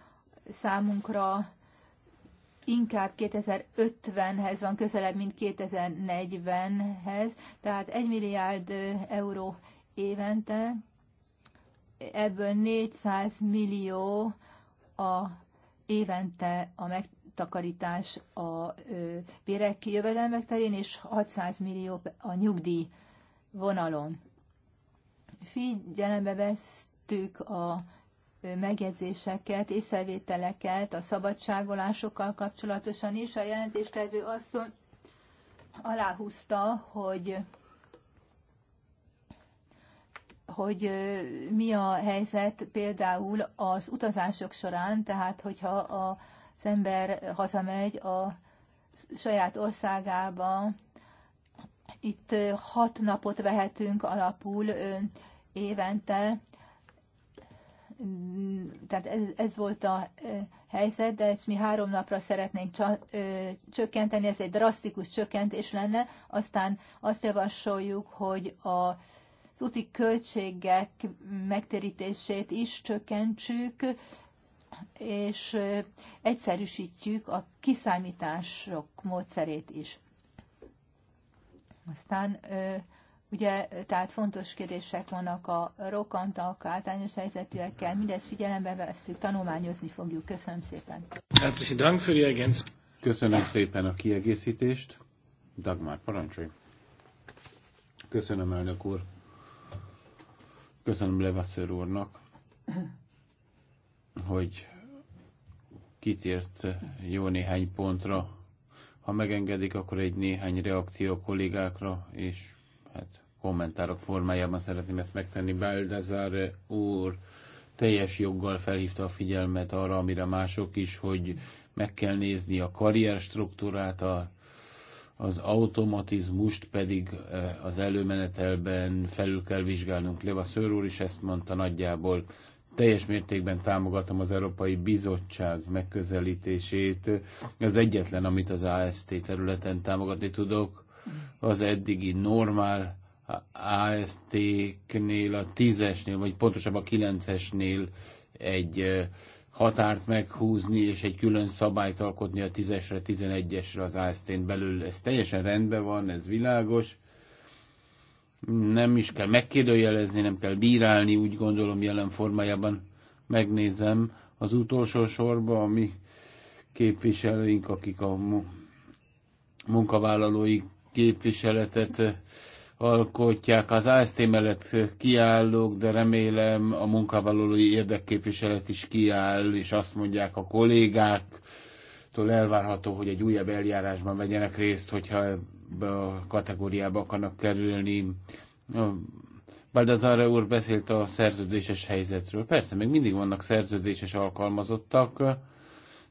számunkra inkább 2050-hez van közelebb, mint 2040-hez, tehát 1 milliárd euró évente, ebből 400 millió a évente a megtakarítás a bérek jövedelmek terén, és 600 millió a nyugdíj vonalon. Figyelembe vesztük a megjegyzéseket, észrevételeket a szabadságolásokkal kapcsolatosan is. A jelentéstevő asszony aláhúzta, hogy hogy mi a helyzet például az utazások során, tehát hogyha az ember hazamegy a saját országába, itt hat napot vehetünk alapul évente, Mm, tehát ez, ez volt a helyzet, de ezt mi három napra szeretnénk csökkenteni, ez egy drasztikus csökkentés lenne, aztán azt javasoljuk, hogy a, az úti költségek megtérítését is csökkentsük, és egyszerűsítjük a kiszámítások módszerét is. Aztán Ugye, tehát fontos kérdések vannak a rokantak, általános helyzetűekkel, mindezt figyelembe vesszük, tanulmányozni fogjuk. Köszönöm szépen. Köszönöm szépen a kiegészítést. Dagmar, parancsolj. Köszönöm, elnök úr. Köszönöm Levasser úrnak, hogy kitért jó néhány pontra. Ha megengedik, akkor egy néhány reakció a kollégákra, és hát kommentárok formájában szeretném ezt megtenni. Beldezár úr teljes joggal felhívta a figyelmet arra, amire mások is, hogy meg kell nézni a karrier struktúrát, a, az automatizmust pedig eh, az előmenetelben felül kell vizsgálnunk. Leva Szőr úr is ezt mondta nagyjából. Teljes mértékben támogatom az Európai Bizottság megközelítését. Ez egyetlen, amit az AST területen támogatni tudok. Az eddigi normál AST-knél, a tízesnél, vagy pontosabban a kilencesnél egy határt meghúzni, és egy külön szabályt alkotni a tízesre, tizenegyesre az AST-n belül. Ez teljesen rendben van, ez világos. Nem is kell megkérdőjelezni, nem kell bírálni, úgy gondolom jelen formájában megnézem az utolsó sorba, ami képviselőink, akik a munkavállalói képviseletet alkotják. Az AST mellett kiállók, de remélem a munkavállalói érdekképviselet is kiáll, és azt mondják a kollégáktól elvárható, hogy egy újabb eljárásban vegyenek részt, hogyha ebbe a kategóriába akarnak kerülni. Baldazarra úr beszélt a szerződéses helyzetről. Persze, még mindig vannak szerződéses alkalmazottak,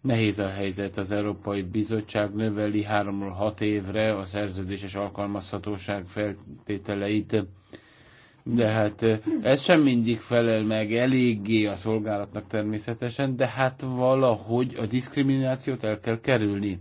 Nehéz a helyzet, az Európai Bizottság növeli 3-6 évre a szerződéses alkalmazhatóság feltételeit, de hát eh, ez sem mindig felel meg eléggé a szolgálatnak természetesen, de hát valahogy a diszkriminációt el kell kerülni.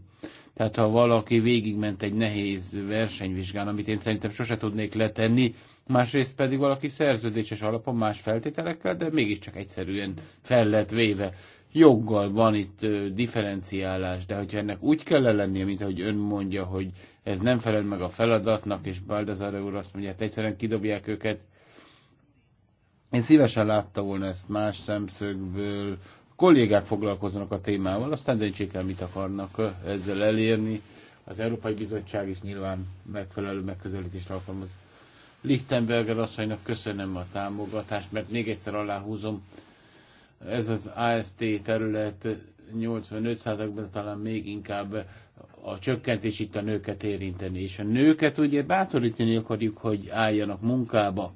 Tehát ha valaki végigment egy nehéz versenyvizsgán, amit én szerintem sose tudnék letenni, másrészt pedig valaki szerződéses alapon más feltételekkel, de mégiscsak egyszerűen fel lett véve joggal van itt differenciálás, de hogyha ennek úgy kell lennie, mint ahogy ön mondja, hogy ez nem felel meg a feladatnak, és Baldazar úr azt mondja, hát egyszerűen kidobják őket. Én szívesen látta volna ezt más szemszögből, a kollégák foglalkoznak a témával, aztán döntsék el, mit akarnak ezzel elérni. Az Európai Bizottság is nyilván megfelelő megközelítést alkalmaz. Lichtenberger asszonynak köszönöm a támogatást, mert még egyszer aláhúzom, ez az AST terület 85%-ban talán még inkább a csökkentés itt a nőket érinteni, és a nőket ugye bátorítani akarjuk, hogy álljanak munkába.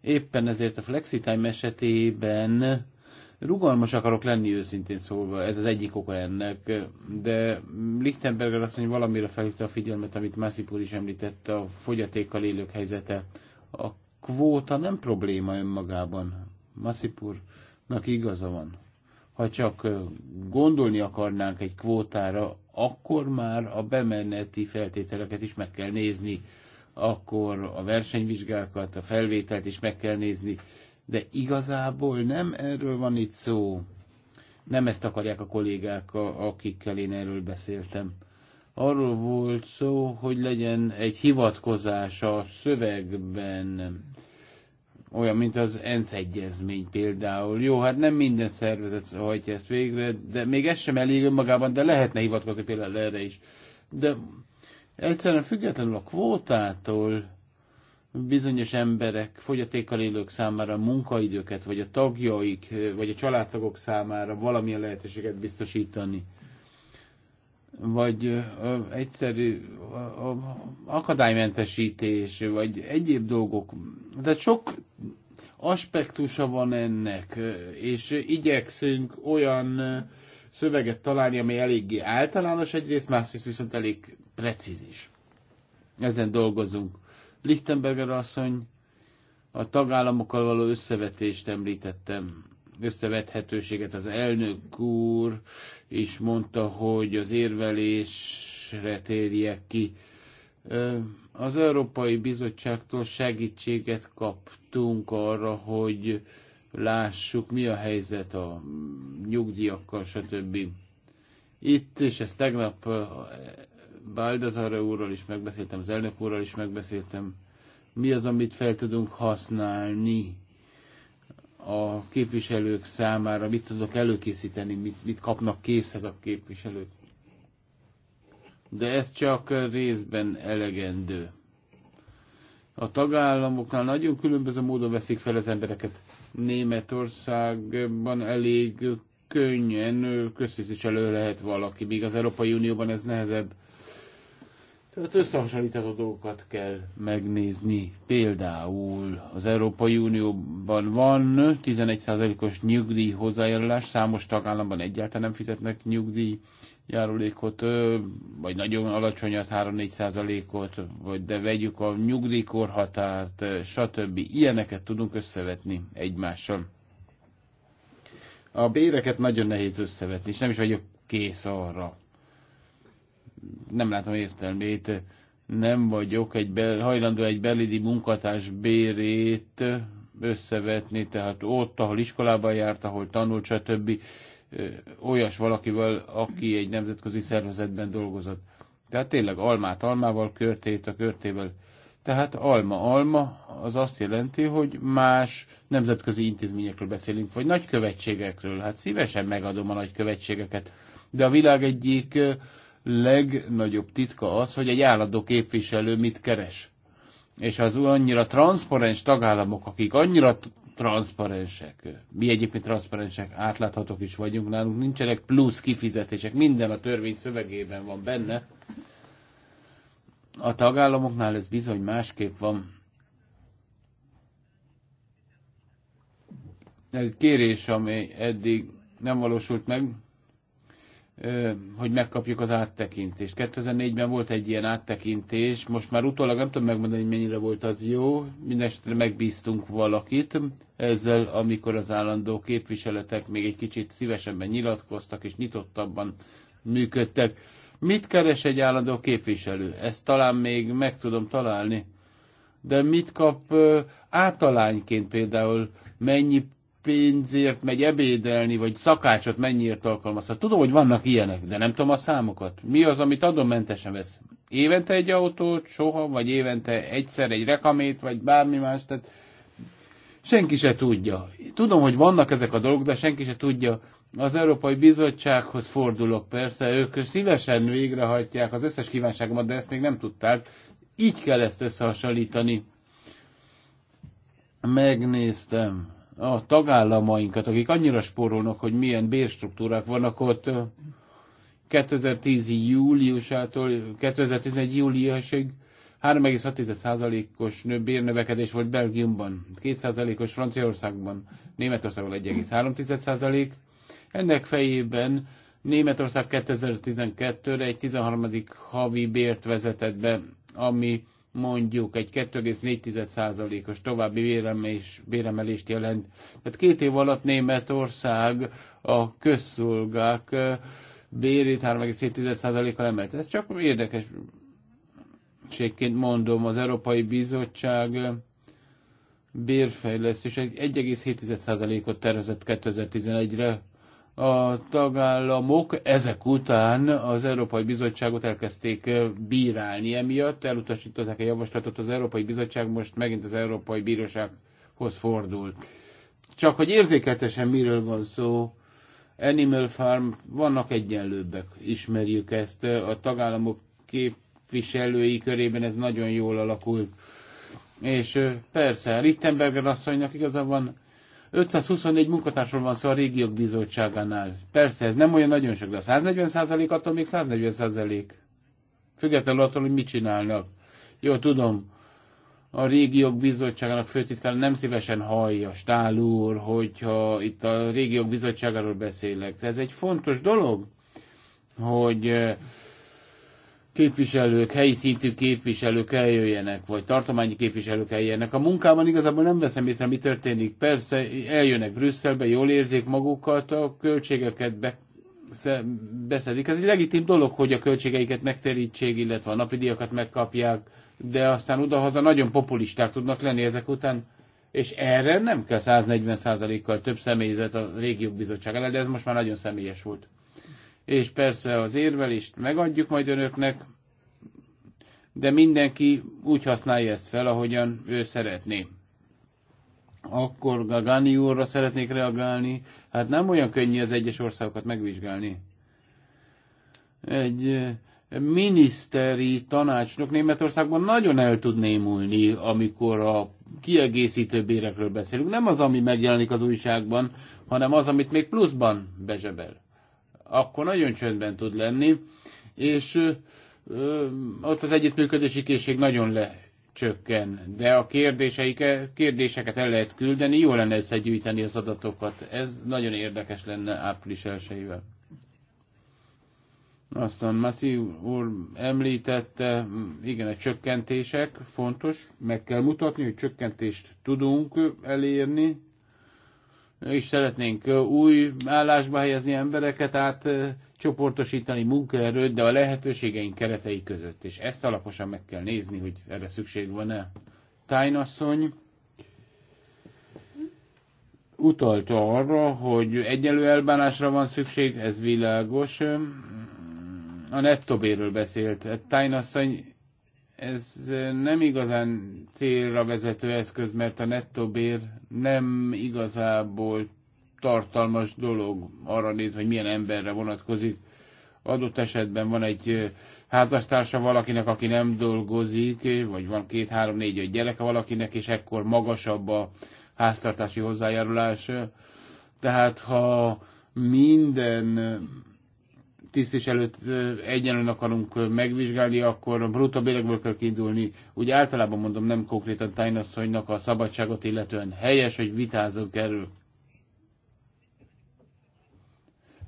Éppen ezért a flexitime esetében rugalmas akarok lenni őszintén szólva, ez az egyik oka ennek, de Lichtenberger azt mondja, valamire felhívta a figyelmet, amit Massipur is említett, a fogyatékkal élők helyzete. A kvóta nem probléma önmagában. Massipur igaza van. Ha csak gondolni akarnánk egy kvótára, akkor már a bemeneti feltételeket is meg kell nézni, akkor a versenyvizsgákat, a felvételt is meg kell nézni, de igazából nem erről van itt szó. Nem ezt akarják a kollégák, akikkel én erről beszéltem. Arról volt szó, hogy legyen egy hivatkozás a szövegben olyan, mint az ENSZ egyezmény például. Jó, hát nem minden szervezet hajtja ezt végre, de még ez sem elég önmagában, de lehetne hivatkozni például erre is. De egyszerűen függetlenül a kvótától bizonyos emberek, fogyatékkal élők számára munkaidőket, vagy a tagjaik, vagy a családtagok számára valamilyen lehetőséget biztosítani vagy egyszerű akadálymentesítés, vagy egyéb dolgok. De sok aspektusa van ennek, és igyekszünk olyan szöveget találni, ami eléggé általános egyrészt, másrészt viszont elég precíz is. Ezen dolgozunk. Lichtenberger asszony a tagállamokkal való összevetést említettem összevethetőséget. Az elnök úr is mondta, hogy az érvelésre térjek ki. Az Európai Bizottságtól segítséget kaptunk arra, hogy lássuk, mi a helyzet a nyugdíjakkal, stb. Itt, és ezt tegnap Baldazar úrral is megbeszéltem, az elnök úrral is megbeszéltem, mi az, amit fel tudunk használni a képviselők számára, mit tudok előkészíteni, mit, mit kapnak készhez a képviselők. De ez csak részben elegendő. A tagállamoknál nagyon különböző módon veszik fel az embereket. Németországban elég könnyen közszűzés elő lehet valaki, míg az Európai Unióban ez nehezebb. Tehát összehasonlítható dolgokat kell megnézni. Például az Európai Unióban van 11%-os nyugdíj hozzájárulás, számos tagállamban egyáltalán nem fizetnek nyugdíj járulékot, vagy nagyon alacsonyat, 3-4%-ot, vagy de vegyük a nyugdíjkorhatárt, stb. Ilyeneket tudunk összevetni egymással. A béreket nagyon nehéz összevetni, és nem is vagyok kész arra nem látom értelmét. Nem vagyok egy bel, hajlandó egy belidi munkatárs bérét összevetni, tehát ott, ahol iskolában járt, ahol tanult, stb. olyas valakivel, aki egy nemzetközi szervezetben dolgozott. Tehát tényleg almát almával, körtét a körtével. Tehát alma-alma az azt jelenti, hogy más nemzetközi intézményekről beszélünk, vagy nagykövetségekről. Hát szívesen megadom a nagykövetségeket. De a világ egyik legnagyobb titka az, hogy egy állandó képviselő mit keres. És az annyira transzparens tagállamok, akik annyira transzparensek, mi egyébként transzparensek, átláthatók is vagyunk nálunk, nincsenek plusz kifizetések, minden a törvény szövegében van benne. A tagállamoknál ez bizony másképp van. Egy kérés, ami eddig nem valósult meg, hogy megkapjuk az áttekintést. 2004-ben volt egy ilyen áttekintés, most már utólag nem tudom megmondani, hogy mennyire volt az jó, mindenesetre megbíztunk valakit, ezzel amikor az állandó képviseletek még egy kicsit szívesebben nyilatkoztak és nyitottabban működtek. Mit keres egy állandó képviselő? Ezt talán még meg tudom találni. De mit kap általányként például, mennyi pénzért megy ebédelni, vagy szakácsot mennyiért alkalmazhat. Tudom, hogy vannak ilyenek, de nem tudom a számokat. Mi az, amit adómentesen vesz? Évente egy autót, soha, vagy évente egyszer egy rekamét, vagy bármi más, tehát senki se tudja. Tudom, hogy vannak ezek a dolgok, de senki se tudja. Az Európai Bizottsághoz fordulok persze, ők szívesen végrehajtják az összes kívánságomat, de ezt még nem tudták. Így kell ezt összehasonlítani. Megnéztem a tagállamainkat, akik annyira spórolnak, hogy milyen bérstruktúrák vannak ott 2010. júliusától 2011. júliusig 3,6%-os bérnövekedés volt Belgiumban, 2%-os Franciaországban, Németországban 1,3%. Ennek fejében Németország 2012-re egy 13. havi bért vezetett be, ami mondjuk egy 2,4%-os további vélemés, vélemelést jelent. Tehát két év alatt Németország a közszolgák bérét 3,7%-kal emelt. Ez csak érdekes mondom, az Európai Bizottság bérfejlesztés 1,7%-ot tervezett 2011-re a tagállamok ezek után az Európai Bizottságot elkezdték bírálni emiatt, elutasították a javaslatot, az Európai Bizottság most megint az Európai Bírósághoz fordul. Csak hogy érzéketesen miről van szó, Animal Farm vannak egyenlőbbek, ismerjük ezt, a tagállamok képviselői körében ez nagyon jól alakult. És persze, Rittenberger asszonynak igaza van, 521 munkatársról van szó a régiók bizottságánál. Persze, ez nem olyan nagyon sok, de 140 százalék attól még 140 százalék. Függetlenül attól, hogy mit csinálnak. Jó, tudom, a régiók bizottságának főtitkára nem szívesen hallja Stál úr, hogyha itt a régiók bizottságáról beszélek. Ez egy fontos dolog, hogy eh, képviselők, helyi szintű képviselők eljöjjenek, vagy tartományi képviselők eljöjjenek. A munkában igazából nem veszem észre, mi történik. Persze eljönnek Brüsszelbe, jól érzik magukat, a költségeket be, beszedik. Ez egy legitim dolog, hogy a költségeiket megterítsék, illetve a napi díjakat megkapják, de aztán odahaza nagyon populisták tudnak lenni ezek után, és erre nem kell 140%-kal több személyzet a régiók bizottság de ez most már nagyon személyes volt és persze az érvelést megadjuk majd önöknek, de mindenki úgy használja ezt fel, ahogyan ő szeretné. Akkor Gagani úrra szeretnék reagálni. Hát nem olyan könnyű az egyes országokat megvizsgálni. Egy eh, miniszteri tanácsnok Németországban nagyon el tud némulni, amikor a kiegészítő bérekről beszélünk. Nem az, ami megjelenik az újságban, hanem az, amit még pluszban bezsebel akkor nagyon csöndben tud lenni, és ott az együttműködési készség nagyon lecsökken. De a kérdéseket el lehet küldeni, jó lenne összegyűjteni az adatokat. Ez nagyon érdekes lenne április elsőjével. Aztán Massi úr említette, igen, a csökkentések fontos, meg kell mutatni, hogy csökkentést tudunk elérni, és szeretnénk új állásba helyezni embereket, át csoportosítani munkaerőt, de a lehetőségeink keretei között. És ezt alaposan meg kell nézni, hogy erre szükség van-e. Tájnasszony utalta arra, hogy egyenlő elbánásra van szükség, ez világos. A nettobéről beszélt. Tájnasszony ez nem igazán célra vezető eszköz, mert a nettó bér nem igazából tartalmas dolog arra nézve, hogy milyen emberre vonatkozik. Adott esetben van egy házastársa valakinek, aki nem dolgozik, vagy van két, három, négy, öt gyereke valakinek, és ekkor magasabb a háztartási hozzájárulás. Tehát ha minden tisztés előtt egyenlően akarunk megvizsgálni, akkor a brutto bérekből kell kiindulni. Úgy általában mondom, nem konkrétan Tájnasszonynak a szabadságot illetően helyes, hogy vitázunk erről.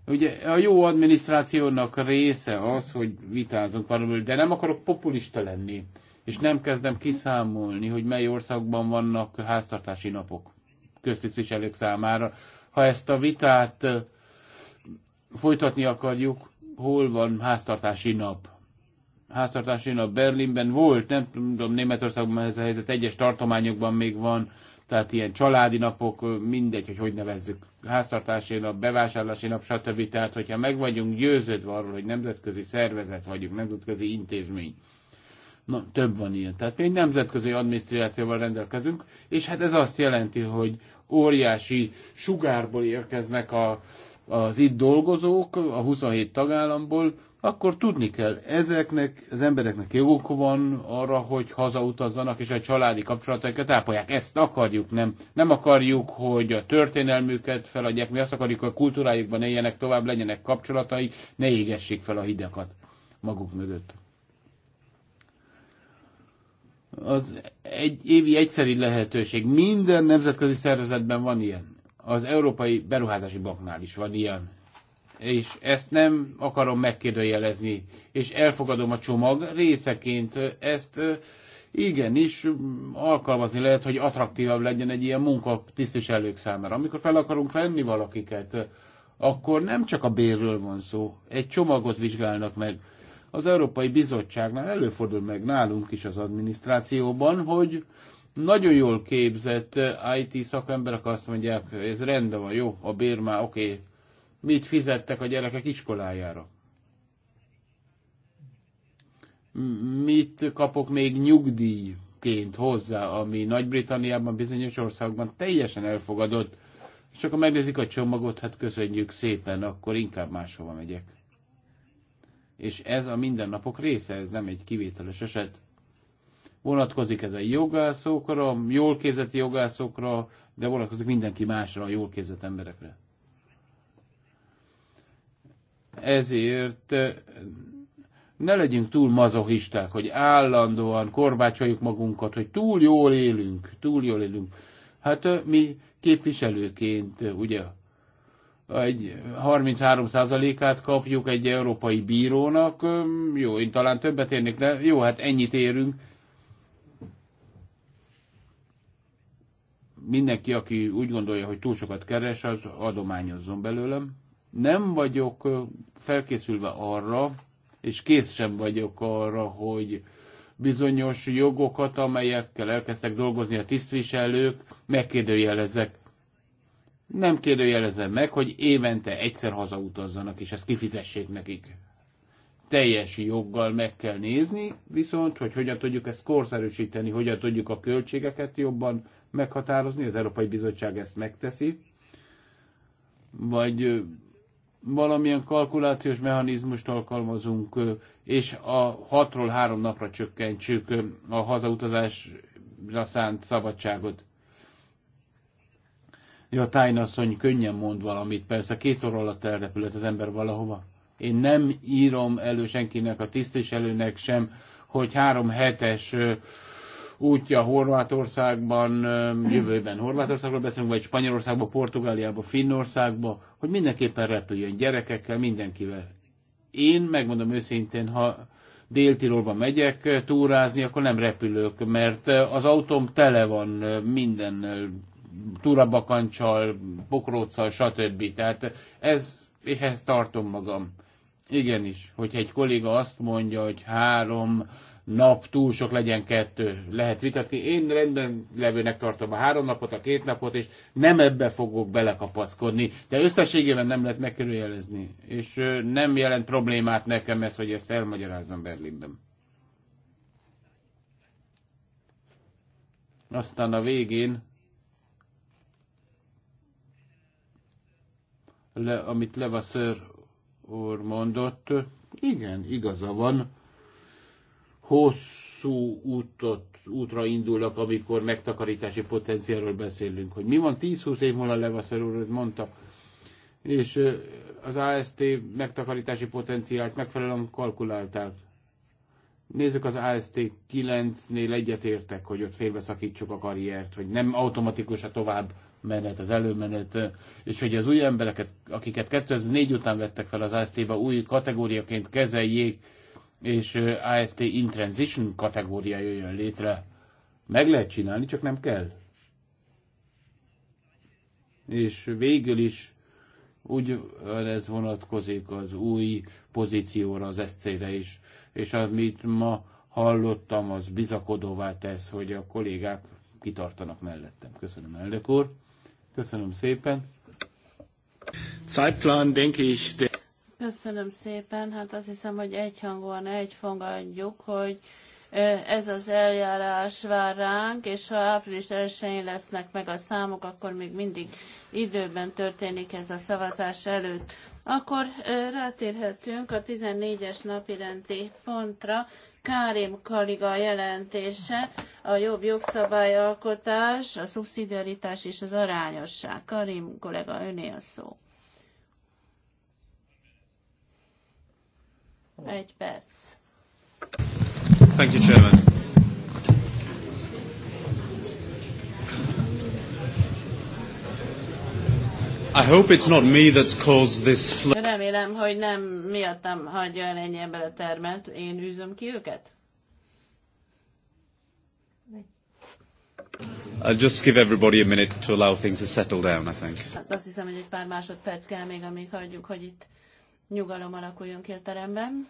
Ugye a jó adminisztrációnak része az, hogy vitázunk valamiről, de nem akarok populista lenni, és nem kezdem kiszámolni, hogy mely országban vannak háztartási napok köztisztviselők számára. Ha ezt a vitát folytatni akarjuk, hol van háztartási nap. Háztartási nap Berlinben volt, nem tudom, Németországban ez a helyzet, egyes tartományokban még van, tehát ilyen családi napok, mindegy, hogy hogy nevezzük, háztartási nap, bevásárlási nap, stb. Tehát, hogyha meg vagyunk győződve arról, hogy nemzetközi szervezet vagyunk, nemzetközi intézmény, Na, több van ilyen. Tehát még nemzetközi adminisztrációval rendelkezünk, és hát ez azt jelenti, hogy óriási sugárból érkeznek a az itt dolgozók a 27 tagállamból, akkor tudni kell, ezeknek az embereknek joguk van arra, hogy hazautazzanak és a családi kapcsolataikat ápolják. Ezt akarjuk, nem? Nem akarjuk, hogy a történelmüket feladják, mi azt akarjuk, hogy a kultúrájukban éljenek tovább, legyenek kapcsolatai, ne égessék fel a hidakat maguk mögött. Az egy évi egyszeri lehetőség. Minden nemzetközi szervezetben van ilyen az Európai Beruházási Banknál is van ilyen. És ezt nem akarom megkérdőjelezni, és elfogadom a csomag részeként. Ezt igenis alkalmazni lehet, hogy attraktívabb legyen egy ilyen munka tisztviselők számára. Amikor fel akarunk venni valakiket, akkor nem csak a bérről van szó, egy csomagot vizsgálnak meg. Az Európai Bizottságnál előfordul meg nálunk is az adminisztrációban, hogy nagyon jól képzett eh, IT szakemberek azt mondják, ez rendben van, jó, a bér már oké. Okay. Mit fizettek a gyerekek iskolájára? Mit kapok még nyugdíjként hozzá, ami Nagy-Britanniában bizonyos országban teljesen elfogadott, és akkor megnézik a csomagot, hát köszönjük szépen, akkor inkább máshova megyek. És ez a mindennapok része, ez nem egy kivételes eset. Vonatkozik ez a jogászokra, jól képzett jogászokra, de vonatkozik mindenki másra, a jól képzett emberekre. Ezért eh, ne legyünk túl mazohisták, hogy állandóan korbácsoljuk magunkat, hogy túl jól élünk, túl jól élünk. Hát eh, mi képviselőként, eh, ugye, egy 33%-át kapjuk egy európai bírónak, jó, én talán többet érnék, de jó, hát ennyit érünk, mindenki, aki úgy gondolja, hogy túl sokat keres, az adományozzon belőlem. Nem vagyok felkészülve arra, és kész sem vagyok arra, hogy bizonyos jogokat, amelyekkel elkezdtek dolgozni a tisztviselők, megkérdőjelezek. Nem kérdőjelezem meg, hogy évente egyszer hazautazzanak, és ezt kifizessék nekik. Teljes joggal meg kell nézni, viszont, hogy hogyan tudjuk ezt korszerűsíteni, hogyan tudjuk a költségeket jobban meghatározni, az Európai Bizottság ezt megteszi, vagy valamilyen kalkulációs mechanizmust alkalmazunk, és a hatról három napra csökkentsük a hazautazásra szánt szabadságot. Ja, tájnasszony, könnyen mond valamit, persze két óra alatt elrepülhet az ember valahova. Én nem írom elő senkinek, a tisztviselőnek sem, hogy három hetes útja Horvátországban, jövőben Horvátországról beszélünk, vagy Spanyolországba, Portugáliába, Finnországba, hogy mindenképpen repüljön gyerekekkel, mindenkivel. Én megmondom őszintén, ha Dél-Tirolba megyek túrázni, akkor nem repülök, mert az autóm tele van minden túrabakancsal, pokróccal, stb. Tehát ez, és ezt tartom magam. Igenis, hogyha egy kolléga azt mondja, hogy három nap túl sok legyen kettő, lehet vitatni. Én rendben levőnek tartom a három napot, a két napot, és nem ebbe fogok belekapaszkodni, de összességében nem lehet megkerüljelezni, és nem jelent problémát nekem ez, hogy ezt elmagyarázzam Berlinben. Aztán a végén, le, amit Levasseur úr mondott, igen, igaza van, hosszú útot, útra indulnak, amikor megtakarítási potenciáról beszélünk. Hogy mi van 10-20 év múlva Levasser úr, mondta, és az AST megtakarítási potenciált megfelelően kalkulálták. Nézzük az AST 9-nél egyetértek, hogy ott félbeszakítsuk a karriert, hogy nem automatikus a tovább menet, az előmenet, és hogy az új embereket, akiket 2004 után vettek fel az AST-be, új kategóriaként kezeljék, és AST in transition kategória jöjjön létre. Meg lehet csinálni, csak nem kell. És végül is úgy ez vonatkozik az új pozícióra, az SC-re is. És amit ma hallottam, az bizakodóvá tesz, hogy a kollégák kitartanak mellettem. Köszönöm, elnök úr. Köszönöm szépen. Zeitplan, denke ich, de... Köszönöm szépen. Hát azt hiszem, hogy egyhangúan egyfogadjuk, hogy ez az eljárás vár ránk, és ha április 1-én lesznek meg a számok, akkor még mindig időben történik ez a szavazás előtt. Akkor rátérhetünk a 14-es napirendi pontra. Kárim Kaliga jelentése, a jobb jogszabályalkotás, a szubszidiaritás és az arányosság. Karim kollega, öné a szó. Egy perc. Thank you, Chairman. I hope it's not me that's caused this flood. Remélem, hogy nem miattam hagyja el ennyi ember a termet, én űzöm ki őket. I'll just give everybody a minute to allow things to settle down, I think. Hát azt hiszem, hogy egy pár másodperc kell még, amíg hagyjuk, hogy itt nyugalom alakuljon ki a teremben.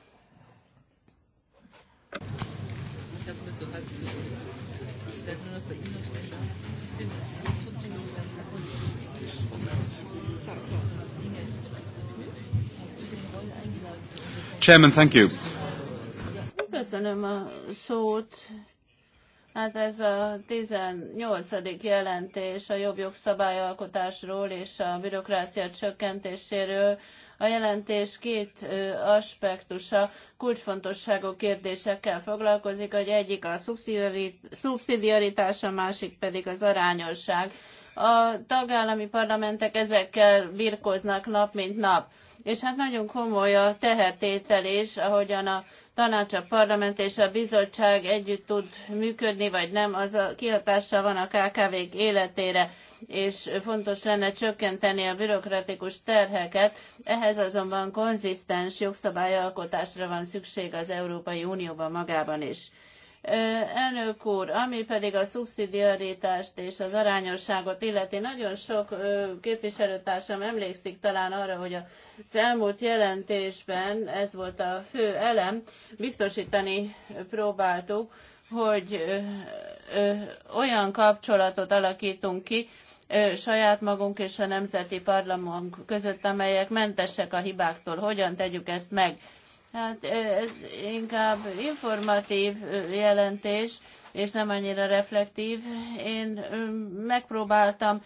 Chairman, thank you. Köszönöm a szót. Hát ez a 18. jelentés a jobb jogszabályalkotásról és a bürokrácia csökkentéséről a jelentés két aspektusa kulcsfontosságú kérdésekkel foglalkozik, hogy egyik a szubszidiaritás, a másik pedig az arányosság a tagállami parlamentek ezekkel birkoznak nap mint nap. És hát nagyon komoly a tehertétel is, ahogyan a tanács, a parlament és a bizottság együtt tud működni, vagy nem, az a kihatással van a KKV-k életére, és fontos lenne csökkenteni a bürokratikus terheket. Ehhez azonban konzisztens jogszabályalkotásra van szükség az Európai Unióban magában is. Elnök úr, ami pedig a szubszidiaritást és az arányosságot illeti, nagyon sok képviselőtársam emlékszik talán arra, hogy az elmúlt jelentésben ez volt a fő elem, biztosítani próbáltuk, hogy olyan kapcsolatot alakítunk ki, saját magunk és a nemzeti parlament között, amelyek mentesek a hibáktól. Hogyan tegyük ezt meg? Hát ez inkább informatív jelentés, és nem annyira reflektív. Én megpróbáltam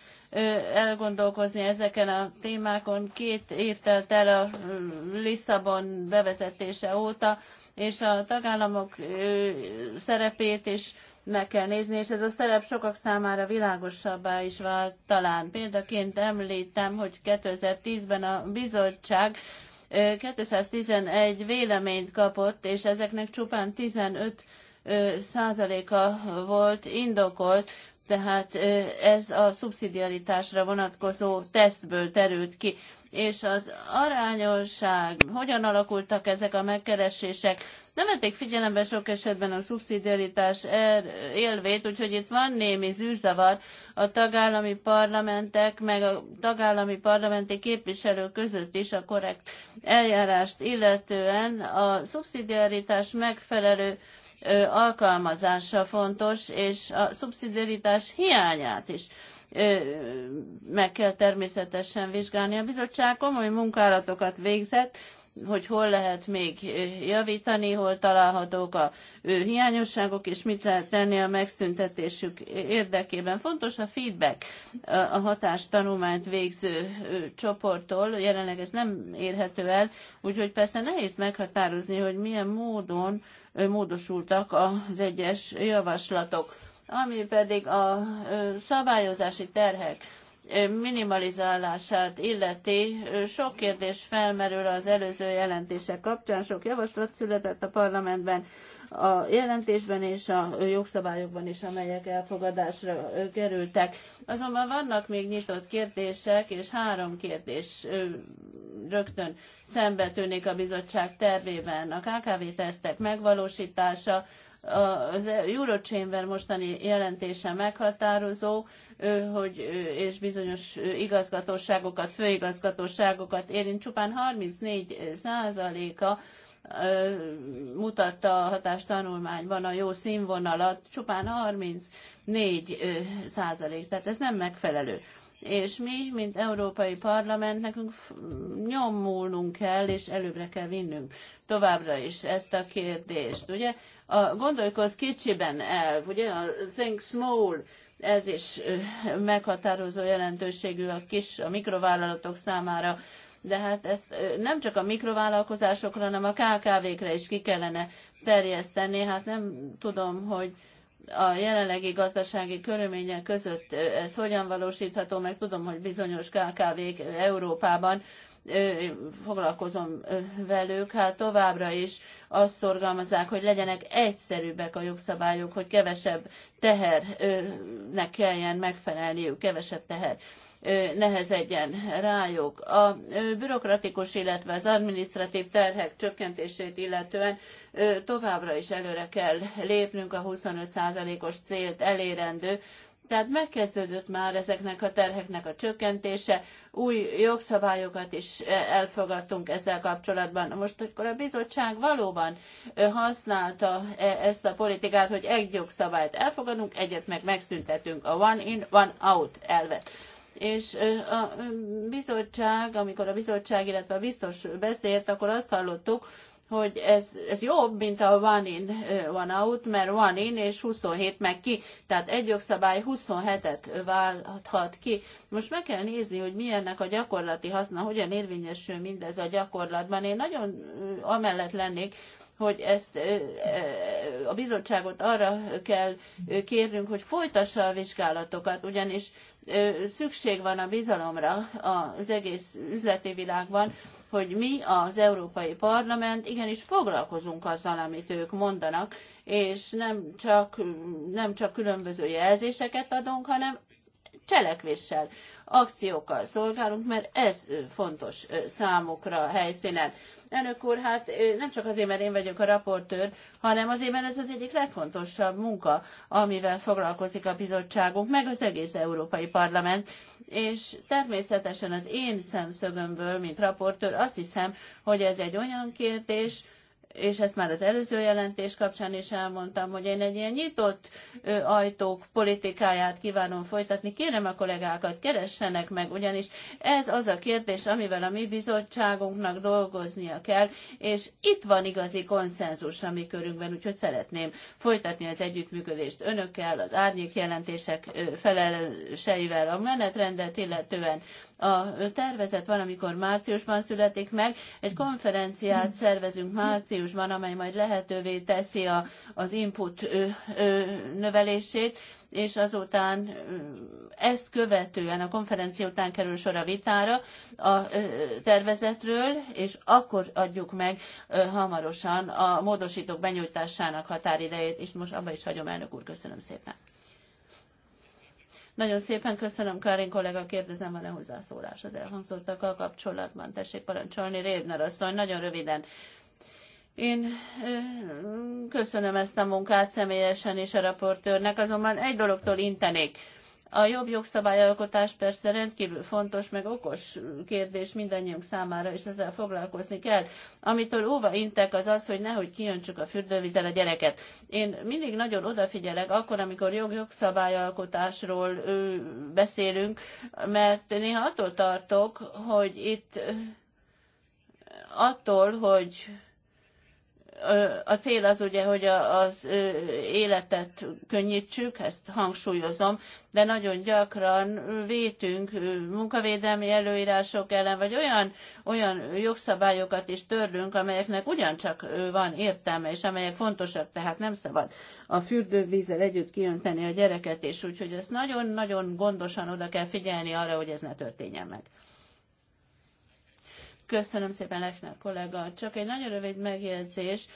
elgondolkozni ezeken a témákon. Két évtelt el a Lisszabon bevezetése óta, és a tagállamok szerepét is meg kell nézni, és ez a szerep sokak számára világosabbá is vált talán. Példaként említem, hogy 2010-ben a bizottság 211 véleményt kapott, és ezeknek csupán 15 százaléka volt indokolt, tehát ez a szubszidiaritásra vonatkozó tesztből terült ki. És az arányosság, hogyan alakultak ezek a megkeresések, nem vették figyelembe sok esetben a szubszidiaritás er- élvét, úgyhogy itt van némi zűrzavar a tagállami parlamentek, meg a tagállami parlamenti képviselők között is a korrekt eljárást illetően a szubszidiaritás megfelelő alkalmazása fontos, és a szubszidiaritás hiányát is meg kell természetesen vizsgálni. A bizottság komoly munkálatokat végzett, hogy hol lehet még javítani, hol találhatók a hiányosságok, és mit lehet tenni a megszüntetésük érdekében. Fontos a feedback a hatástanulmányt végző csoporttól, jelenleg ez nem érhető el, úgyhogy persze nehéz meghatározni, hogy milyen módon módosultak az egyes javaslatok. Ami pedig a szabályozási terhek minimalizálását illeti, sok kérdés felmerül az előző jelentések kapcsán, sok javaslat született a parlamentben, a jelentésben és a jogszabályokban is, amelyek elfogadásra kerültek. Azonban vannak még nyitott kérdések, és három kérdés rögtön szembetűnik a bizottság tervében. A KKV tesztek megvalósítása, az Eurochamber mostani jelentése meghatározó, hogy, és bizonyos igazgatóságokat, főigazgatóságokat érint, csupán 34 százaléka mutatta a hatástanulmányban a jó színvonalat, csupán 34 százalék, tehát ez nem megfelelő és mi, mint Európai Parlament, nekünk nyomulnunk kell, és előbbre kell vinnünk továbbra is ezt a kérdést, ugye? A gondolkoz kicsiben el, ugye a think small, ez is meghatározó jelentőségű a kis, a mikrovállalatok számára, de hát ezt nem csak a mikrovállalkozásokra, hanem a KKV-kre is ki kellene terjeszteni. Hát nem tudom, hogy a jelenlegi gazdasági körülmények között ez hogyan valósítható, meg tudom, hogy bizonyos KKV-k Európában foglalkozom velük, hát továbbra is azt szorgalmazzák, hogy legyenek egyszerűbbek a jogszabályok, hogy kevesebb tehernek kelljen megfelelniük, kevesebb teher nehezedjen rájuk. A bürokratikus, illetve az administratív terhek csökkentését illetően továbbra is előre kell lépnünk a 25%-os célt elérendő, tehát megkezdődött már ezeknek a terheknek a csökkentése, új jogszabályokat is elfogadtunk ezzel kapcsolatban. Most, akkor a bizottság valóban használta ezt a politikát, hogy egy jogszabályt elfogadunk, egyet meg megszüntetünk, a one in, one out elvet és a bizottság, amikor a bizottság, illetve a biztos beszélt, akkor azt hallottuk, hogy ez, ez jobb, mint a one in, one out, mert one in és 27 meg ki, tehát egy jogszabály 27-et válthat ki. Most meg kell nézni, hogy milyennek a gyakorlati haszna, hogyan érvényesül mindez a gyakorlatban. Én nagyon amellett lennék, hogy ezt a bizottságot arra kell kérnünk, hogy folytassa a vizsgálatokat, ugyanis szükség van a bizalomra az egész üzleti világban, hogy mi az Európai Parlament igenis foglalkozunk azzal, amit ők mondanak, és nem csak, nem csak különböző jelzéseket adunk, hanem cselekvéssel, akciókkal szolgálunk, mert ez fontos számukra helyszínen. Elnök úr, hát nem csak azért, mert én vagyok a raportőr, hanem azért, mert ez az egyik legfontosabb munka, amivel foglalkozik a bizottságunk, meg az egész Európai Parlament. És természetesen az én szemszögömből, mint raportőr, azt hiszem, hogy ez egy olyan kérdés, és ezt már az előző jelentés kapcsán is elmondtam, hogy én egy ilyen nyitott ajtók politikáját kívánom folytatni. Kérem a kollégákat, keressenek meg, ugyanis ez az a kérdés, amivel a mi bizottságunknak dolgoznia kell, és itt van igazi konszenzus a mi körünkben, úgyhogy szeretném folytatni az együttműködést önökkel, az árnyék jelentések felelőseivel, a menetrendet illetően, a tervezet valamikor márciusban születik meg. Egy konferenciát szervezünk márciusban, amely majd lehetővé teszi a, az input ö, ö, növelését és azután ezt követően a konferencia után kerül sor a vitára a tervezetről, és akkor adjuk meg hamarosan a módosítók benyújtásának határidejét, és most abba is hagyom, elnök úr, köszönöm szépen. Nagyon szépen köszönöm, Karin kollega, kérdezem, van-e hozzászólás az elhangzottakkal kapcsolatban? Tessék parancsolni, Révner asszony, nagyon röviden. Én köszönöm ezt a munkát személyesen és a raportőrnek, azonban egy dologtól intenék a jobb jogszabályalkotás persze rendkívül fontos, meg okos kérdés mindannyiunk számára, és ezzel foglalkozni kell. Amitől óva intek az az, hogy nehogy kijöntsük a fürdővízzel a gyereket. Én mindig nagyon odafigyelek akkor, amikor jog jogszabályalkotásról beszélünk, mert néha attól tartok, hogy itt attól, hogy a cél az ugye, hogy az életet könnyítsük, ezt hangsúlyozom, de nagyon gyakran vétünk munkavédelmi előírások ellen, vagy olyan, olyan jogszabályokat is törlünk, amelyeknek ugyancsak van értelme, és amelyek fontosak, tehát nem szabad a fürdővízzel együtt kiönteni a gyereket, és úgyhogy ezt nagyon-nagyon gondosan oda kell figyelni arra, hogy ez ne történjen meg. Köszönöm szépen, Lechner kollega. Csak egy nagyon rövid megjegyzés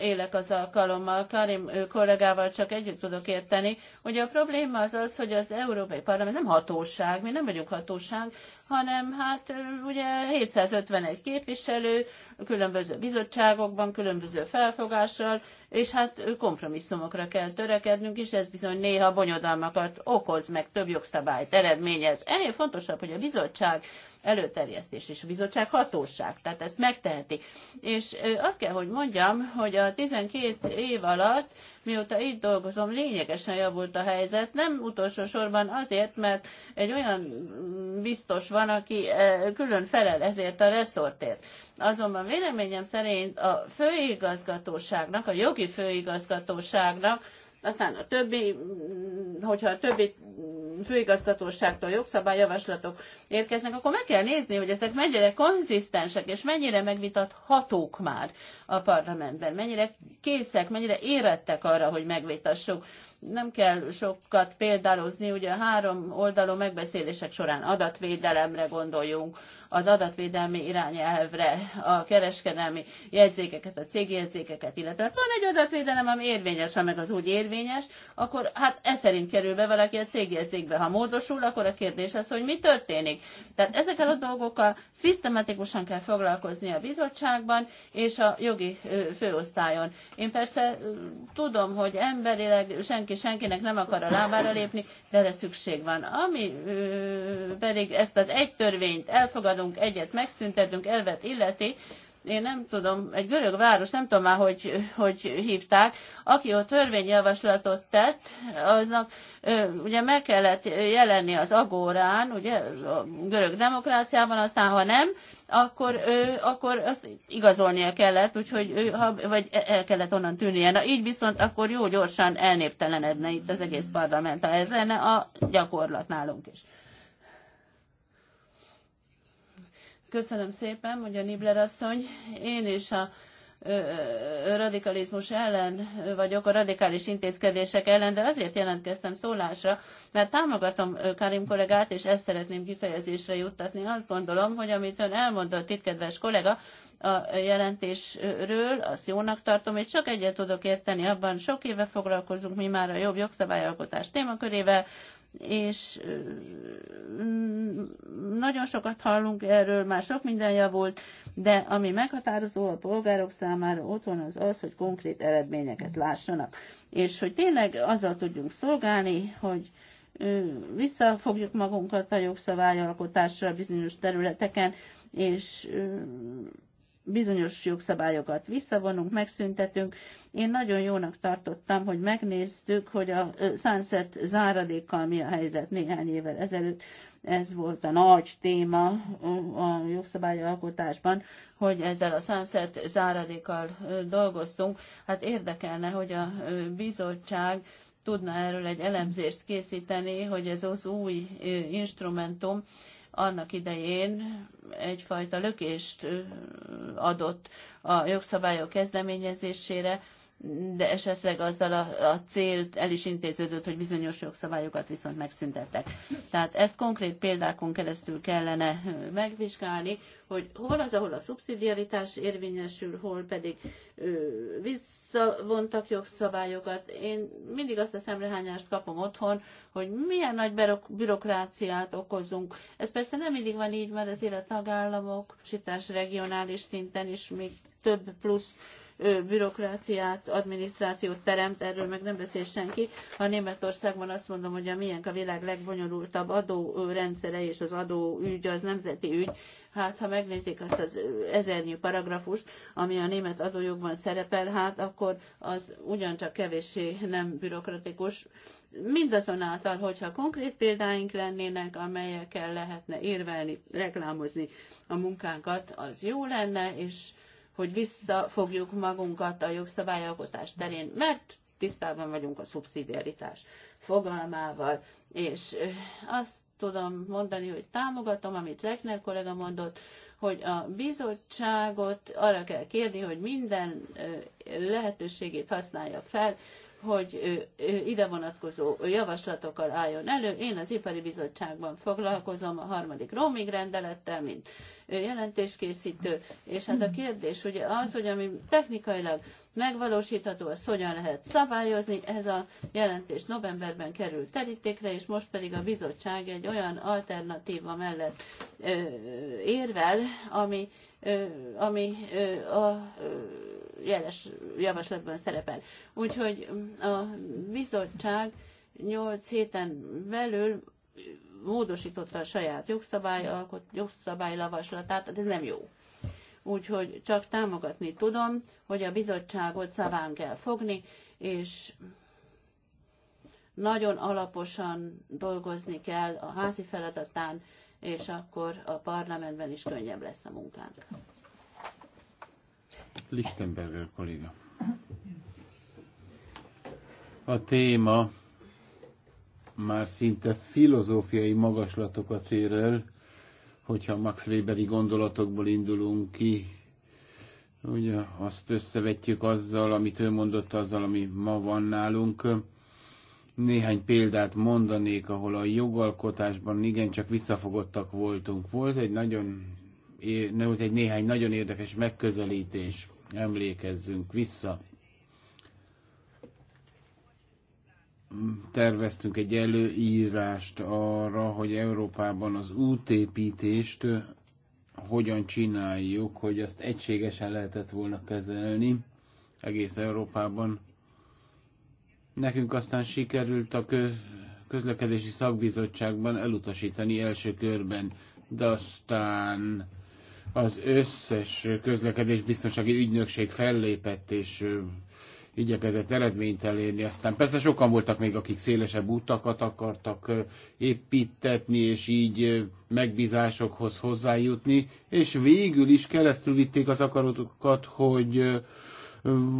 élek az alkalommal, Karim kollégával csak együtt tudok érteni. Ugye a probléma az az, hogy az Európai Parlament nem hatóság, mi nem vagyunk hatóság, hanem hát ugye 751 képviselő, különböző bizottságokban, különböző felfogással, és hát kompromisszumokra kell törekednünk, és ez bizony néha bonyodalmakat okoz, meg több jogszabályt eredményez. Ennél fontosabb, hogy a bizottság előterjesztés és a bizottság hatóság, tehát ezt megteheti. És azt kell, hogy mondjam, hogy a 12 év alatt Mióta itt dolgozom, lényegesen javult a helyzet, nem utolsó sorban azért, mert egy olyan biztos van, aki eh, külön felel ezért a reszortért. Azonban véleményem szerint a főigazgatóságnak, a jogi főigazgatóságnak, aztán a többi, mm, hogyha a többi főigazgatóságtól jogszabályjavaslatok érkeznek, akkor meg kell nézni, hogy ezek mennyire konzisztensek, és mennyire megvitathatók már a parlamentben, mennyire készek, mennyire érettek arra, hogy megvitassuk nem kell sokat példálozni, ugye a három oldalú megbeszélések során adatvédelemre gondoljunk, az adatvédelmi irányelvre, a kereskedelmi jegyzékeket, a cégjegyzékeket, illetve hát van egy adatvédelem, ami érvényes, ha meg az úgy érvényes, akkor hát ez szerint kerül be valaki a cégjegyzékbe. Ha módosul, akkor a kérdés az, hogy mi történik. Tehát ezekkel a dolgokkal szisztematikusan kell foglalkozni a bizottságban és a jogi főosztályon. Én persze tudom, hogy emberileg senki senki senkinek nem akar a lábára lépni, de erre szükség van. Ami pedig ezt az egy törvényt elfogadunk, egyet megszüntetünk, elvet illeti, én nem tudom, egy görög város, nem tudom már, hogy, hogy hívták, aki a törvényjavaslatot tett, aznak ugye meg kellett jelenni az agórán, ugye a görög demokráciában, aztán ha nem, akkor, akkor azt igazolnia kellett, úgyhogy ha, vagy el kellett onnan tűnnie. Na így viszont akkor jó gyorsan elnéptelenedne itt az egész parlament, ha ez lenne a gyakorlat nálunk is. Köszönöm szépen, mondja Nibler asszony. Én is a radikalizmus ellen vagyok, a radikális intézkedések ellen, de azért jelentkeztem szólásra, mert támogatom Karim kollégát, és ezt szeretném kifejezésre juttatni. Azt gondolom, hogy amit ön elmondott itt, kedves kollega, a jelentésről, azt jónak tartom, és csak egyet tudok érteni abban, sok éve foglalkozunk mi már a jobb jogszabályalkotás témakörével, és nagyon sokat hallunk erről, már sok minden volt, de ami meghatározó a polgárok számára otthon az az, hogy konkrét eredményeket lássanak, és hogy tényleg azzal tudjunk szolgálni, hogy visszafogjuk magunkat a jogszabályalkotásra bizonyos területeken, és bizonyos jogszabályokat visszavonunk, megszüntetünk. Én nagyon jónak tartottam, hogy megnéztük, hogy a Sunset záradékkal mi a helyzet néhány évvel ezelőtt. Ez volt a nagy téma a jogszabályalkotásban, hogy ezzel a Sunset záradékkal dolgoztunk. Hát érdekelne, hogy a bizottság tudna erről egy elemzést készíteni, hogy ez az új instrumentum, annak idején egyfajta lökést adott a jogszabályok kezdeményezésére, de esetleg azzal a, a célt el is intéződött, hogy bizonyos jogszabályokat viszont megszüntettek. Tehát ezt konkrét példákon keresztül kellene megvizsgálni, hogy hol az, ahol a szubszidiaritás érvényesül, hol pedig ö, visszavontak jogszabályokat. Én mindig azt a szemrehányást kapom otthon, hogy milyen nagy bürokráciát okozunk. Ez persze nem mindig van így, mert azért a tagállamok, sitás regionális szinten is még több plusz bürokráciát, adminisztrációt teremt, erről meg nem beszél senki. Ha Németországban azt mondom, hogy a miénk a világ legbonyolultabb adórendszere és az adóügy az nemzeti ügy, hát ha megnézik azt az ezernyi paragrafus, ami a német adójogban szerepel, hát akkor az ugyancsak kevéssé nem bürokratikus. Mindazonáltal, hogyha konkrét példáink lennének, amelyekkel lehetne érvelni, reklámozni a munkánkat, az jó lenne, és hogy visszafogjuk magunkat a jogszabályalkotás terén, mert tisztában vagyunk a szubszidiaritás fogalmával, és azt tudom mondani, hogy támogatom, amit Lechner kollega mondott, hogy a bizottságot arra kell kérni, hogy minden lehetőségét használja fel, hogy ide vonatkozó javaslatokkal álljon elő. Én az Ipari Bizottságban foglalkozom a harmadik roaming rendelettel, mint jelentéskészítő, és hát a kérdés ugye az, hogy ami technikailag megvalósítható, azt hogyan lehet szabályozni. Ez a jelentés novemberben került terítékre, és most pedig a bizottság egy olyan alternatíva mellett érvel, ami ami a jeles javaslatban szerepel. Úgyhogy a bizottság 8 héten belül módosította a saját jogszabály, jogszabálylavaslatát, de hát ez nem jó. Úgyhogy csak támogatni tudom, hogy a bizottságot szaván kell fogni, és nagyon alaposan dolgozni kell a házi feladatán, és akkor a parlamentben is könnyebb lesz a munkánk. Lichtenberger kolléga. A téma már szinte filozófiai magaslatokat ér el, hogyha Max Weberi gondolatokból indulunk ki, ugye azt összevetjük azzal, amit ő mondott, azzal, ami ma van nálunk. Néhány példát mondanék, ahol a jogalkotásban igencsak visszafogottak voltunk. Volt egy nagyon volt egy néhány nagyon érdekes megközelítés. Emlékezzünk vissza. Terveztünk egy előírást arra, hogy Európában az útépítést hogyan csináljuk, hogy azt egységesen lehetett volna kezelni egész Európában. Nekünk aztán sikerült a közlekedési szakbizottságban elutasítani első körben, de aztán az összes közlekedés biztonsági ügynökség fellépett és igyekezett eredményt elérni. Aztán persze sokan voltak még, akik szélesebb utakat akartak építetni, és így megbízásokhoz hozzájutni, és végül is keresztül vitték az akaratokat, hogy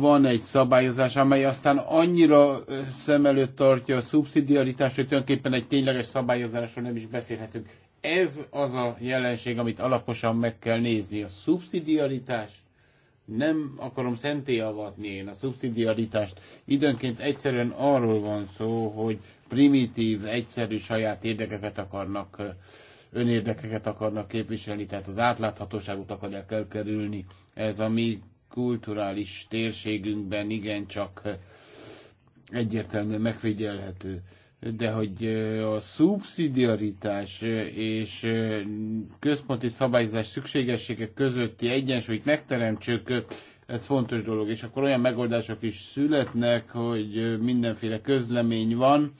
van egy szabályozás, amely aztán annyira szem előtt tartja a szubszidiaritást, hogy tulajdonképpen egy tényleges szabályozásról nem is beszélhetünk ez az a jelenség, amit alaposan meg kell nézni. A szubszidiaritás, nem akarom szenté avatni én a szubszidiaritást. Időnként egyszerűen arról van szó, hogy primitív, egyszerű saját érdekeket akarnak, önérdekeket akarnak képviselni, tehát az átláthatóságot akarják elkerülni. Ez a mi kulturális térségünkben igencsak egyértelműen megfigyelhető de hogy a szubszidiaritás és központi szabályzás szükségességek közötti egyensúlyt megteremtsük, ez fontos dolog, és akkor olyan megoldások is születnek, hogy mindenféle közlemény van.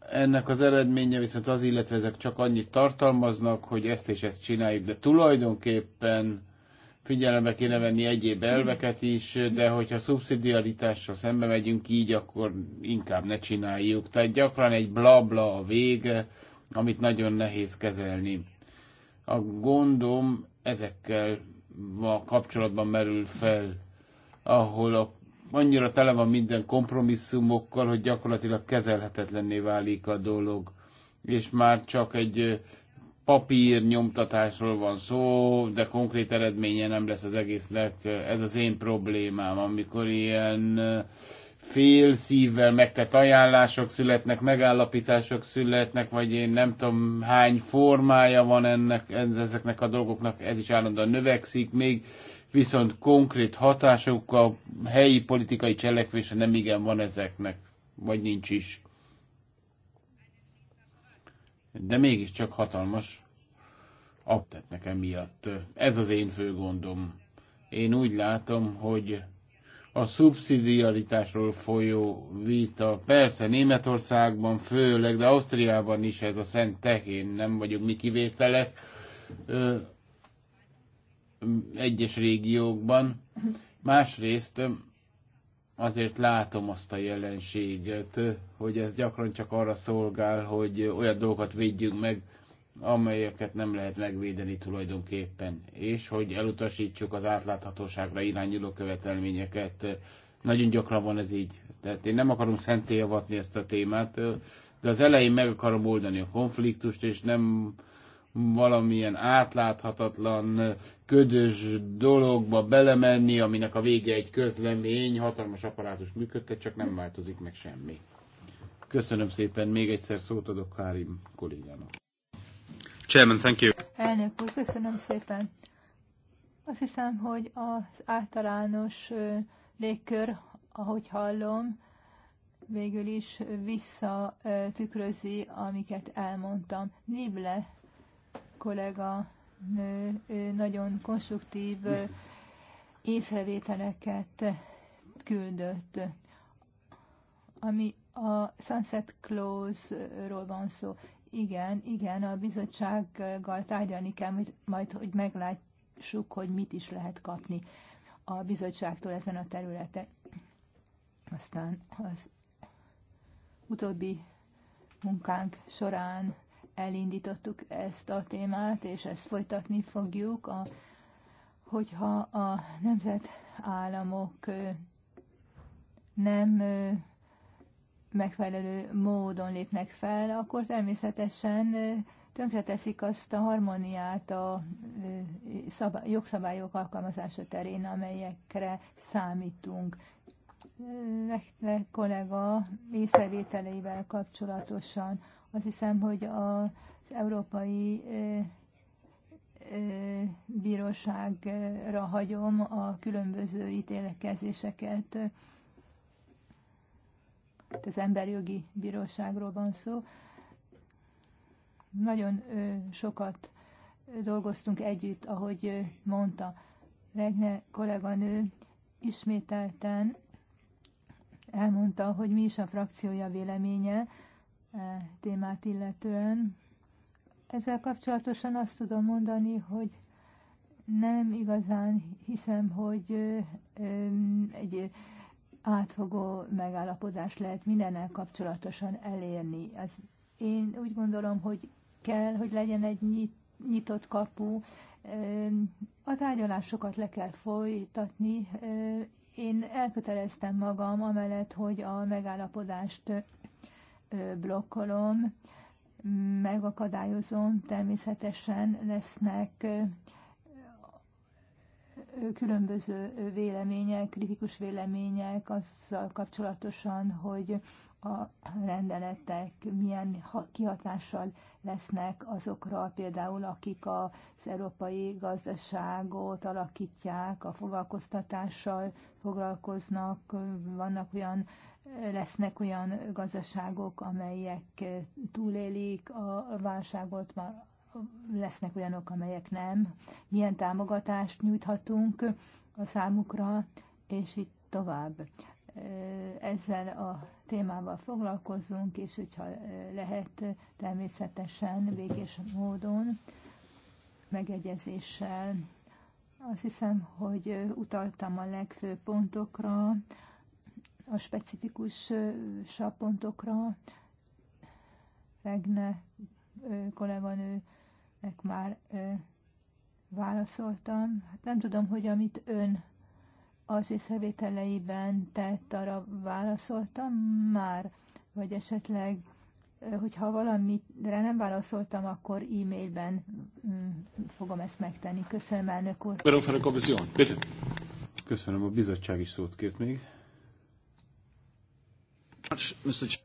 Ennek az eredménye viszont az, illetve ezek csak annyit tartalmaznak, hogy ezt és ezt csináljuk, de tulajdonképpen figyelembe kéne venni egyéb elveket is, de hogyha szubszidiaritással szembe megyünk így, akkor inkább ne csináljuk. Tehát gyakran egy blabla -bla a vége, amit nagyon nehéz kezelni. A gondom ezekkel a kapcsolatban merül fel, ahol a, annyira tele van minden kompromisszumokkal, hogy gyakorlatilag kezelhetetlenné válik a dolog és már csak egy papír nyomtatásról van szó, de konkrét eredménye nem lesz az egésznek. Ez az én problémám, amikor ilyen fél szívvel megtett ajánlások születnek, megállapítások születnek, vagy én nem tudom hány formája van ennek, ezeknek a dolgoknak, ez is állandóan növekszik még, viszont konkrét hatásokkal, a helyi politikai cselekvése nem igen van ezeknek, vagy nincs is de mégiscsak hatalmas aptet nekem miatt. Ez az én fő gondom. Én úgy látom, hogy a szubszidialitásról folyó vita, persze Németországban főleg, de Ausztriában is ez a szent tehén, nem vagyunk mi kivételek, egyes régiókban. Másrészt azért látom azt a jelenséget, hogy ez gyakran csak arra szolgál, hogy olyan dolgokat védjünk meg, amelyeket nem lehet megvédeni tulajdonképpen, és hogy elutasítsuk az átláthatóságra irányuló követelményeket. Nagyon gyakran van ez így. Tehát én nem akarom szentélyavatni ezt a témát, de az elején meg akarom oldani a konfliktust, és nem valamilyen átláthatatlan, ködös dologba belemenni, aminek a vége egy közlemény, hatalmas apparátus működtet, csak nem változik meg semmi. Köszönöm szépen, még egyszer szót adok Kárim kollégának. Chairman, thank you. Elnök úr, köszönöm szépen. Azt hiszem, hogy az általános légkör, ahogy hallom, végül is visszatükrözi, amiket elmondtam. Nible kollega nő nagyon konstruktív észrevételeket küldött, ami a Sunset Clause-ról van szó. Igen, igen, a bizottsággal tárgyalni kell, majd hogy meglássuk, hogy mit is lehet kapni a bizottságtól ezen a területen. Aztán az utóbbi munkánk során elindítottuk ezt a témát, és ezt folytatni fogjuk, a, hogyha a nemzetállamok nem megfelelő módon lépnek fel, akkor természetesen tönkreteszik azt a harmóniát a jogszabályok alkalmazása terén, amelyekre számítunk. Nektek kollega észrevételeivel kapcsolatosan azt hiszem, hogy az Európai Bíróságra hagyom a különböző ítélkezéseket. Az Emberjogi Bíróságról van szó. Nagyon sokat dolgoztunk együtt, ahogy mondta Regne kolléganő, ismételten elmondta, hogy mi is a frakciója véleménye E, témát illetően. Ezzel kapcsolatosan azt tudom mondani, hogy nem igazán hiszem, hogy e, e, egy átfogó megállapodás lehet mindennel kapcsolatosan elérni. Ez én úgy gondolom, hogy kell, hogy legyen egy nyitott kapu. A tárgyalásokat le kell folytatni. Én elköteleztem magam amellett, hogy a megállapodást blokkolom, megakadályozom, természetesen lesznek különböző vélemények, kritikus vélemények azzal kapcsolatosan, hogy a rendeletek milyen kihatással lesznek azokra például, akik az európai gazdaságot alakítják, a foglalkoztatással foglalkoznak, vannak olyan lesznek olyan gazdaságok, amelyek túlélik a válságot, már lesznek olyanok, amelyek nem. Milyen támogatást nyújthatunk a számukra, és itt tovább. Ezzel a témával foglalkozunk, és hogyha lehet, természetesen végés módon, megegyezéssel. Azt hiszem, hogy utaltam a legfőbb pontokra, a specifikus sapontokra Regne kolléganőnek már válaszoltam. Hát nem tudom, hogy amit ön az észrevételeiben tett, arra válaszoltam már, vagy esetleg, hogyha valamire nem válaszoltam, akkor e-mailben mm, fogom ezt megtenni. Köszönöm, elnök úr. Köszönöm a bizottság is szót kért még.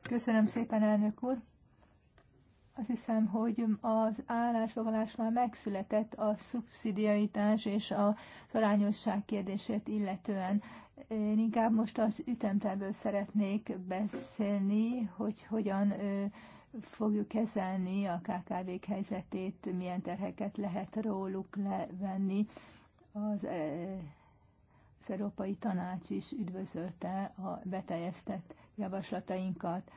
Köszönöm szépen, elnök úr. Azt hiszem, hogy az állásfoglalás már megszületett a szubszidiaritás és a arányosság kérdését illetően. Én inkább most az ütemtervről szeretnék beszélni, hogy hogyan fogjuk kezelni a KKV-k helyzetét, milyen terheket lehet róluk levenni. Az, az Európai Tanács is üdvözölte a beteljesztett javaslatainkat.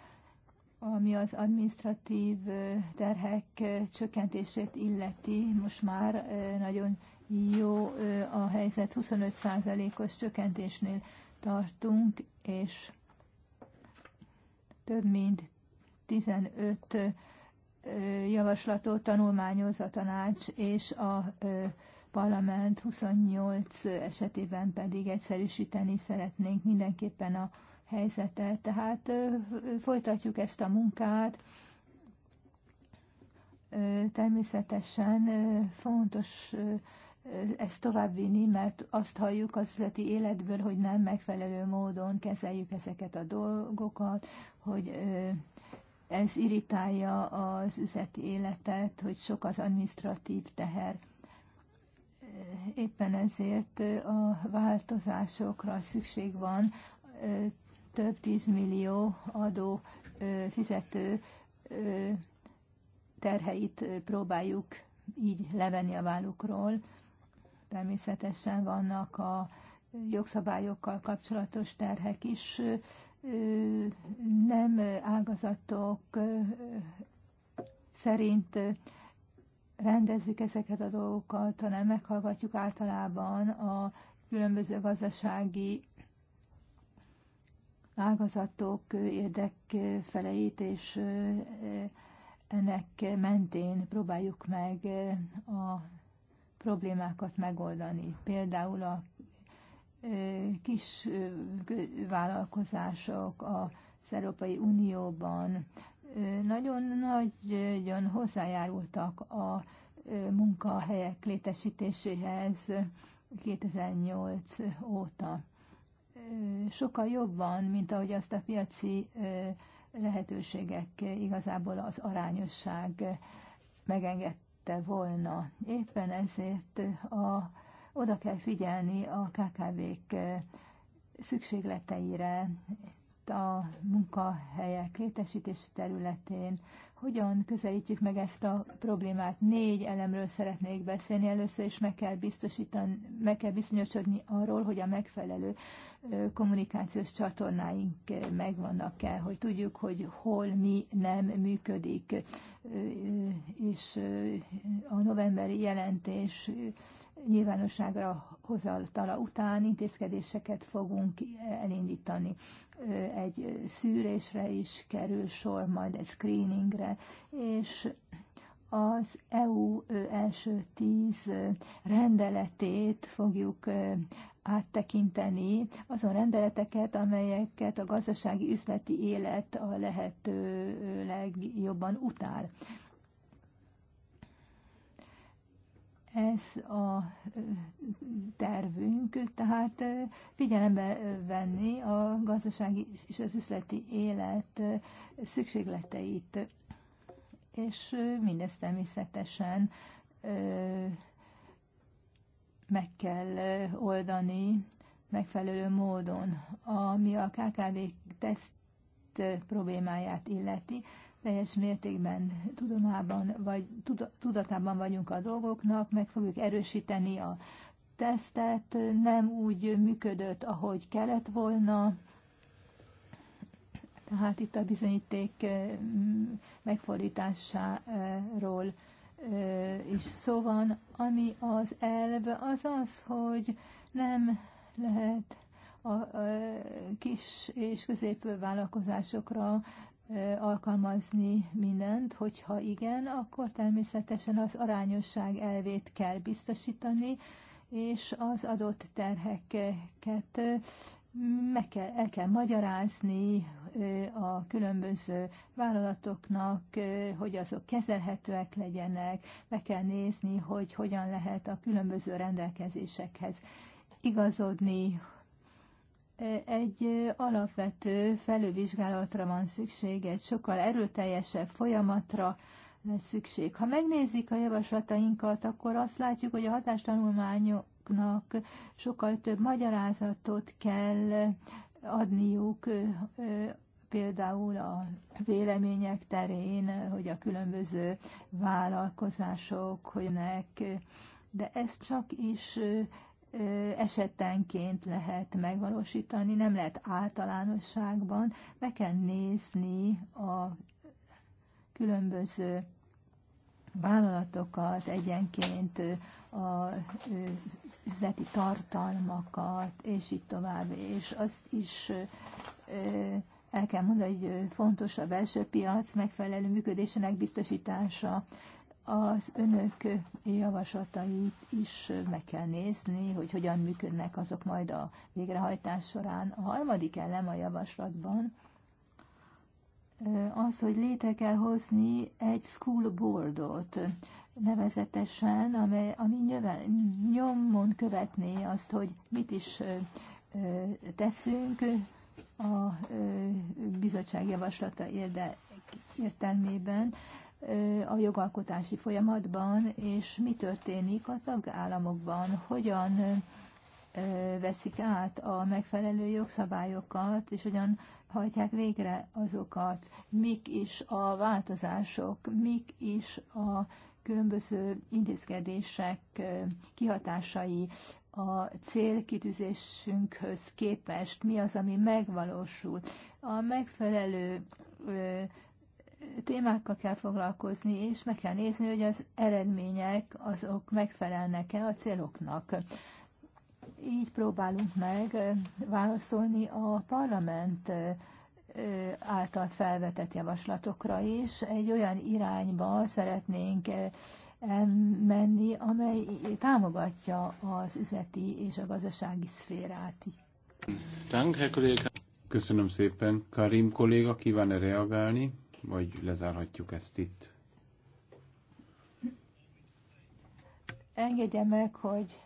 Ami az administratív terhek csökkentését illeti, most már nagyon jó a helyzet, 25%-os csökkentésnél tartunk, és több mint 15 javaslatot tanulmányoz a tanács, és a parlament 28 esetében pedig egyszerűsíteni szeretnénk mindenképpen a helyzetet. Tehát folytatjuk ezt a munkát. Természetesen fontos ezt továbbvinni, mert azt halljuk az üzleti életből, hogy nem megfelelő módon kezeljük ezeket a dolgokat, hogy ez irritálja az üzleti életet, hogy sok az administratív teher. Éppen ezért a változásokra szükség van, több tízmillió adó fizető terheit próbáljuk így levenni a vállukról. Természetesen vannak a jogszabályokkal kapcsolatos terhek is, nem ágazatok szerint rendezzük ezeket a dolgokat, hanem meghallgatjuk általában a különböző gazdasági ágazatok érdekfeleit, és ennek mentén próbáljuk meg a problémákat megoldani. Például a kis vállalkozások az Európai Unióban nagyon nagyon hozzájárultak a munkahelyek létesítéséhez 2008 óta sokkal jobban, mint ahogy azt a piaci lehetőségek igazából az arányosság megengedte volna. Éppen ezért a, oda kell figyelni a KKV-k szükségleteire, a munkahelyek létesítési területén. Hogyan közelítjük meg ezt a problémát? Négy elemről szeretnék beszélni. Először és meg kell, biztosítani, meg kell bizonyosodni arról, hogy a megfelelő kommunikációs csatornáink megvannak-e, hogy tudjuk, hogy hol mi nem működik. És a novemberi jelentés nyilvánosságra hozatala után intézkedéseket fogunk elindítani egy szűrésre is kerül sor, majd egy screeningre, és az EU első tíz rendeletét fogjuk áttekinteni azon rendeleteket, amelyeket a gazdasági üzleti élet a lehető legjobban utál. ez a tervünk, tehát figyelembe venni a gazdasági és az üzleti élet szükségleteit, és mindezt természetesen meg kell oldani megfelelő módon, ami a KKV teszt problémáját illeti teljes mértékben tudomában vagy tudatában vagyunk a dolgoknak, meg fogjuk erősíteni a tesztet, nem úgy működött, ahogy kellett volna. Tehát itt a bizonyíték megfordításáról is szó van. Ami az elv, az az, hogy nem lehet a kis és középvállalkozásokra alkalmazni mindent, hogyha igen, akkor természetesen az arányosság elvét kell biztosítani, és az adott terheket meg kell, el kell magyarázni a különböző vállalatoknak, hogy azok kezelhetőek legyenek, meg kell nézni, hogy hogyan lehet a különböző rendelkezésekhez igazodni, egy alapvető felülvizsgálatra van szükség, egy sokkal erőteljesebb folyamatra lesz szükség. Ha megnézik a javaslatainkat, akkor azt látjuk, hogy a hatástanulmányoknak sokkal több magyarázatot kell adniuk, például a vélemények terén, hogy a különböző vállalkozások, hogy nek, de ez csak is esetenként lehet megvalósítani, nem lehet általánosságban, meg kell nézni a különböző vállalatokat egyenként, a üzleti tartalmakat, és így tovább. És azt is el kell mondani, hogy fontos a belső piac megfelelő működésének biztosítása, az önök javaslatait is meg kell nézni, hogy hogyan működnek azok majd a végrehajtás során. A harmadik elem a javaslatban az, hogy létre kell hozni egy school boardot, nevezetesen, amely, ami nyöven, nyomon követné azt, hogy mit is teszünk a bizottság javaslata érde, értelmében a jogalkotási folyamatban, és mi történik a tagállamokban, hogyan veszik át a megfelelő jogszabályokat, és hogyan hajtják végre azokat, mik is a változások, mik is a különböző intézkedések kihatásai a célkitűzésünkhöz képest, mi az, ami megvalósul. A megfelelő témákkal kell foglalkozni, és meg kell nézni, hogy az eredmények azok megfelelnek-e a céloknak. Így próbálunk meg válaszolni a parlament által felvetett javaslatokra is. Egy olyan irányba szeretnénk menni, amely támogatja az üzleti és a gazdasági szférát. Köszönöm szépen. Karim kolléga kíván -e reagálni? vagy lezárhatjuk ezt itt. Engedje meg, hogy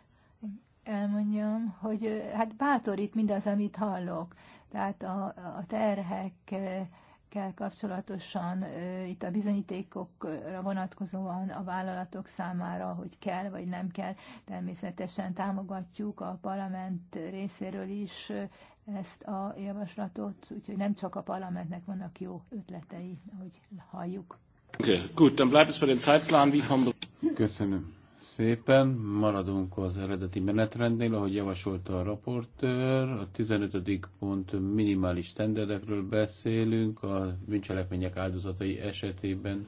elmondjam, hogy hát bátorít mindaz, amit hallok. Tehát a, a terhekkel kapcsolatosan, itt a bizonyítékokra vonatkozóan a vállalatok számára, hogy kell vagy nem kell, természetesen támogatjuk a parlament részéről is ezt a javaslatot, úgyhogy nem csak a parlamentnek vannak jó ötletei, ahogy halljuk. Köszönöm szépen. Maradunk az eredeti menetrendnél, ahogy javasolta a raportőr. A 15. pont minimális standardekről beszélünk a bűncselekmények áldozatai esetében.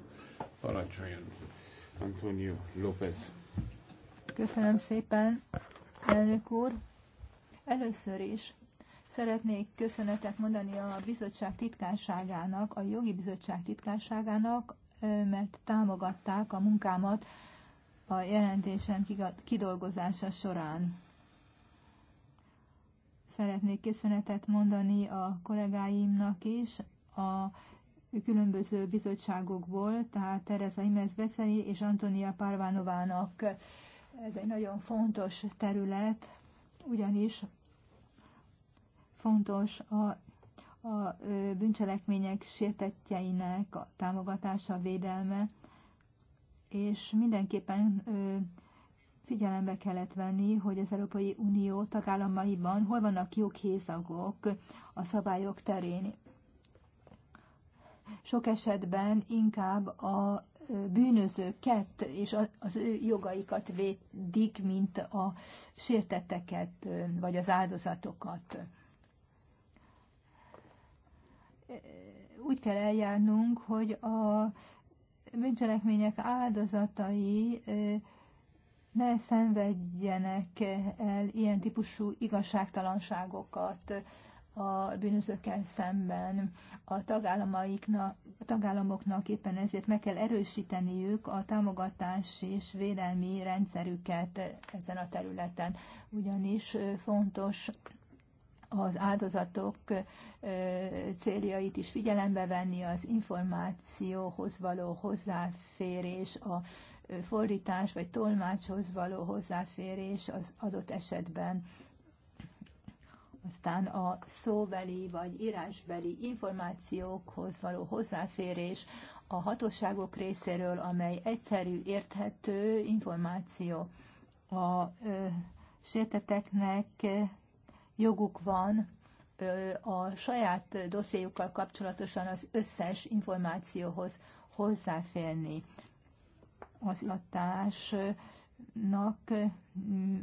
Parancsoljon, Antonio López. Köszönöm szépen, elnök úr. Először is Szeretnék köszönetet mondani a bizottság titkárságának, a jogi bizottság titkárságának, mert támogatták a munkámat a jelentésem kidolgozása során. Szeretnék köszönetet mondani a kollégáimnak is, a különböző bizottságokból, tehát Tereza Imez Beszeri és Antonia Párvánovának. Ez egy nagyon fontos terület, ugyanis Fontos a a bűncselekmények sértetjeinek a támogatása, a védelme, és mindenképpen figyelembe kellett venni, hogy az Európai Unió tagállamaiban hol vannak joghézagok a szabályok terén. Sok esetben inkább a bűnözőket és az ő jogaikat védik, mint a sértetteket vagy az áldozatokat úgy kell eljárnunk, hogy a bűncselekmények áldozatai ne szenvedjenek el ilyen típusú igazságtalanságokat a bűnözőkkel szemben. A, tagállamaiknak, a tagállamoknak éppen ezért meg kell erősíteniük a támogatás és védelmi rendszerüket ezen a területen, ugyanis fontos az áldozatok céljait is figyelembe venni, az információhoz való hozzáférés, a fordítás vagy tolmácshoz való hozzáférés az adott esetben. Aztán a szóbeli vagy írásbeli információkhoz való hozzáférés a hatóságok részéről, amely egyszerű, érthető információ a ö, sérteteknek joguk van a saját dossziéjukkal kapcsolatosan az összes információhoz hozzáférni. Az illatásnak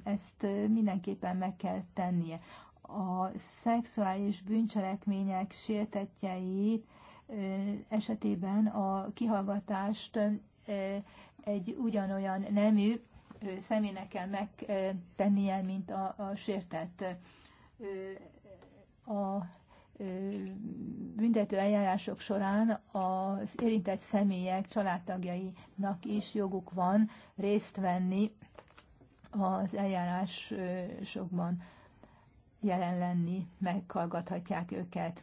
ezt mindenképpen meg kell tennie. A szexuális bűncselekmények sértetjeit esetében a kihallgatást egy ugyanolyan nemű személynek kell megtennie, mint a, a sértett a büntető eljárások során az érintett személyek családtagjainak is joguk van részt venni az eljárásokban jelen lenni, meghallgathatják őket.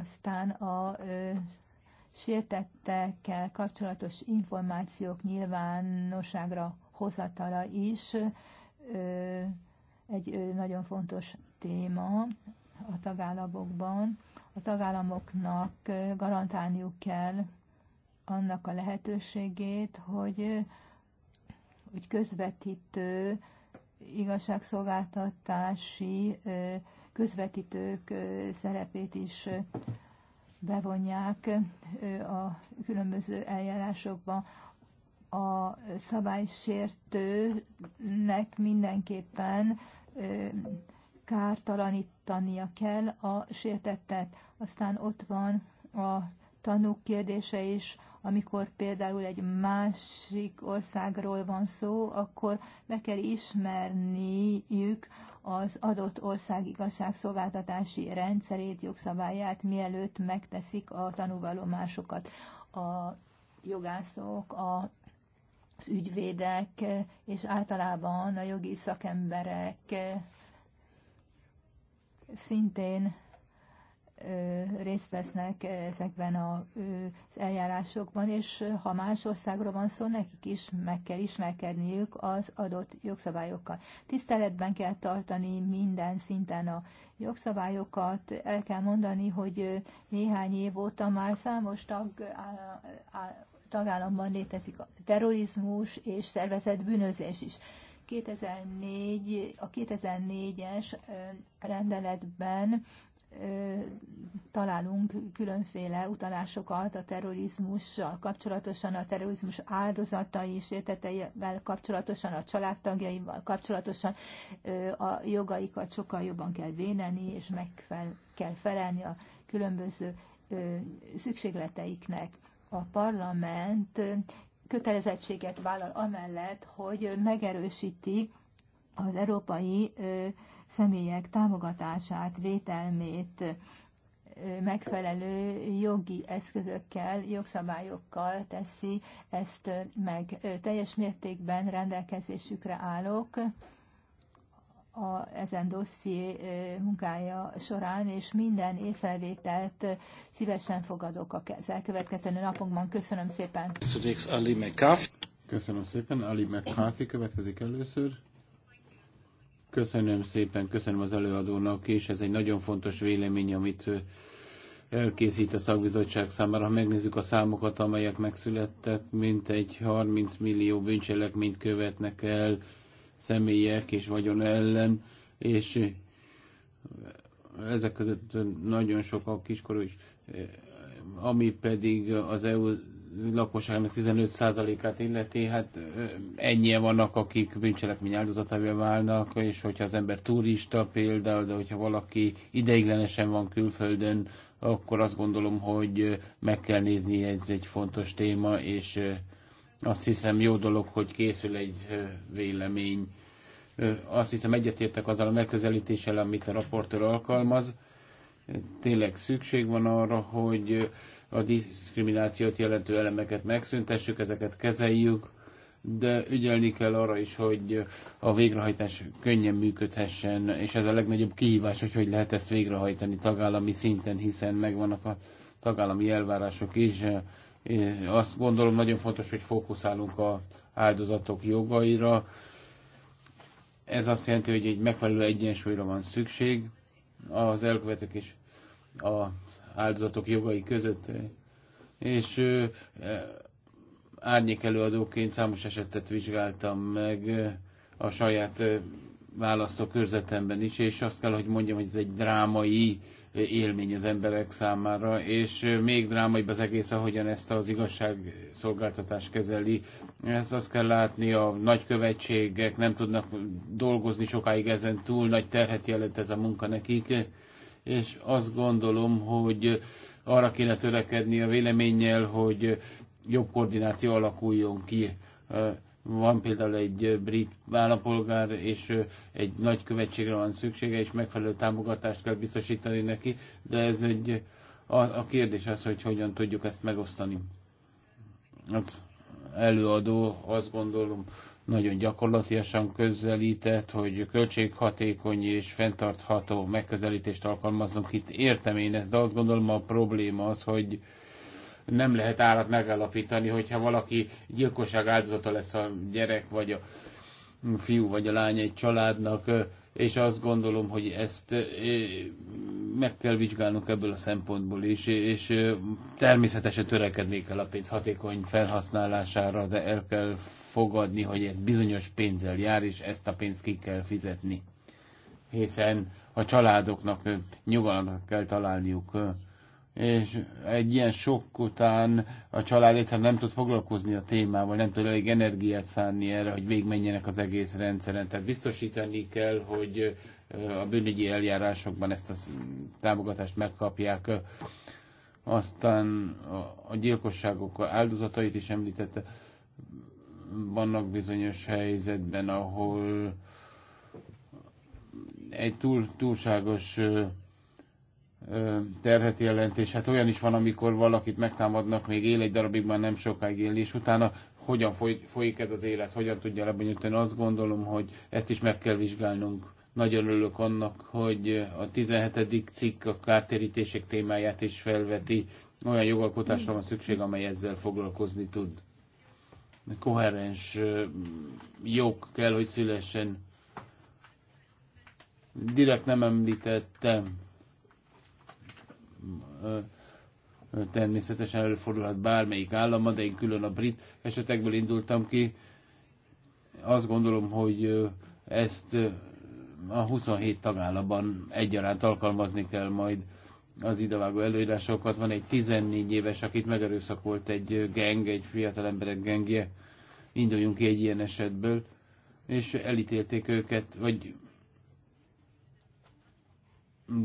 Aztán a sértettekkel kapcsolatos információk nyilvánosságra hozatala is egy nagyon fontos téma a tagállamokban. A tagállamoknak garantálniuk kell annak a lehetőségét, hogy, hogy közvetítő igazságszolgáltatási közvetítők szerepét is bevonják a különböző eljárásokba. A szabálysértőnek mindenképpen kártalanítania kell a sértettet. Aztán ott van a tanúk kérdése is, amikor például egy másik országról van szó, akkor meg kell ismerniük az adott ország igazságszolgáltatási rendszerét, jogszabályát, mielőtt megteszik a tanúvallomásokat. A jogászok, a az ügyvédek és általában a jogi szakemberek szintén részt vesznek ezekben az eljárásokban, és ha más országról van szó, nekik is meg kell ismerkedniük az adott jogszabályokkal. Tiszteletben kell tartani minden szinten a jogszabályokat. El kell mondani, hogy néhány év óta már számos tag, áll, áll, tagállamban létezik a terrorizmus és szervezett bűnözés is. 2004, a 2004-es rendeletben találunk különféle utalásokat a terrorizmussal kapcsolatosan, a terrorizmus áldozatai és érteteivel kapcsolatosan, a családtagjaival kapcsolatosan a jogaikat sokkal jobban kell védeni, és meg kell felelni a különböző szükségleteiknek. A parlament kötelezettséget vállal amellett, hogy megerősíti az európai személyek támogatását, vételmét megfelelő jogi eszközökkel, jogszabályokkal teszi ezt meg. Teljes mértékben rendelkezésükre állok a, ezen dosszié munkája során, és minden észrevételt szívesen fogadok a következő napokban. Köszönöm szépen. Köszönöm szépen. Ali McCarthy következik először. Köszönöm szépen, köszönöm az előadónak is. Ez egy nagyon fontos vélemény, amit elkészít a szakbizottság számára. Ha megnézzük a számokat, amelyek megszülettek, mint egy 30 millió bűncselekményt követnek el, személyek és vagyon ellen, és ezek között nagyon sok a kiskorú is, ami pedig az EU lakosságnak 15%-át illeti, hát ennyien vannak, akik bűncselekmény áldozatává válnak, és hogyha az ember turista például, de hogyha valaki ideiglenesen van külföldön, akkor azt gondolom, hogy meg kell nézni, ez egy fontos téma, és azt hiszem jó dolog, hogy készül egy vélemény. Azt hiszem egyetértek azzal a megközelítéssel, amit a raportőr alkalmaz. Tényleg szükség van arra, hogy a diszkriminációt jelentő elemeket megszüntessük, ezeket kezeljük, de ügyelni kell arra is, hogy a végrehajtás könnyen működhessen, és ez a legnagyobb kihívás, hogy hogy lehet ezt végrehajtani tagállami szinten, hiszen megvannak a tagállami elvárások is. Én azt gondolom nagyon fontos, hogy fókuszálunk a áldozatok jogaira. Ez azt jelenti, hogy egy megfelelő egyensúlyra van szükség az elkövetők és az áldozatok jogai között. És e, árnyék előadóként számos esetet vizsgáltam meg a saját körzetemben is, és azt kell, hogy mondjam, hogy ez egy drámai eh, élmény az emberek számára, és eh, még drámaibb az egész, ahogyan ezt az igazságszolgáltatás kezeli. Ezt azt kell látni, a nagykövetségek nem tudnak dolgozni sokáig ezen túl, nagy terhet jelent ez a munka nekik, és azt gondolom, hogy arra kéne törekedni a véleménnyel, hogy jobb koordináció alakuljon ki eh, van például egy brit állampolgár, és egy nagy követségre van szüksége, és megfelelő támogatást kell biztosítani neki, de ez egy, a, a kérdés az, hogy hogyan tudjuk ezt megosztani. Az előadó azt gondolom nagyon gyakorlatilag közelített, hogy költséghatékony és fenntartható megközelítést alkalmazzunk. Itt értem én ezt, de azt gondolom a probléma az, hogy nem lehet árat megállapítani, hogyha valaki gyilkosság áldozata lesz a gyerek, vagy a fiú, vagy a lány egy családnak, és azt gondolom, hogy ezt meg kell vizsgálnunk ebből a szempontból is, és természetesen törekedni kell a pénz hatékony felhasználására, de el kell fogadni, hogy ez bizonyos pénzzel jár, és ezt a pénzt ki kell fizetni. Hiszen a családoknak nyugalmat kell találniuk és egy ilyen sok után a család egyszerűen nem tud foglalkozni a témával, nem tud elég energiát szánni erre, hogy végigmenjenek az egész rendszeren. Tehát biztosítani kell, hogy a bűnügyi eljárásokban ezt a támogatást megkapják. Aztán a gyilkosságok áldozatait is említette. Vannak bizonyos helyzetben, ahol egy túl, túlságos terhet jelentés. Hát olyan is van, amikor valakit megtámadnak, még él egy darabig, már nem sokáig él, és utána hogyan foly, folyik ez az élet, hogyan tudja lebonyolítani. Azt gondolom, hogy ezt is meg kell vizsgálnunk. Nagyon örülök annak, hogy a 17. cikk a kártérítések témáját is felveti. Olyan jogalkotásra van szükség, amely ezzel foglalkozni tud. Koherens jog kell, hogy szülessen. Direkt nem említettem természetesen előfordulhat bármelyik állam, de én külön a brit esetekből indultam ki. Azt gondolom, hogy ezt a 27 tagállamban egyaránt alkalmazni kell majd az idevágó előírásokat. Van egy 14 éves, akit megerőszakolt egy geng, egy fiatal emberek gengje. Induljunk ki egy ilyen esetből. És elítélték őket, vagy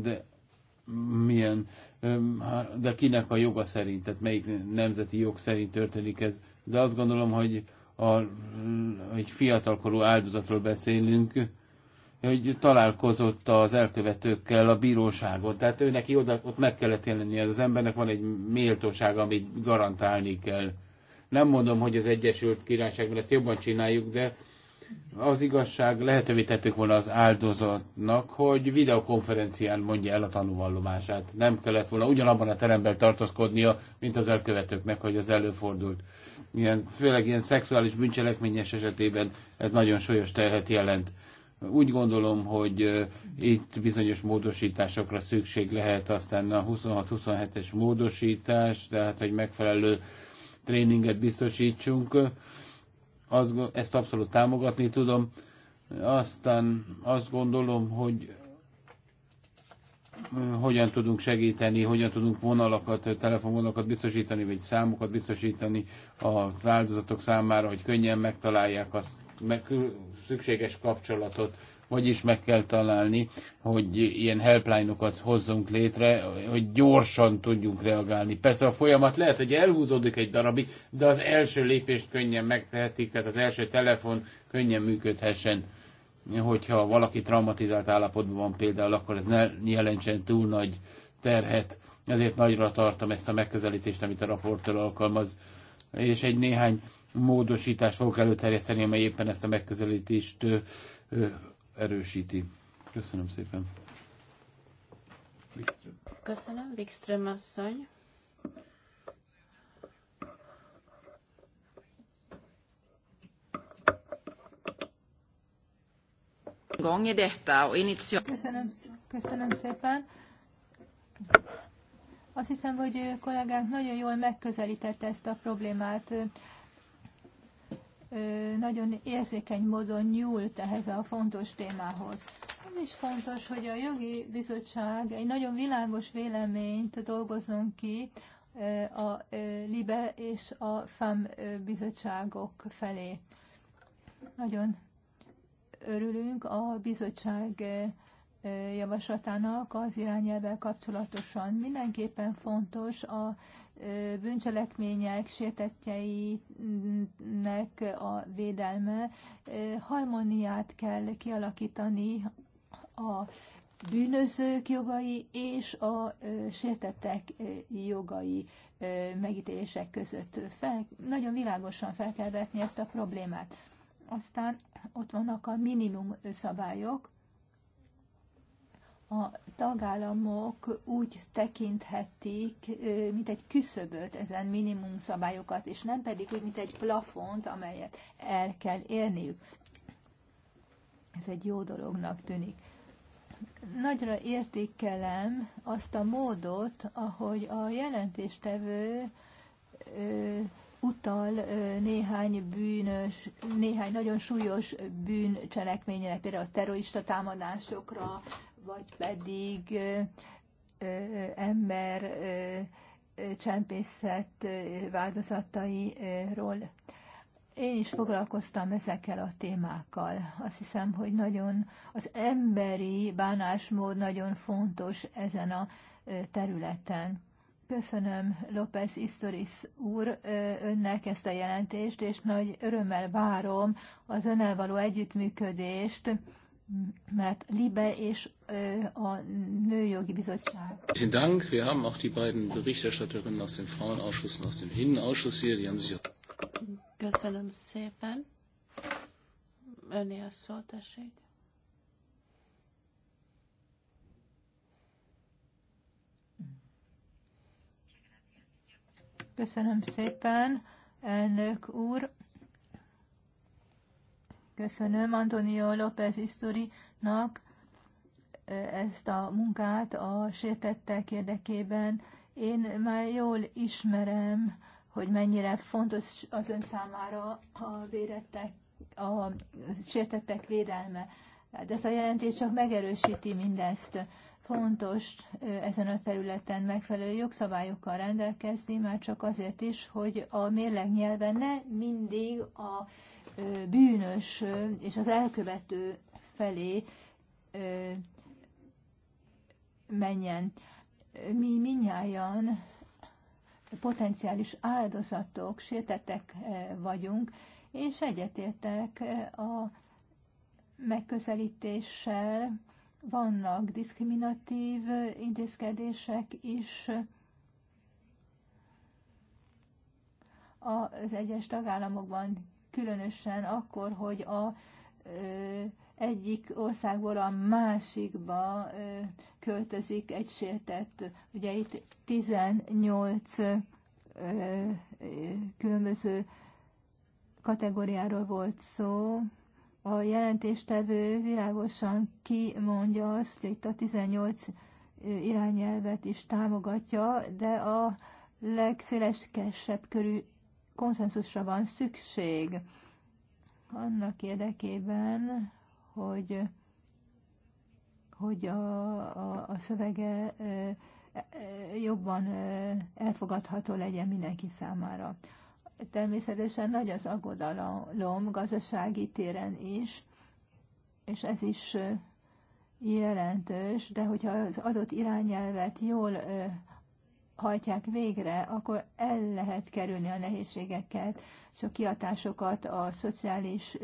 de milyen de kinek a joga szerint, tehát melyik nemzeti jog szerint történik ez. De azt gondolom, hogy a, egy fiatalkorú áldozatról beszélünk, hogy találkozott az elkövetőkkel a bíróságon. Tehát őnek oda, ott meg kellett jelennie. Az embernek van egy méltósága, amit garantálni kell. Nem mondom, hogy az Egyesült Királyságban ezt jobban csináljuk, de az igazság lehetővé tettük volna az áldozatnak, hogy videokonferencián mondja el a tanúvallomását. Nem kellett volna ugyanabban a teremben tartózkodnia, mint az elkövetőknek, hogy ez előfordult. Ilyen, főleg ilyen szexuális bűncselekményes esetében ez nagyon súlyos terhet jelent. Úgy gondolom, hogy itt bizonyos módosításokra szükség lehet, aztán a 26-27-es módosítás, tehát hogy megfelelő tréninget biztosítsunk azt, ezt abszolút támogatni tudom. Aztán azt gondolom, hogy hogyan tudunk segíteni, hogyan tudunk vonalakat, telefonvonalakat biztosítani, vagy számokat biztosítani az áldozatok számára, hogy könnyen megtalálják a meg, szükséges kapcsolatot is meg kell találni, hogy ilyen helpline-okat hozzunk létre, hogy gyorsan tudjunk reagálni. Persze a folyamat lehet, hogy elhúzódik egy darabig, de az első lépést könnyen megtehetik, tehát az első telefon könnyen működhessen hogyha valaki traumatizált állapotban van például, akkor ez ne jelentsen túl nagy terhet. Ezért nagyra tartom ezt a megközelítést, amit a raportőr alkalmaz, és egy néhány módosítást fogok előterjeszteni, amely éppen ezt a megközelítést erősíti. Köszönöm szépen. Köszönöm, Wikström asszony. detta Köszönöm, köszönöm szépen. Azt hiszem, hogy kollégánk nagyon jól megközelítette ezt a problémát nagyon érzékeny módon nyúlt ehhez a fontos témához. Az is fontos, hogy a jogi bizottság egy nagyon világos véleményt dolgozzon ki a LIBE és a FAM bizottságok felé. Nagyon örülünk a bizottság javaslatának az irányelvvel kapcsolatosan. Mindenképpen fontos a bűncselekmények sértetjeinek a védelme. Harmóniát kell kialakítani a bűnözők jogai és a sértettek jogai megítélések között. Fel, nagyon világosan fel kell vetni ezt a problémát. Aztán ott vannak a minimum szabályok, a tagállamok úgy tekinthetik, mint egy küszöböt ezen minimum szabályokat, és nem pedig úgy, mint egy plafont, amelyet el kell érniük. Ez egy jó dolognak tűnik. Nagyra értékelem azt a módot, ahogy a jelentéstevő ö, utal néhány bűnös, néhány nagyon súlyos bűncselekményre, például a terrorista támadásokra, vagy pedig ember csempészet változatairól. Én is foglalkoztam ezekkel a témákkal. Azt hiszem, hogy nagyon az emberi bánásmód nagyon fontos ezen a területen. Köszönöm López Istoris úr önnek ezt a jelentést, és nagy örömmel várom az önnel való együttműködést mert Libe és a Nőjogi Bizottság. Vielen Dank. Wir haben auch die beiden Berichterstatterinnen aus dem Frauenausschuss und aus dem Innenausschuss hier. Die haben sich Köszönöm szépen. Öné a szó, tessék. Köszönöm szépen, elnök úr. Köszönöm Antonio López Isturinak ezt a munkát a sértettek érdekében. Én már jól ismerem, hogy mennyire fontos az ön számára a vérettek, a sértettek védelme. De hát ez a jelentés csak megerősíti mindezt. Fontos ezen a területen megfelelő jogszabályokkal rendelkezni, már csak azért is, hogy a mérlegnyelven ne mindig a bűnös és az elkövető felé menjen. Mi minnyáján potenciális áldozatok, sértettek vagyunk, és egyetértek a megközelítéssel, vannak diszkriminatív intézkedések is az egyes tagállamokban különösen akkor, hogy a egyik országból a másikba költözik egy sértett. Ugye itt 18 különböző kategóriáról volt szó. A jelentéstevő világosan kimondja azt, hogy itt a 18 irányelvet is támogatja, de a legszélesebb körű konszenzusra van szükség annak érdekében, hogy, hogy a, a, a szövege jobban elfogadható legyen mindenki számára. Természetesen nagy az aggodalom gazdasági téren is, és ez is jelentős, de hogyha az adott irányelvet jól hajtják végre, akkor el lehet kerülni a nehézségeket és a kiatásokat a szociális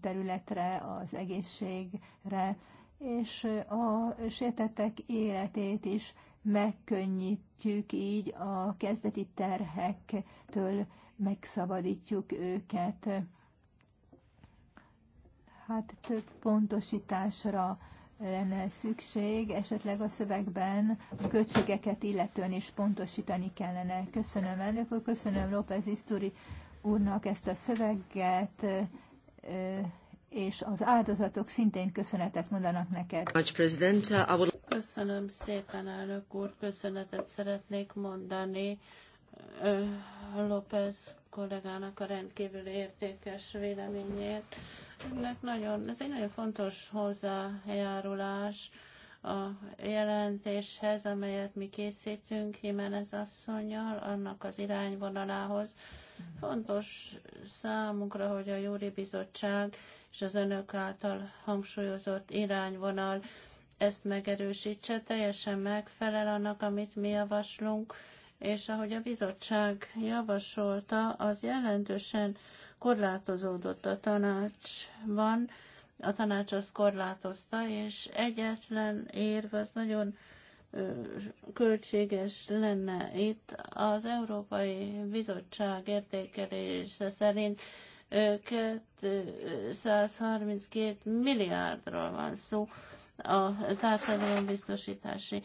területre, az egészségre, és a sértettek életét is megkönnyítjük így a kezdeti terhektől, megszabadítjuk őket. Hát több pontosításra lenne szükség, esetleg a szövegben a költségeket illetően is pontosítani kellene. Köszönöm elnök úr, köszönöm López Isztúri úrnak ezt a szöveget, és az áldozatok szintén köszönetet mondanak neked. Köszönöm szépen, elnök úr, köszönetet szeretnék mondani López kollégának a rendkívül értékes véleményét. Ennek nagyon, ez egy nagyon fontos hozzájárulás a jelentéshez, amelyet mi készítünk Jimenez asszonynal, annak az irányvonalához. Fontos számunkra, hogy a Júri Bizottság és az önök által hangsúlyozott irányvonal ezt megerősítse, teljesen megfelel annak, amit mi javaslunk és ahogy a bizottság javasolta, az jelentősen korlátozódott a tanácsban, a tanács azt korlátozta, és egyetlen érv az nagyon költséges lenne. Itt az Európai Bizottság értékelése szerint 232 milliárdról van szó a társadalombiztosítási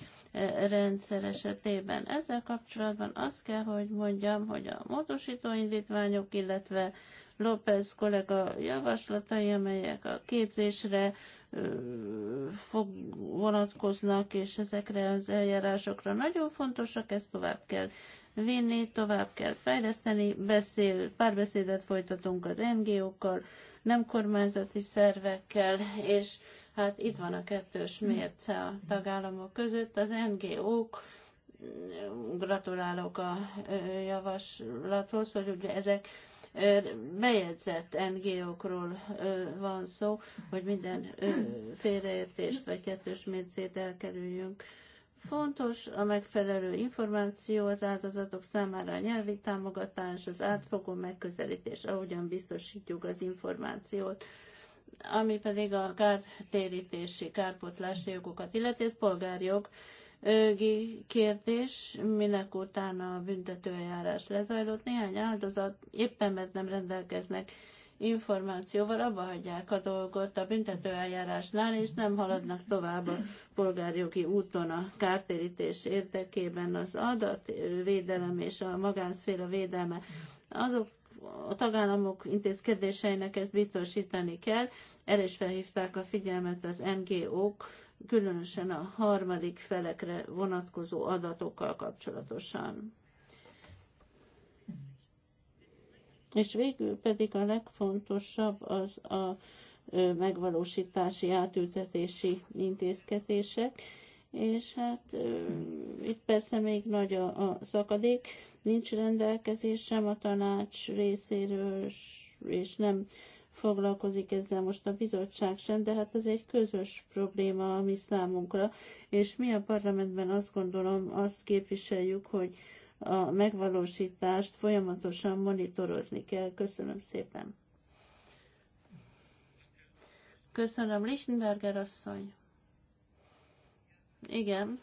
rendszer esetében. Ezzel kapcsolatban azt kell, hogy mondjam, hogy a módosító indítványok, illetve López kollega javaslatai, amelyek a képzésre fog vonatkoznak, és ezekre az eljárásokra nagyon fontosak, ezt tovább kell vinni, tovább kell fejleszteni, beszél, párbeszédet folytatunk az NGO-kkal, nem kormányzati szervekkel, és Hát itt van a kettős mérce a tagállamok között. Az NGO-k gratulálok a javaslathoz, hogy ugye ezek bejegyzett NGO-król van szó, hogy minden félreértést vagy kettős mércét elkerüljünk. Fontos a megfelelő információ az áldozatok számára, a nyelvi támogatás, az átfogó megközelítés, ahogyan biztosítjuk az információt ami pedig a kártérítési, kárpotlási jogokat illeti, ez polgárjog kérdés, minek utána a büntetőeljárás lezajlott. Néhány áldozat éppen mert nem rendelkeznek információval, abba hagyják a dolgot a büntetőeljárásnál, és nem haladnak tovább a polgárjogi úton a kártérítés érdekében az adatvédelem és a magánszféra védelme azok a tagállamok intézkedéseinek ezt biztosítani kell. Erre is felhívták a figyelmet az NGO-k, különösen a harmadik felekre vonatkozó adatokkal kapcsolatosan. És végül pedig a legfontosabb az a megvalósítási, átültetési intézkedések és hát itt persze még nagy a, a szakadék, nincs rendelkezés sem a tanács részéről, és nem foglalkozik ezzel most a bizottság sem, de hát ez egy közös probléma, ami számunkra, és mi a parlamentben azt gondolom, azt képviseljük, hogy a megvalósítást folyamatosan monitorozni kell. Köszönöm szépen. Köszönöm, Lichtenberger asszony. Igen.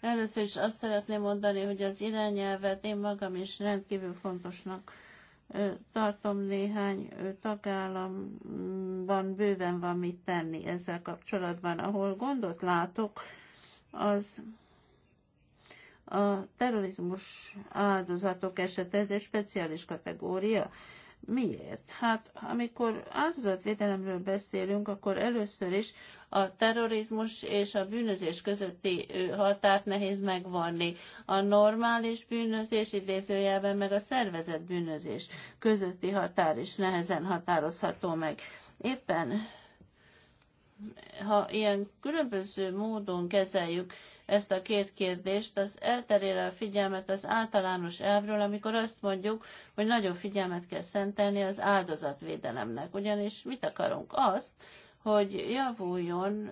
Először is azt szeretném mondani, hogy az irányelvet én magam is rendkívül fontosnak tartom néhány tagállamban bőven van mit tenni ezzel kapcsolatban. Ahol gondot látok, az a terrorizmus áldozatok esete, ez egy speciális kategória, Miért? Hát amikor áldozatvédelemről beszélünk, akkor először is a terrorizmus és a bűnözés közötti határt nehéz megvonni. A normális bűnözés idézőjelben meg a szervezet bűnözés közötti határ is nehezen határozható meg. Éppen ha ilyen különböző módon kezeljük ezt a két kérdést, az elterére a figyelmet az általános elvről, amikor azt mondjuk, hogy nagyobb figyelmet kell szentelni az áldozatvédelemnek. Ugyanis mit akarunk? Azt, hogy javuljon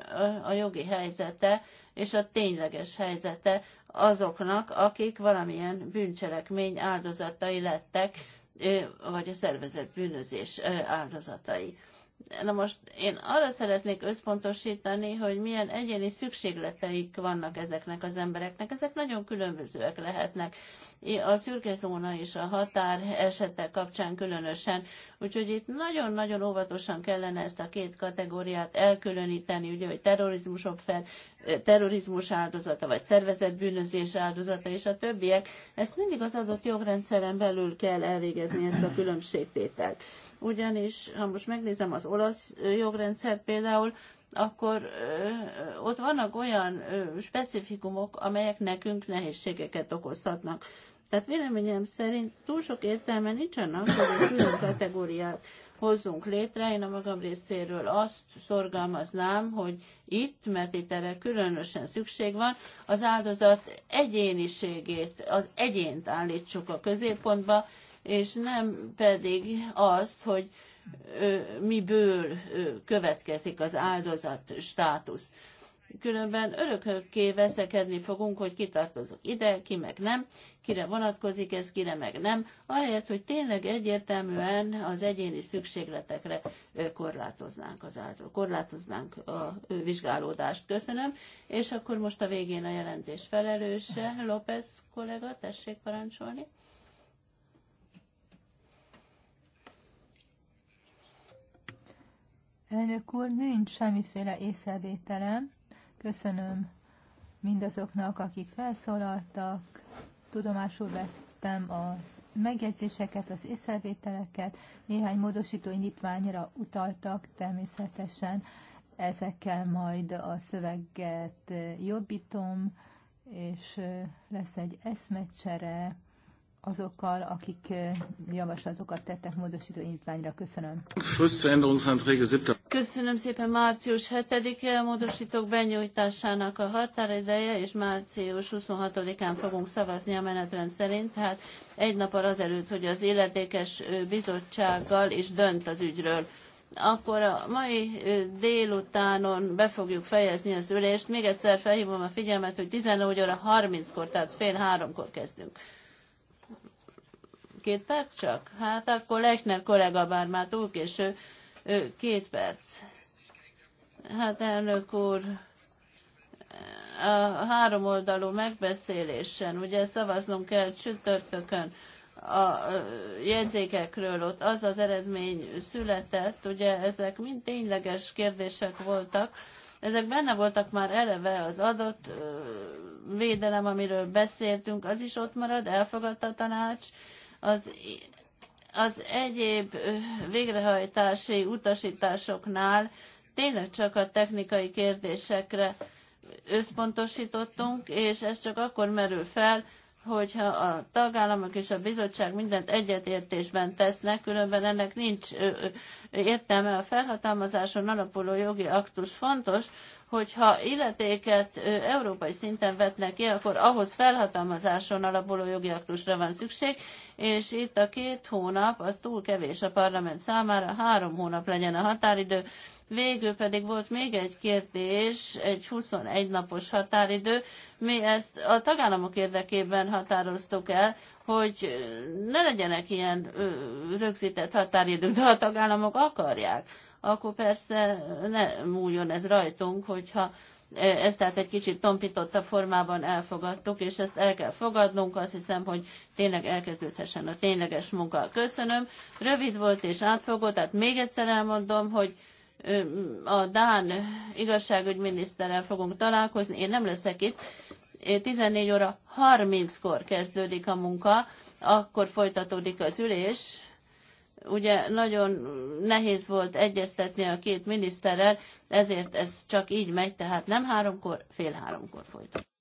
a jogi helyzete és a tényleges helyzete azoknak, akik valamilyen bűncselekmény áldozatai lettek, vagy a szervezet bűnözés áldozatai. Na most én arra szeretnék összpontosítani, hogy milyen egyéni szükségleteik vannak ezeknek az embereknek. Ezek nagyon különbözőek lehetnek. A szürke zóna és a határ esetek kapcsán különösen. Úgyhogy itt nagyon-nagyon óvatosan kellene ezt a két kategóriát elkülöníteni, ugye, hogy terrorizmusok fel, terrorizmus áldozata, vagy szervezett bűnözés áldozata, és a többiek. Ezt mindig az adott jogrendszeren belül kell elvégezni ezt a különbségtételt. Ugyanis, ha most megnézem az olasz jogrendszer például, akkor ott vannak olyan specifikumok, amelyek nekünk nehézségeket okozhatnak. Tehát véleményem szerint túl sok értelme nincs annak, hogy egy külön kategóriát hozzunk létre. Én a magam részéről azt szorgalmaznám, hogy itt, mert itt erre különösen szükség van, az áldozat egyéniségét, az egyént állítsuk a középpontba, és nem pedig azt, hogy miből következik az áldozat státusz. Különben örökökké veszekedni fogunk, hogy ki tartozok ide, ki meg nem, kire vonatkozik ez, kire meg nem, ahelyett, hogy tényleg egyértelműen az egyéni szükségletekre korlátoznánk az által, korlátoznánk a vizsgálódást. Köszönöm, és akkor most a végén a jelentés felelőse, López kollega, tessék parancsolni. Elnök úr, nincs semmiféle észrevételem. Köszönöm mindazoknak, akik felszólaltak, tudomásul vettem a megjegyzéseket, az észrevételeket, néhány módosító indítványra utaltak természetesen, ezekkel majd a szöveget jobbítom, és lesz egy eszmecsere azokkal, akik javaslatokat tettek módosító indítványra. Köszönöm. Köszönöm szépen március 7-e a módosítók benyújtásának a határideje, és március 26-án fogunk szavazni a menetrend szerint, tehát egy nappal azelőtt, hogy az életékes bizottsággal is dönt az ügyről akkor a mai délutánon be fogjuk fejezni az ülést. Még egyszer felhívom a figyelmet, hogy 14 óra 30-kor, tehát fél háromkor kezdünk két perc csak? Hát akkor Lechner kollega bár már túl késő. Két perc. Hát elnök úr, a háromoldalú megbeszélésen, ugye szavaznom kell csütörtökön, a jegyzékekről ott az az eredmény született, ugye ezek mind tényleges kérdések voltak, ezek benne voltak már eleve az adott védelem, amiről beszéltünk, az is ott marad, elfogadta a tanács, az az egyéb végrehajtási utasításoknál tényleg csak a technikai kérdésekre összpontosítottunk, és ez csak akkor merül fel, hogyha a tagállamok és a bizottság mindent egyetértésben tesznek, különben ennek nincs értelme a felhatalmazáson alapuló jogi aktus fontos, hogyha illetéket európai szinten vetnek ki, akkor ahhoz felhatalmazáson alapuló jogi aktusra van szükség, és itt a két hónap az túl kevés a parlament számára, három hónap legyen a határidő, Végül pedig volt még egy kérdés, egy 21 napos határidő. Mi ezt a tagállamok érdekében határoztuk el, hogy ne legyenek ilyen rögzített határidők, de a tagállamok akarják, akkor persze ne múljon ez rajtunk, hogyha ezt tehát egy kicsit tompítottabb formában elfogadtuk, és ezt el kell fogadnunk, azt hiszem, hogy tényleg elkezdődhessen a tényleges munka. Köszönöm, rövid volt és átfogó, tehát még egyszer elmondom, hogy a Dán igazságügyminiszterrel fogunk találkozni, én nem leszek itt, 14 óra 30-kor kezdődik a munka, akkor folytatódik az ülés, ugye nagyon nehéz volt egyeztetni a két miniszterrel, ezért ez csak így megy, tehát nem háromkor, fél háromkor folytatódik.